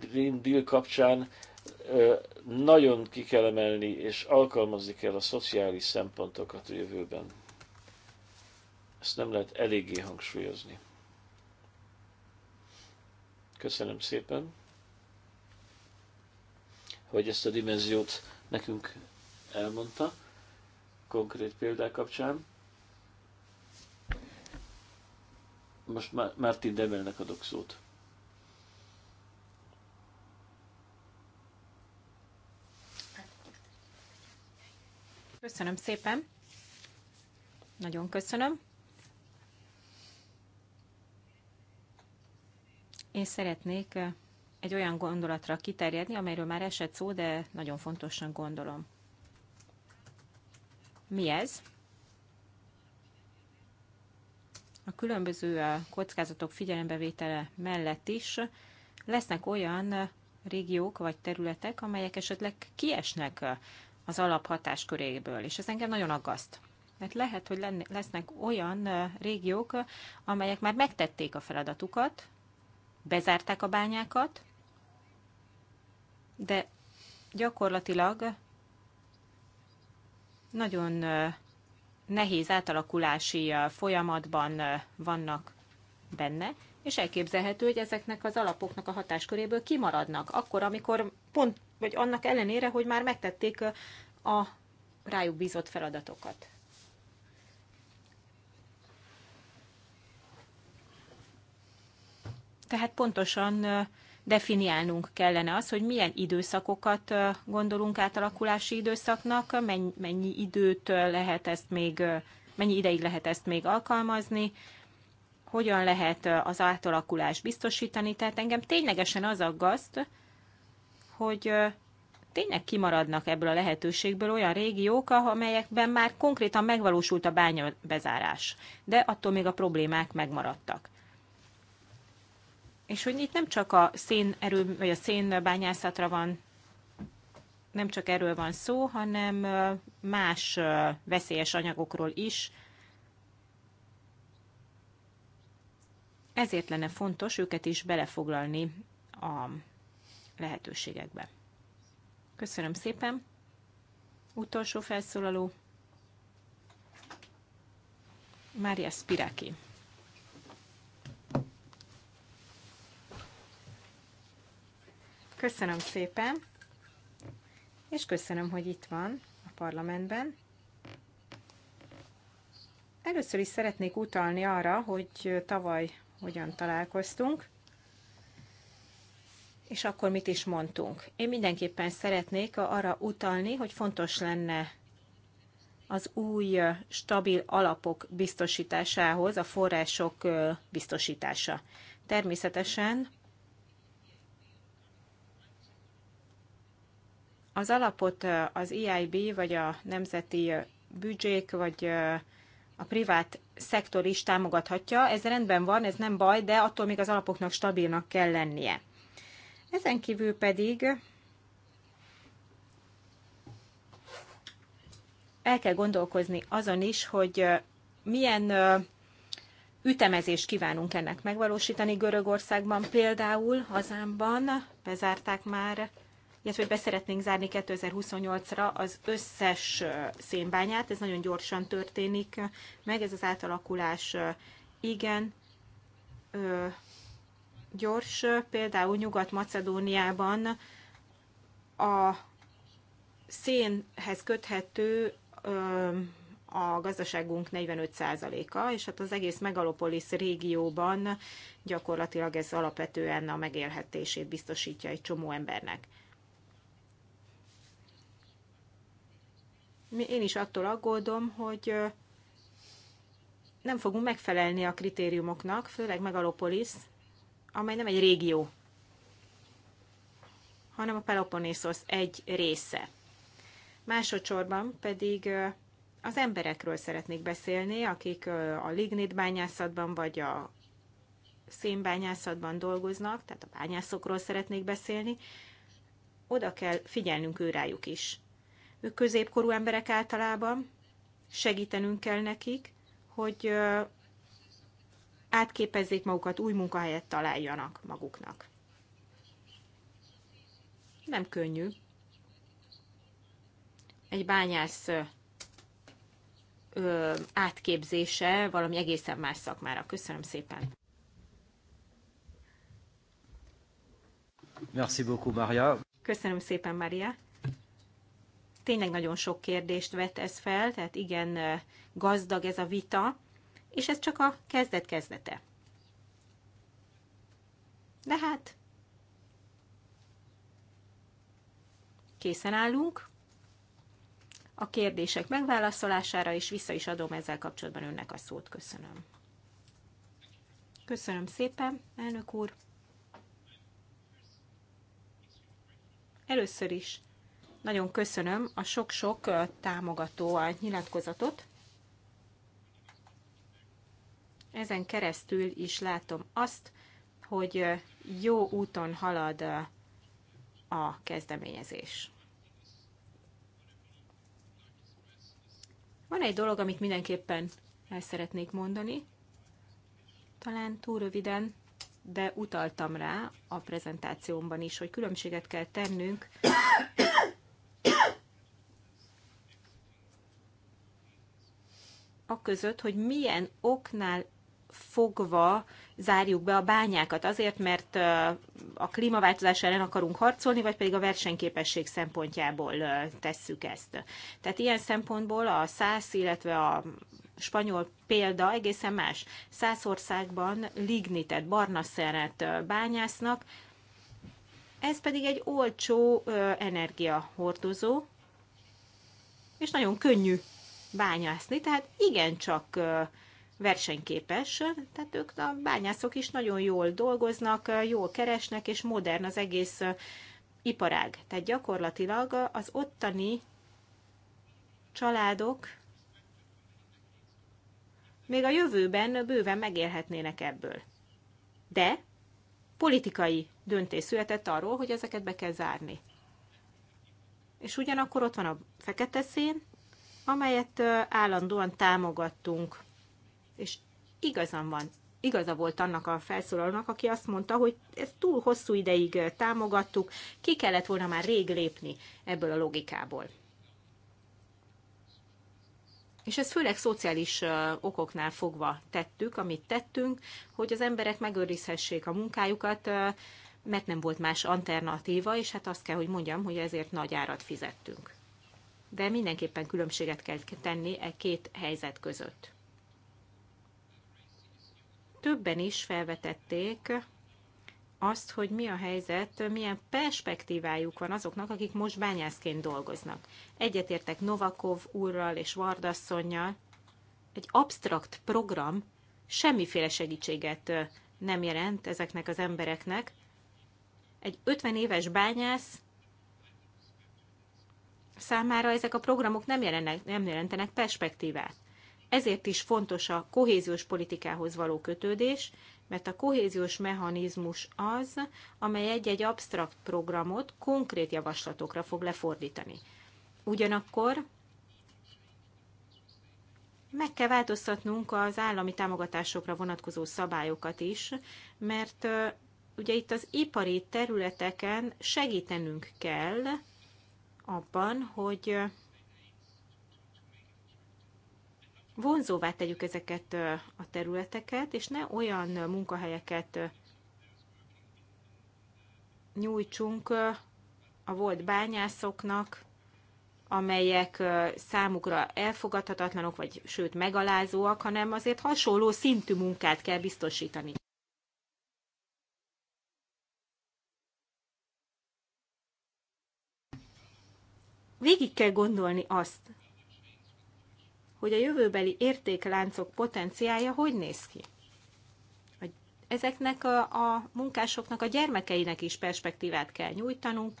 Green Deal kapcsán nagyon ki kell emelni, és alkalmazni kell a szociális szempontokat a jövőben. Ezt nem lehet eléggé hangsúlyozni. Köszönöm szépen, hogy ezt a dimenziót nekünk elmondta konkrét példák kapcsán. Most Martin Demelnek adok szót. Köszönöm szépen. Nagyon köszönöm. Én szeretnék eh, egy olyan gondolatra kiterjedni, amelyről már esett szó, de nagyon fontosan gondolom. Mi ez? a különböző kockázatok figyelembevétele mellett is lesznek olyan régiók vagy területek, amelyek esetleg kiesnek az alaphatás köréből, és ez engem nagyon aggaszt. Mert lehet, hogy lesznek olyan régiók, amelyek már megtették a feladatukat, bezárták a bányákat, de gyakorlatilag nagyon nehéz átalakulási folyamatban vannak benne, és elképzelhető, hogy ezeknek az alapoknak a hatásköréből kimaradnak, akkor, amikor pont, vagy annak ellenére, hogy már megtették a rájuk bízott feladatokat. Tehát pontosan definiálnunk kellene az, hogy milyen időszakokat gondolunk átalakulási időszaknak, mennyi időt lehet ezt még, mennyi ideig lehet ezt még alkalmazni, hogyan lehet az átalakulás biztosítani. Tehát engem ténylegesen az aggaszt, hogy tényleg kimaradnak ebből a lehetőségből olyan régiók, amelyekben már konkrétan megvalósult a bányabezárás, de attól még a problémák megmaradtak. És hogy itt nem csak a erő vagy a szénbányászatra van, nem csak erről van szó, hanem más veszélyes anyagokról is. Ezért lenne fontos őket is belefoglalni a lehetőségekbe. Köszönöm szépen. Utolsó felszólaló. Mária Spiraki. Köszönöm szépen, és köszönöm, hogy itt van a parlamentben. Először is szeretnék utalni arra, hogy tavaly hogyan találkoztunk, és akkor mit is mondtunk. Én mindenképpen szeretnék arra utalni, hogy fontos lenne az új stabil alapok biztosításához a források biztosítása. Természetesen Az alapot az EIB, vagy a nemzeti büdzsék, vagy a privát szektor is támogathatja. Ez rendben van, ez nem baj, de attól még az alapoknak stabilnak kell lennie. Ezen kívül pedig el kell gondolkozni azon is, hogy milyen ütemezést kívánunk ennek megvalósítani. Görögországban például, hazámban bezárták már illetve hogy beszeretnénk zárni 2028-ra az összes szénbányát, ez nagyon gyorsan történik meg, ez az átalakulás igen gyors, például Nyugat-Macedóniában a szénhez köthető a gazdaságunk 45%-a, és hát az egész megalopolis régióban gyakorlatilag ez alapvetően a megélhetését biztosítja egy csomó embernek. én is attól aggódom, hogy nem fogunk megfelelni a kritériumoknak, főleg Megalopolis, amely nem egy régió, hanem a Peloponnészos egy része. Másodszorban pedig az emberekről szeretnék beszélni, akik a lignit bányászatban vagy a szénbányászatban dolgoznak, tehát a bányászokról szeretnék beszélni. Oda kell figyelnünk őrájuk is középkorú emberek általában, segítenünk kell nekik, hogy átképezzék magukat, új munkahelyet találjanak maguknak. Nem könnyű. Egy bányász átképzése valami egészen más szakmára. Köszönöm szépen. Merci beaucoup, Maria. Köszönöm szépen, Maria. Tényleg nagyon sok kérdést vet ez fel, tehát igen gazdag ez a vita, és ez csak a kezdet-kezdete. De hát készen állunk a kérdések megválaszolására, és vissza is adom ezzel kapcsolatban önnek a szót. Köszönöm. Köszönöm szépen, elnök úr. Először is nagyon köszönöm a sok-sok támogató a nyilatkozatot. Ezen keresztül is látom azt, hogy jó úton halad a kezdeményezés. Van egy dolog, amit mindenképpen el szeretnék mondani. Talán túl röviden, de utaltam rá a prezentációmban is, hogy különbséget kell tennünk között, hogy milyen oknál fogva zárjuk be a bányákat. Azért, mert a klímaváltozás ellen akarunk harcolni, vagy pedig a versenyképesség szempontjából tesszük ezt. Tehát ilyen szempontból a száz, illetve a spanyol példa egészen más. Száz országban lignitet, barna szeret bányásznak, ez pedig egy olcsó energiahordozó, és nagyon könnyű bányászni, tehát igencsak versenyképes, tehát ők a bányászok is nagyon jól dolgoznak, jól keresnek, és modern az egész iparág. Tehát gyakorlatilag az ottani családok még a jövőben bőven megélhetnének ebből. De politikai döntés született arról, hogy ezeket be kell zárni. És ugyanakkor ott van a fekete szén, amelyet állandóan támogattunk. És igazam van, igaza volt annak a felszólalónak, aki azt mondta, hogy ezt túl hosszú ideig támogattuk, ki kellett volna már rég lépni ebből a logikából. És ezt főleg szociális okoknál fogva tettük, amit tettünk, hogy az emberek megőrizhessék a munkájukat, mert nem volt más alternatíva, és hát azt kell, hogy mondjam, hogy ezért nagy árat fizettünk de mindenképpen különbséget kell tenni e két helyzet között. Többen is felvetették azt, hogy mi a helyzet, milyen perspektívájuk van azoknak, akik most bányászként dolgoznak. Egyetértek Novakov úrral és Vardasszonyjal. Egy absztrakt program semmiféle segítséget nem jelent ezeknek az embereknek. Egy 50 éves bányász számára ezek a programok nem, jelennek, nem jelentenek perspektívát. Ezért is fontos a kohéziós politikához való kötődés, mert a kohéziós mechanizmus az, amely egy-egy absztrakt programot konkrét javaslatokra fog lefordítani. Ugyanakkor meg kell változtatnunk az állami támogatásokra vonatkozó szabályokat is, mert ugye itt az ipari területeken segítenünk kell abban, hogy vonzóvá tegyük ezeket a területeket, és ne olyan munkahelyeket nyújtsunk a volt bányászoknak, amelyek számukra elfogadhatatlanok, vagy sőt megalázóak, hanem azért hasonló szintű munkát kell biztosítani. végig kell gondolni azt, hogy a jövőbeli értékláncok potenciája hogy néz ki. Ezeknek a, a munkásoknak, a gyermekeinek is perspektívát kell nyújtanunk,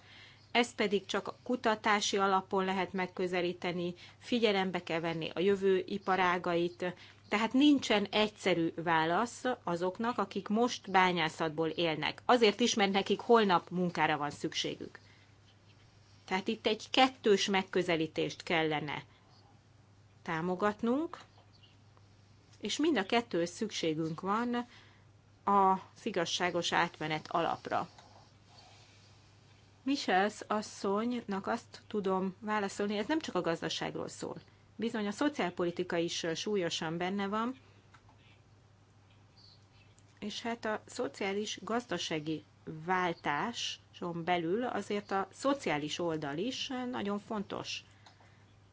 ezt pedig csak a kutatási alapon lehet megközelíteni, figyelembe kell venni a jövő iparágait, tehát nincsen egyszerű válasz azoknak, akik most bányászatból élnek. Azért is, mert nekik holnap munkára van szükségük. Tehát itt egy kettős megközelítést kellene támogatnunk, és mind a kettő szükségünk van a igazságos átmenet alapra. Michels asszonynak azt tudom válaszolni, ez nem csak a gazdaságról szól. Bizony a szociálpolitika is súlyosan benne van, és hát a szociális gazdasági váltás tanácson belül azért a szociális oldal is nagyon fontos.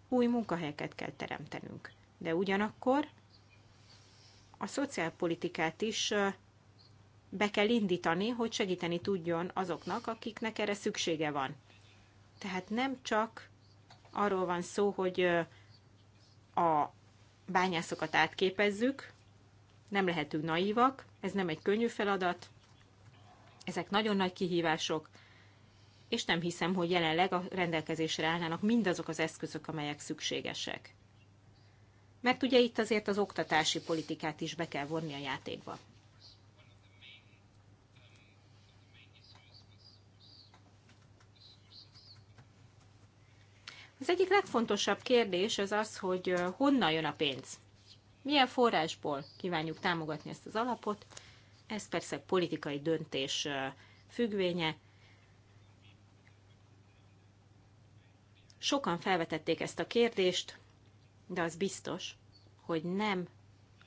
Új munkahelyeket kell teremtenünk. De ugyanakkor a szociálpolitikát is be kell indítani, hogy segíteni tudjon azoknak, akiknek erre szüksége van. Tehát nem csak arról van szó, hogy a bányászokat átképezzük, nem lehetünk naívak, ez nem egy könnyű feladat, ezek nagyon nagy kihívások, és nem hiszem, hogy jelenleg a rendelkezésre állnának mindazok az eszközök, amelyek szükségesek. Mert ugye itt azért az oktatási politikát is be kell vonni a játékba. Az egyik legfontosabb kérdés az az, hogy honnan jön a pénz. Milyen forrásból kívánjuk támogatni ezt az alapot, ez persze politikai döntés függvénye. Sokan felvetették ezt a kérdést, de az biztos, hogy nem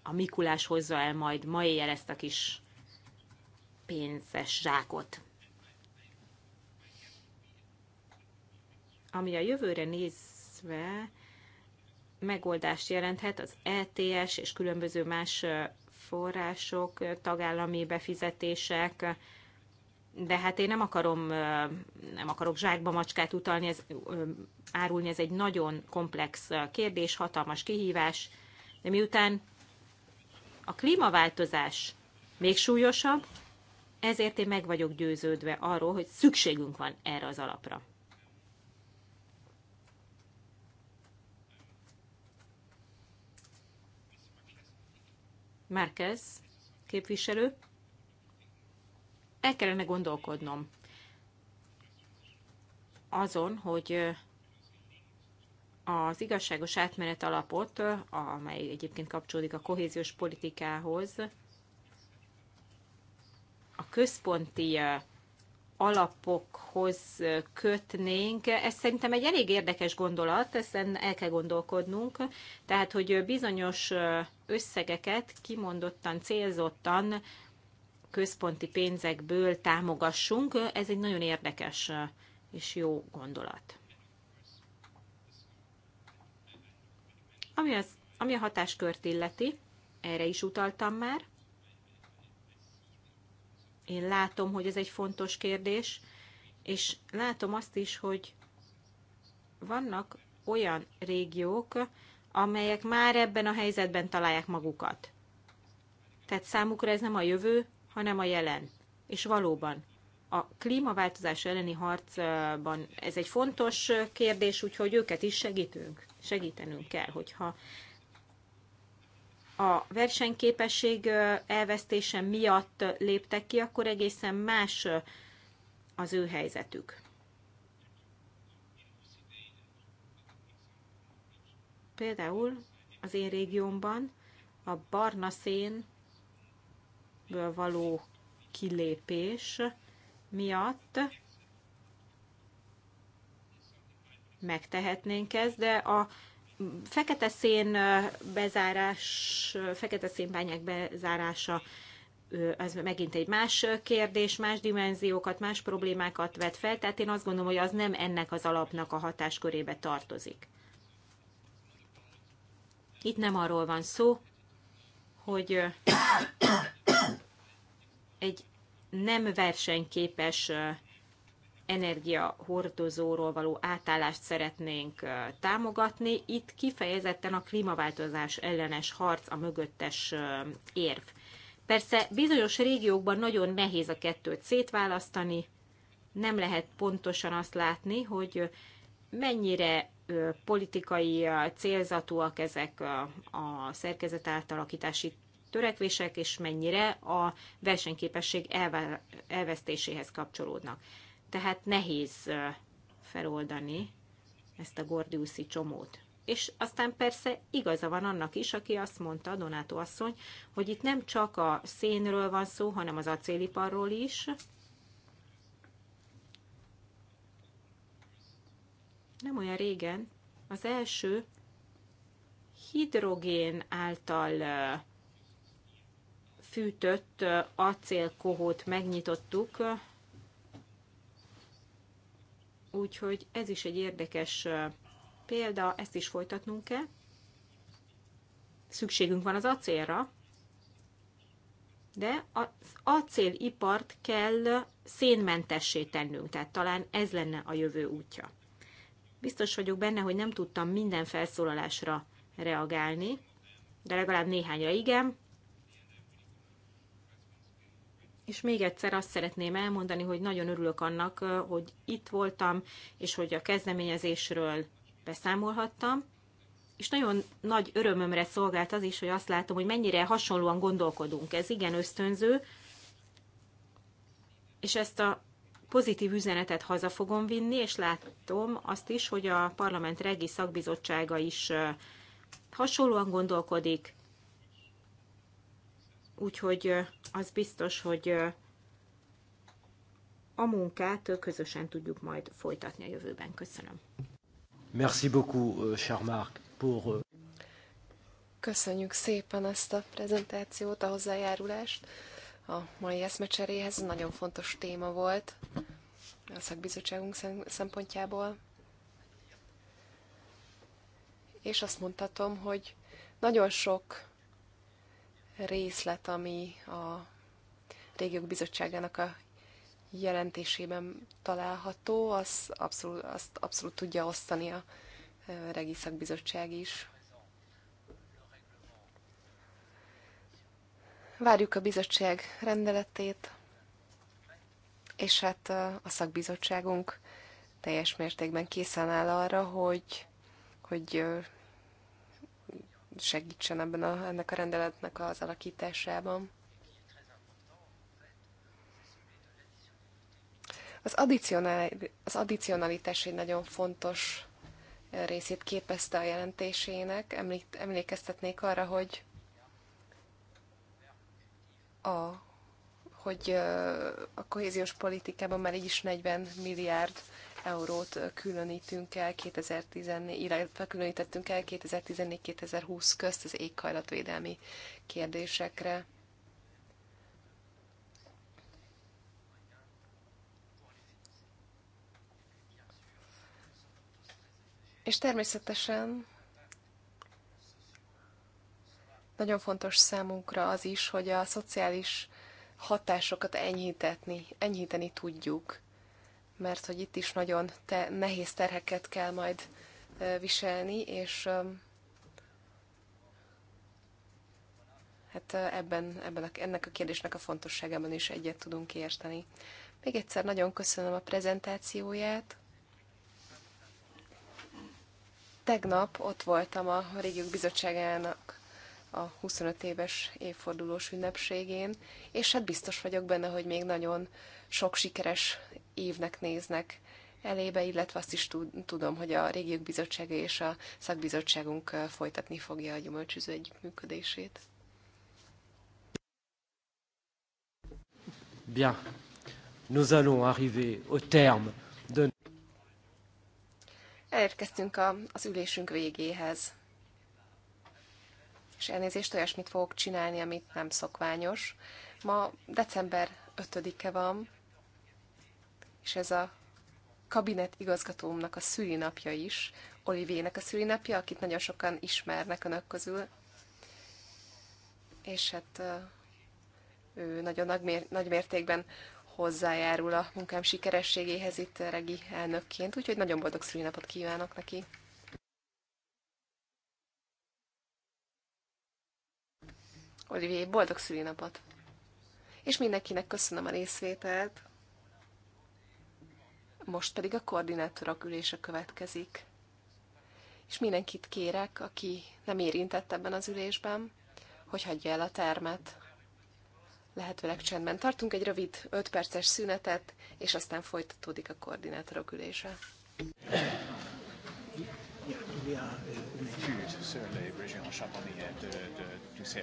a Mikulás hozza el majd ma éjjel ezt a kis pénzes zsákot. Ami a jövőre nézve megoldást jelenthet az ETS és különböző más források, tagállami befizetések, de hát én nem akarom, nem akarok zsákba macskát utalni, ez, árulni, ez egy nagyon komplex kérdés, hatalmas kihívás, de miután a klímaváltozás még súlyosabb, ezért én meg vagyok győződve arról, hogy szükségünk van erre az alapra. Márkez képviselő. El kellene gondolkodnom azon, hogy az igazságos átmenet alapot, amely egyébként kapcsolódik a kohéziós politikához, a központi alapokhoz kötnénk. Ez szerintem egy elég érdekes gondolat, ezen el kell gondolkodnunk. Tehát, hogy bizonyos összegeket kimondottan, célzottan központi pénzekből támogassunk. Ez egy nagyon érdekes és jó gondolat. Ami, az, ami a hatáskört illeti, erre is utaltam már. Én látom, hogy ez egy fontos kérdés, és látom azt is, hogy vannak olyan régiók, amelyek már ebben a helyzetben találják magukat. Tehát számukra ez nem a jövő, hanem a jelen. És valóban a klímaváltozás elleni harcban ez egy fontos kérdés, úgyhogy őket is segítünk, segítenünk kell, hogyha a versenyképesség elvesztése miatt léptek ki, akkor egészen más az ő helyzetük. Például az én régiómban a barna szénből való kilépés miatt megtehetnénk ezt, de a fekete szén bezárás, fekete szénbányák bezárása az megint egy más kérdés, más dimenziókat, más problémákat vet fel, tehát én azt gondolom, hogy az nem ennek az alapnak a hatáskörébe tartozik. Itt nem arról van szó, hogy egy nem versenyképes energiahordozóról való átállást szeretnénk támogatni. Itt kifejezetten a klímaváltozás ellenes harc a mögöttes érv. Persze bizonyos régiókban nagyon nehéz a kettőt szétválasztani, nem lehet pontosan azt látni, hogy mennyire politikai célzatúak ezek a szerkezet átalakítási törekvések, és mennyire a versenyképesség elvesztéséhez kapcsolódnak. Tehát nehéz feloldani ezt a gordiuszi csomót. És aztán persze igaza van annak is, aki azt mondta, Donátó asszony, hogy itt nem csak a szénről van szó, hanem az acéliparról is, nem olyan régen az első hidrogén által fűtött acélkohót megnyitottuk, úgyhogy ez is egy érdekes példa, ezt is folytatnunk kell. Szükségünk van az acélra, de az acélipart kell szénmentessé tennünk, tehát talán ez lenne a jövő útja. Biztos vagyok benne, hogy nem tudtam minden felszólalásra reagálni, de legalább néhányra igen. És még egyszer azt szeretném elmondani, hogy nagyon örülök annak, hogy itt voltam, és hogy a kezdeményezésről beszámolhattam. És nagyon nagy örömömre szolgált az is, hogy azt látom, hogy mennyire hasonlóan gondolkodunk. Ez igen ösztönző, és ezt a pozitív üzenetet haza fogom vinni, és látom azt is, hogy a parlament regi szakbizottsága is hasonlóan gondolkodik, úgyhogy az biztos, hogy a munkát közösen tudjuk majd folytatni a jövőben. Köszönöm. Merci beaucoup, euh, cher Marc, pour... Euh, Köszönjük szépen ezt a prezentációt, a hozzájárulást a mai eszmecseréhez. Nagyon fontos téma volt a szakbizottságunk szempontjából. És azt mondhatom, hogy nagyon sok részlet, ami a régiók bizottságának a jelentésében található, az abszolút, azt abszolút tudja osztani a regiszakbizottság is. Várjuk a bizottság rendeletét, és hát a szakbizottságunk teljes mértékben készen áll arra, hogy, hogy segítsen ebben a, ennek a rendeletnek az alakításában. Az, addicionál, az addicionalitás egy nagyon fontos részét képezte a jelentésének. Emlékeztetnék arra, hogy a, hogy a kohéziós politikában már így is 40 milliárd eurót különítünk el 2014, illetve különítettünk el 2014-2020 közt az éghajlatvédelmi kérdésekre. És természetesen nagyon fontos számunkra az is, hogy a szociális hatásokat enyhítetni, enyhíteni tudjuk, mert hogy itt is nagyon te, nehéz terheket kell majd viselni, és hát ebben, ebben a, ennek a kérdésnek a fontosságában is egyet tudunk érteni. Még egyszer nagyon köszönöm a prezentációját. Tegnap ott voltam a Régiók Bizottságának a 25 éves évfordulós ünnepségén, és hát biztos vagyok benne, hogy még nagyon sok sikeres évnek néznek elébe, illetve azt is tudom, hogy a régiók bizottsága és a szakbizottságunk folytatni fogja a gyümölcsüző együttműködését. Bien. Nous allons arriver au terme de... Elérkeztünk a, az ülésünk végéhez és elnézést, olyasmit fogok csinálni, amit nem szokványos. Ma december 5-e van, és ez a kabinet igazgatómnak a szülinapja is, Olivének a szülinapja, akit nagyon sokan ismernek önök közül. És hát ő nagyon nagy, mér, nagy mértékben hozzájárul a munkám sikerességéhez itt regi elnökként, úgyhogy nagyon boldog szülinapot kívánok neki. Olivier, boldog szülinapot! És mindenkinek köszönöm a részvételt. Most pedig a koordinátorok ülése következik. És mindenkit kérek, aki nem érintett ebben az ülésben, hogy hagyja el a termet. Lehetőleg csendben tartunk egy rövid 5 perces szünetet, és aztán folytatódik a koordinátorok ülése. Yeah, y a une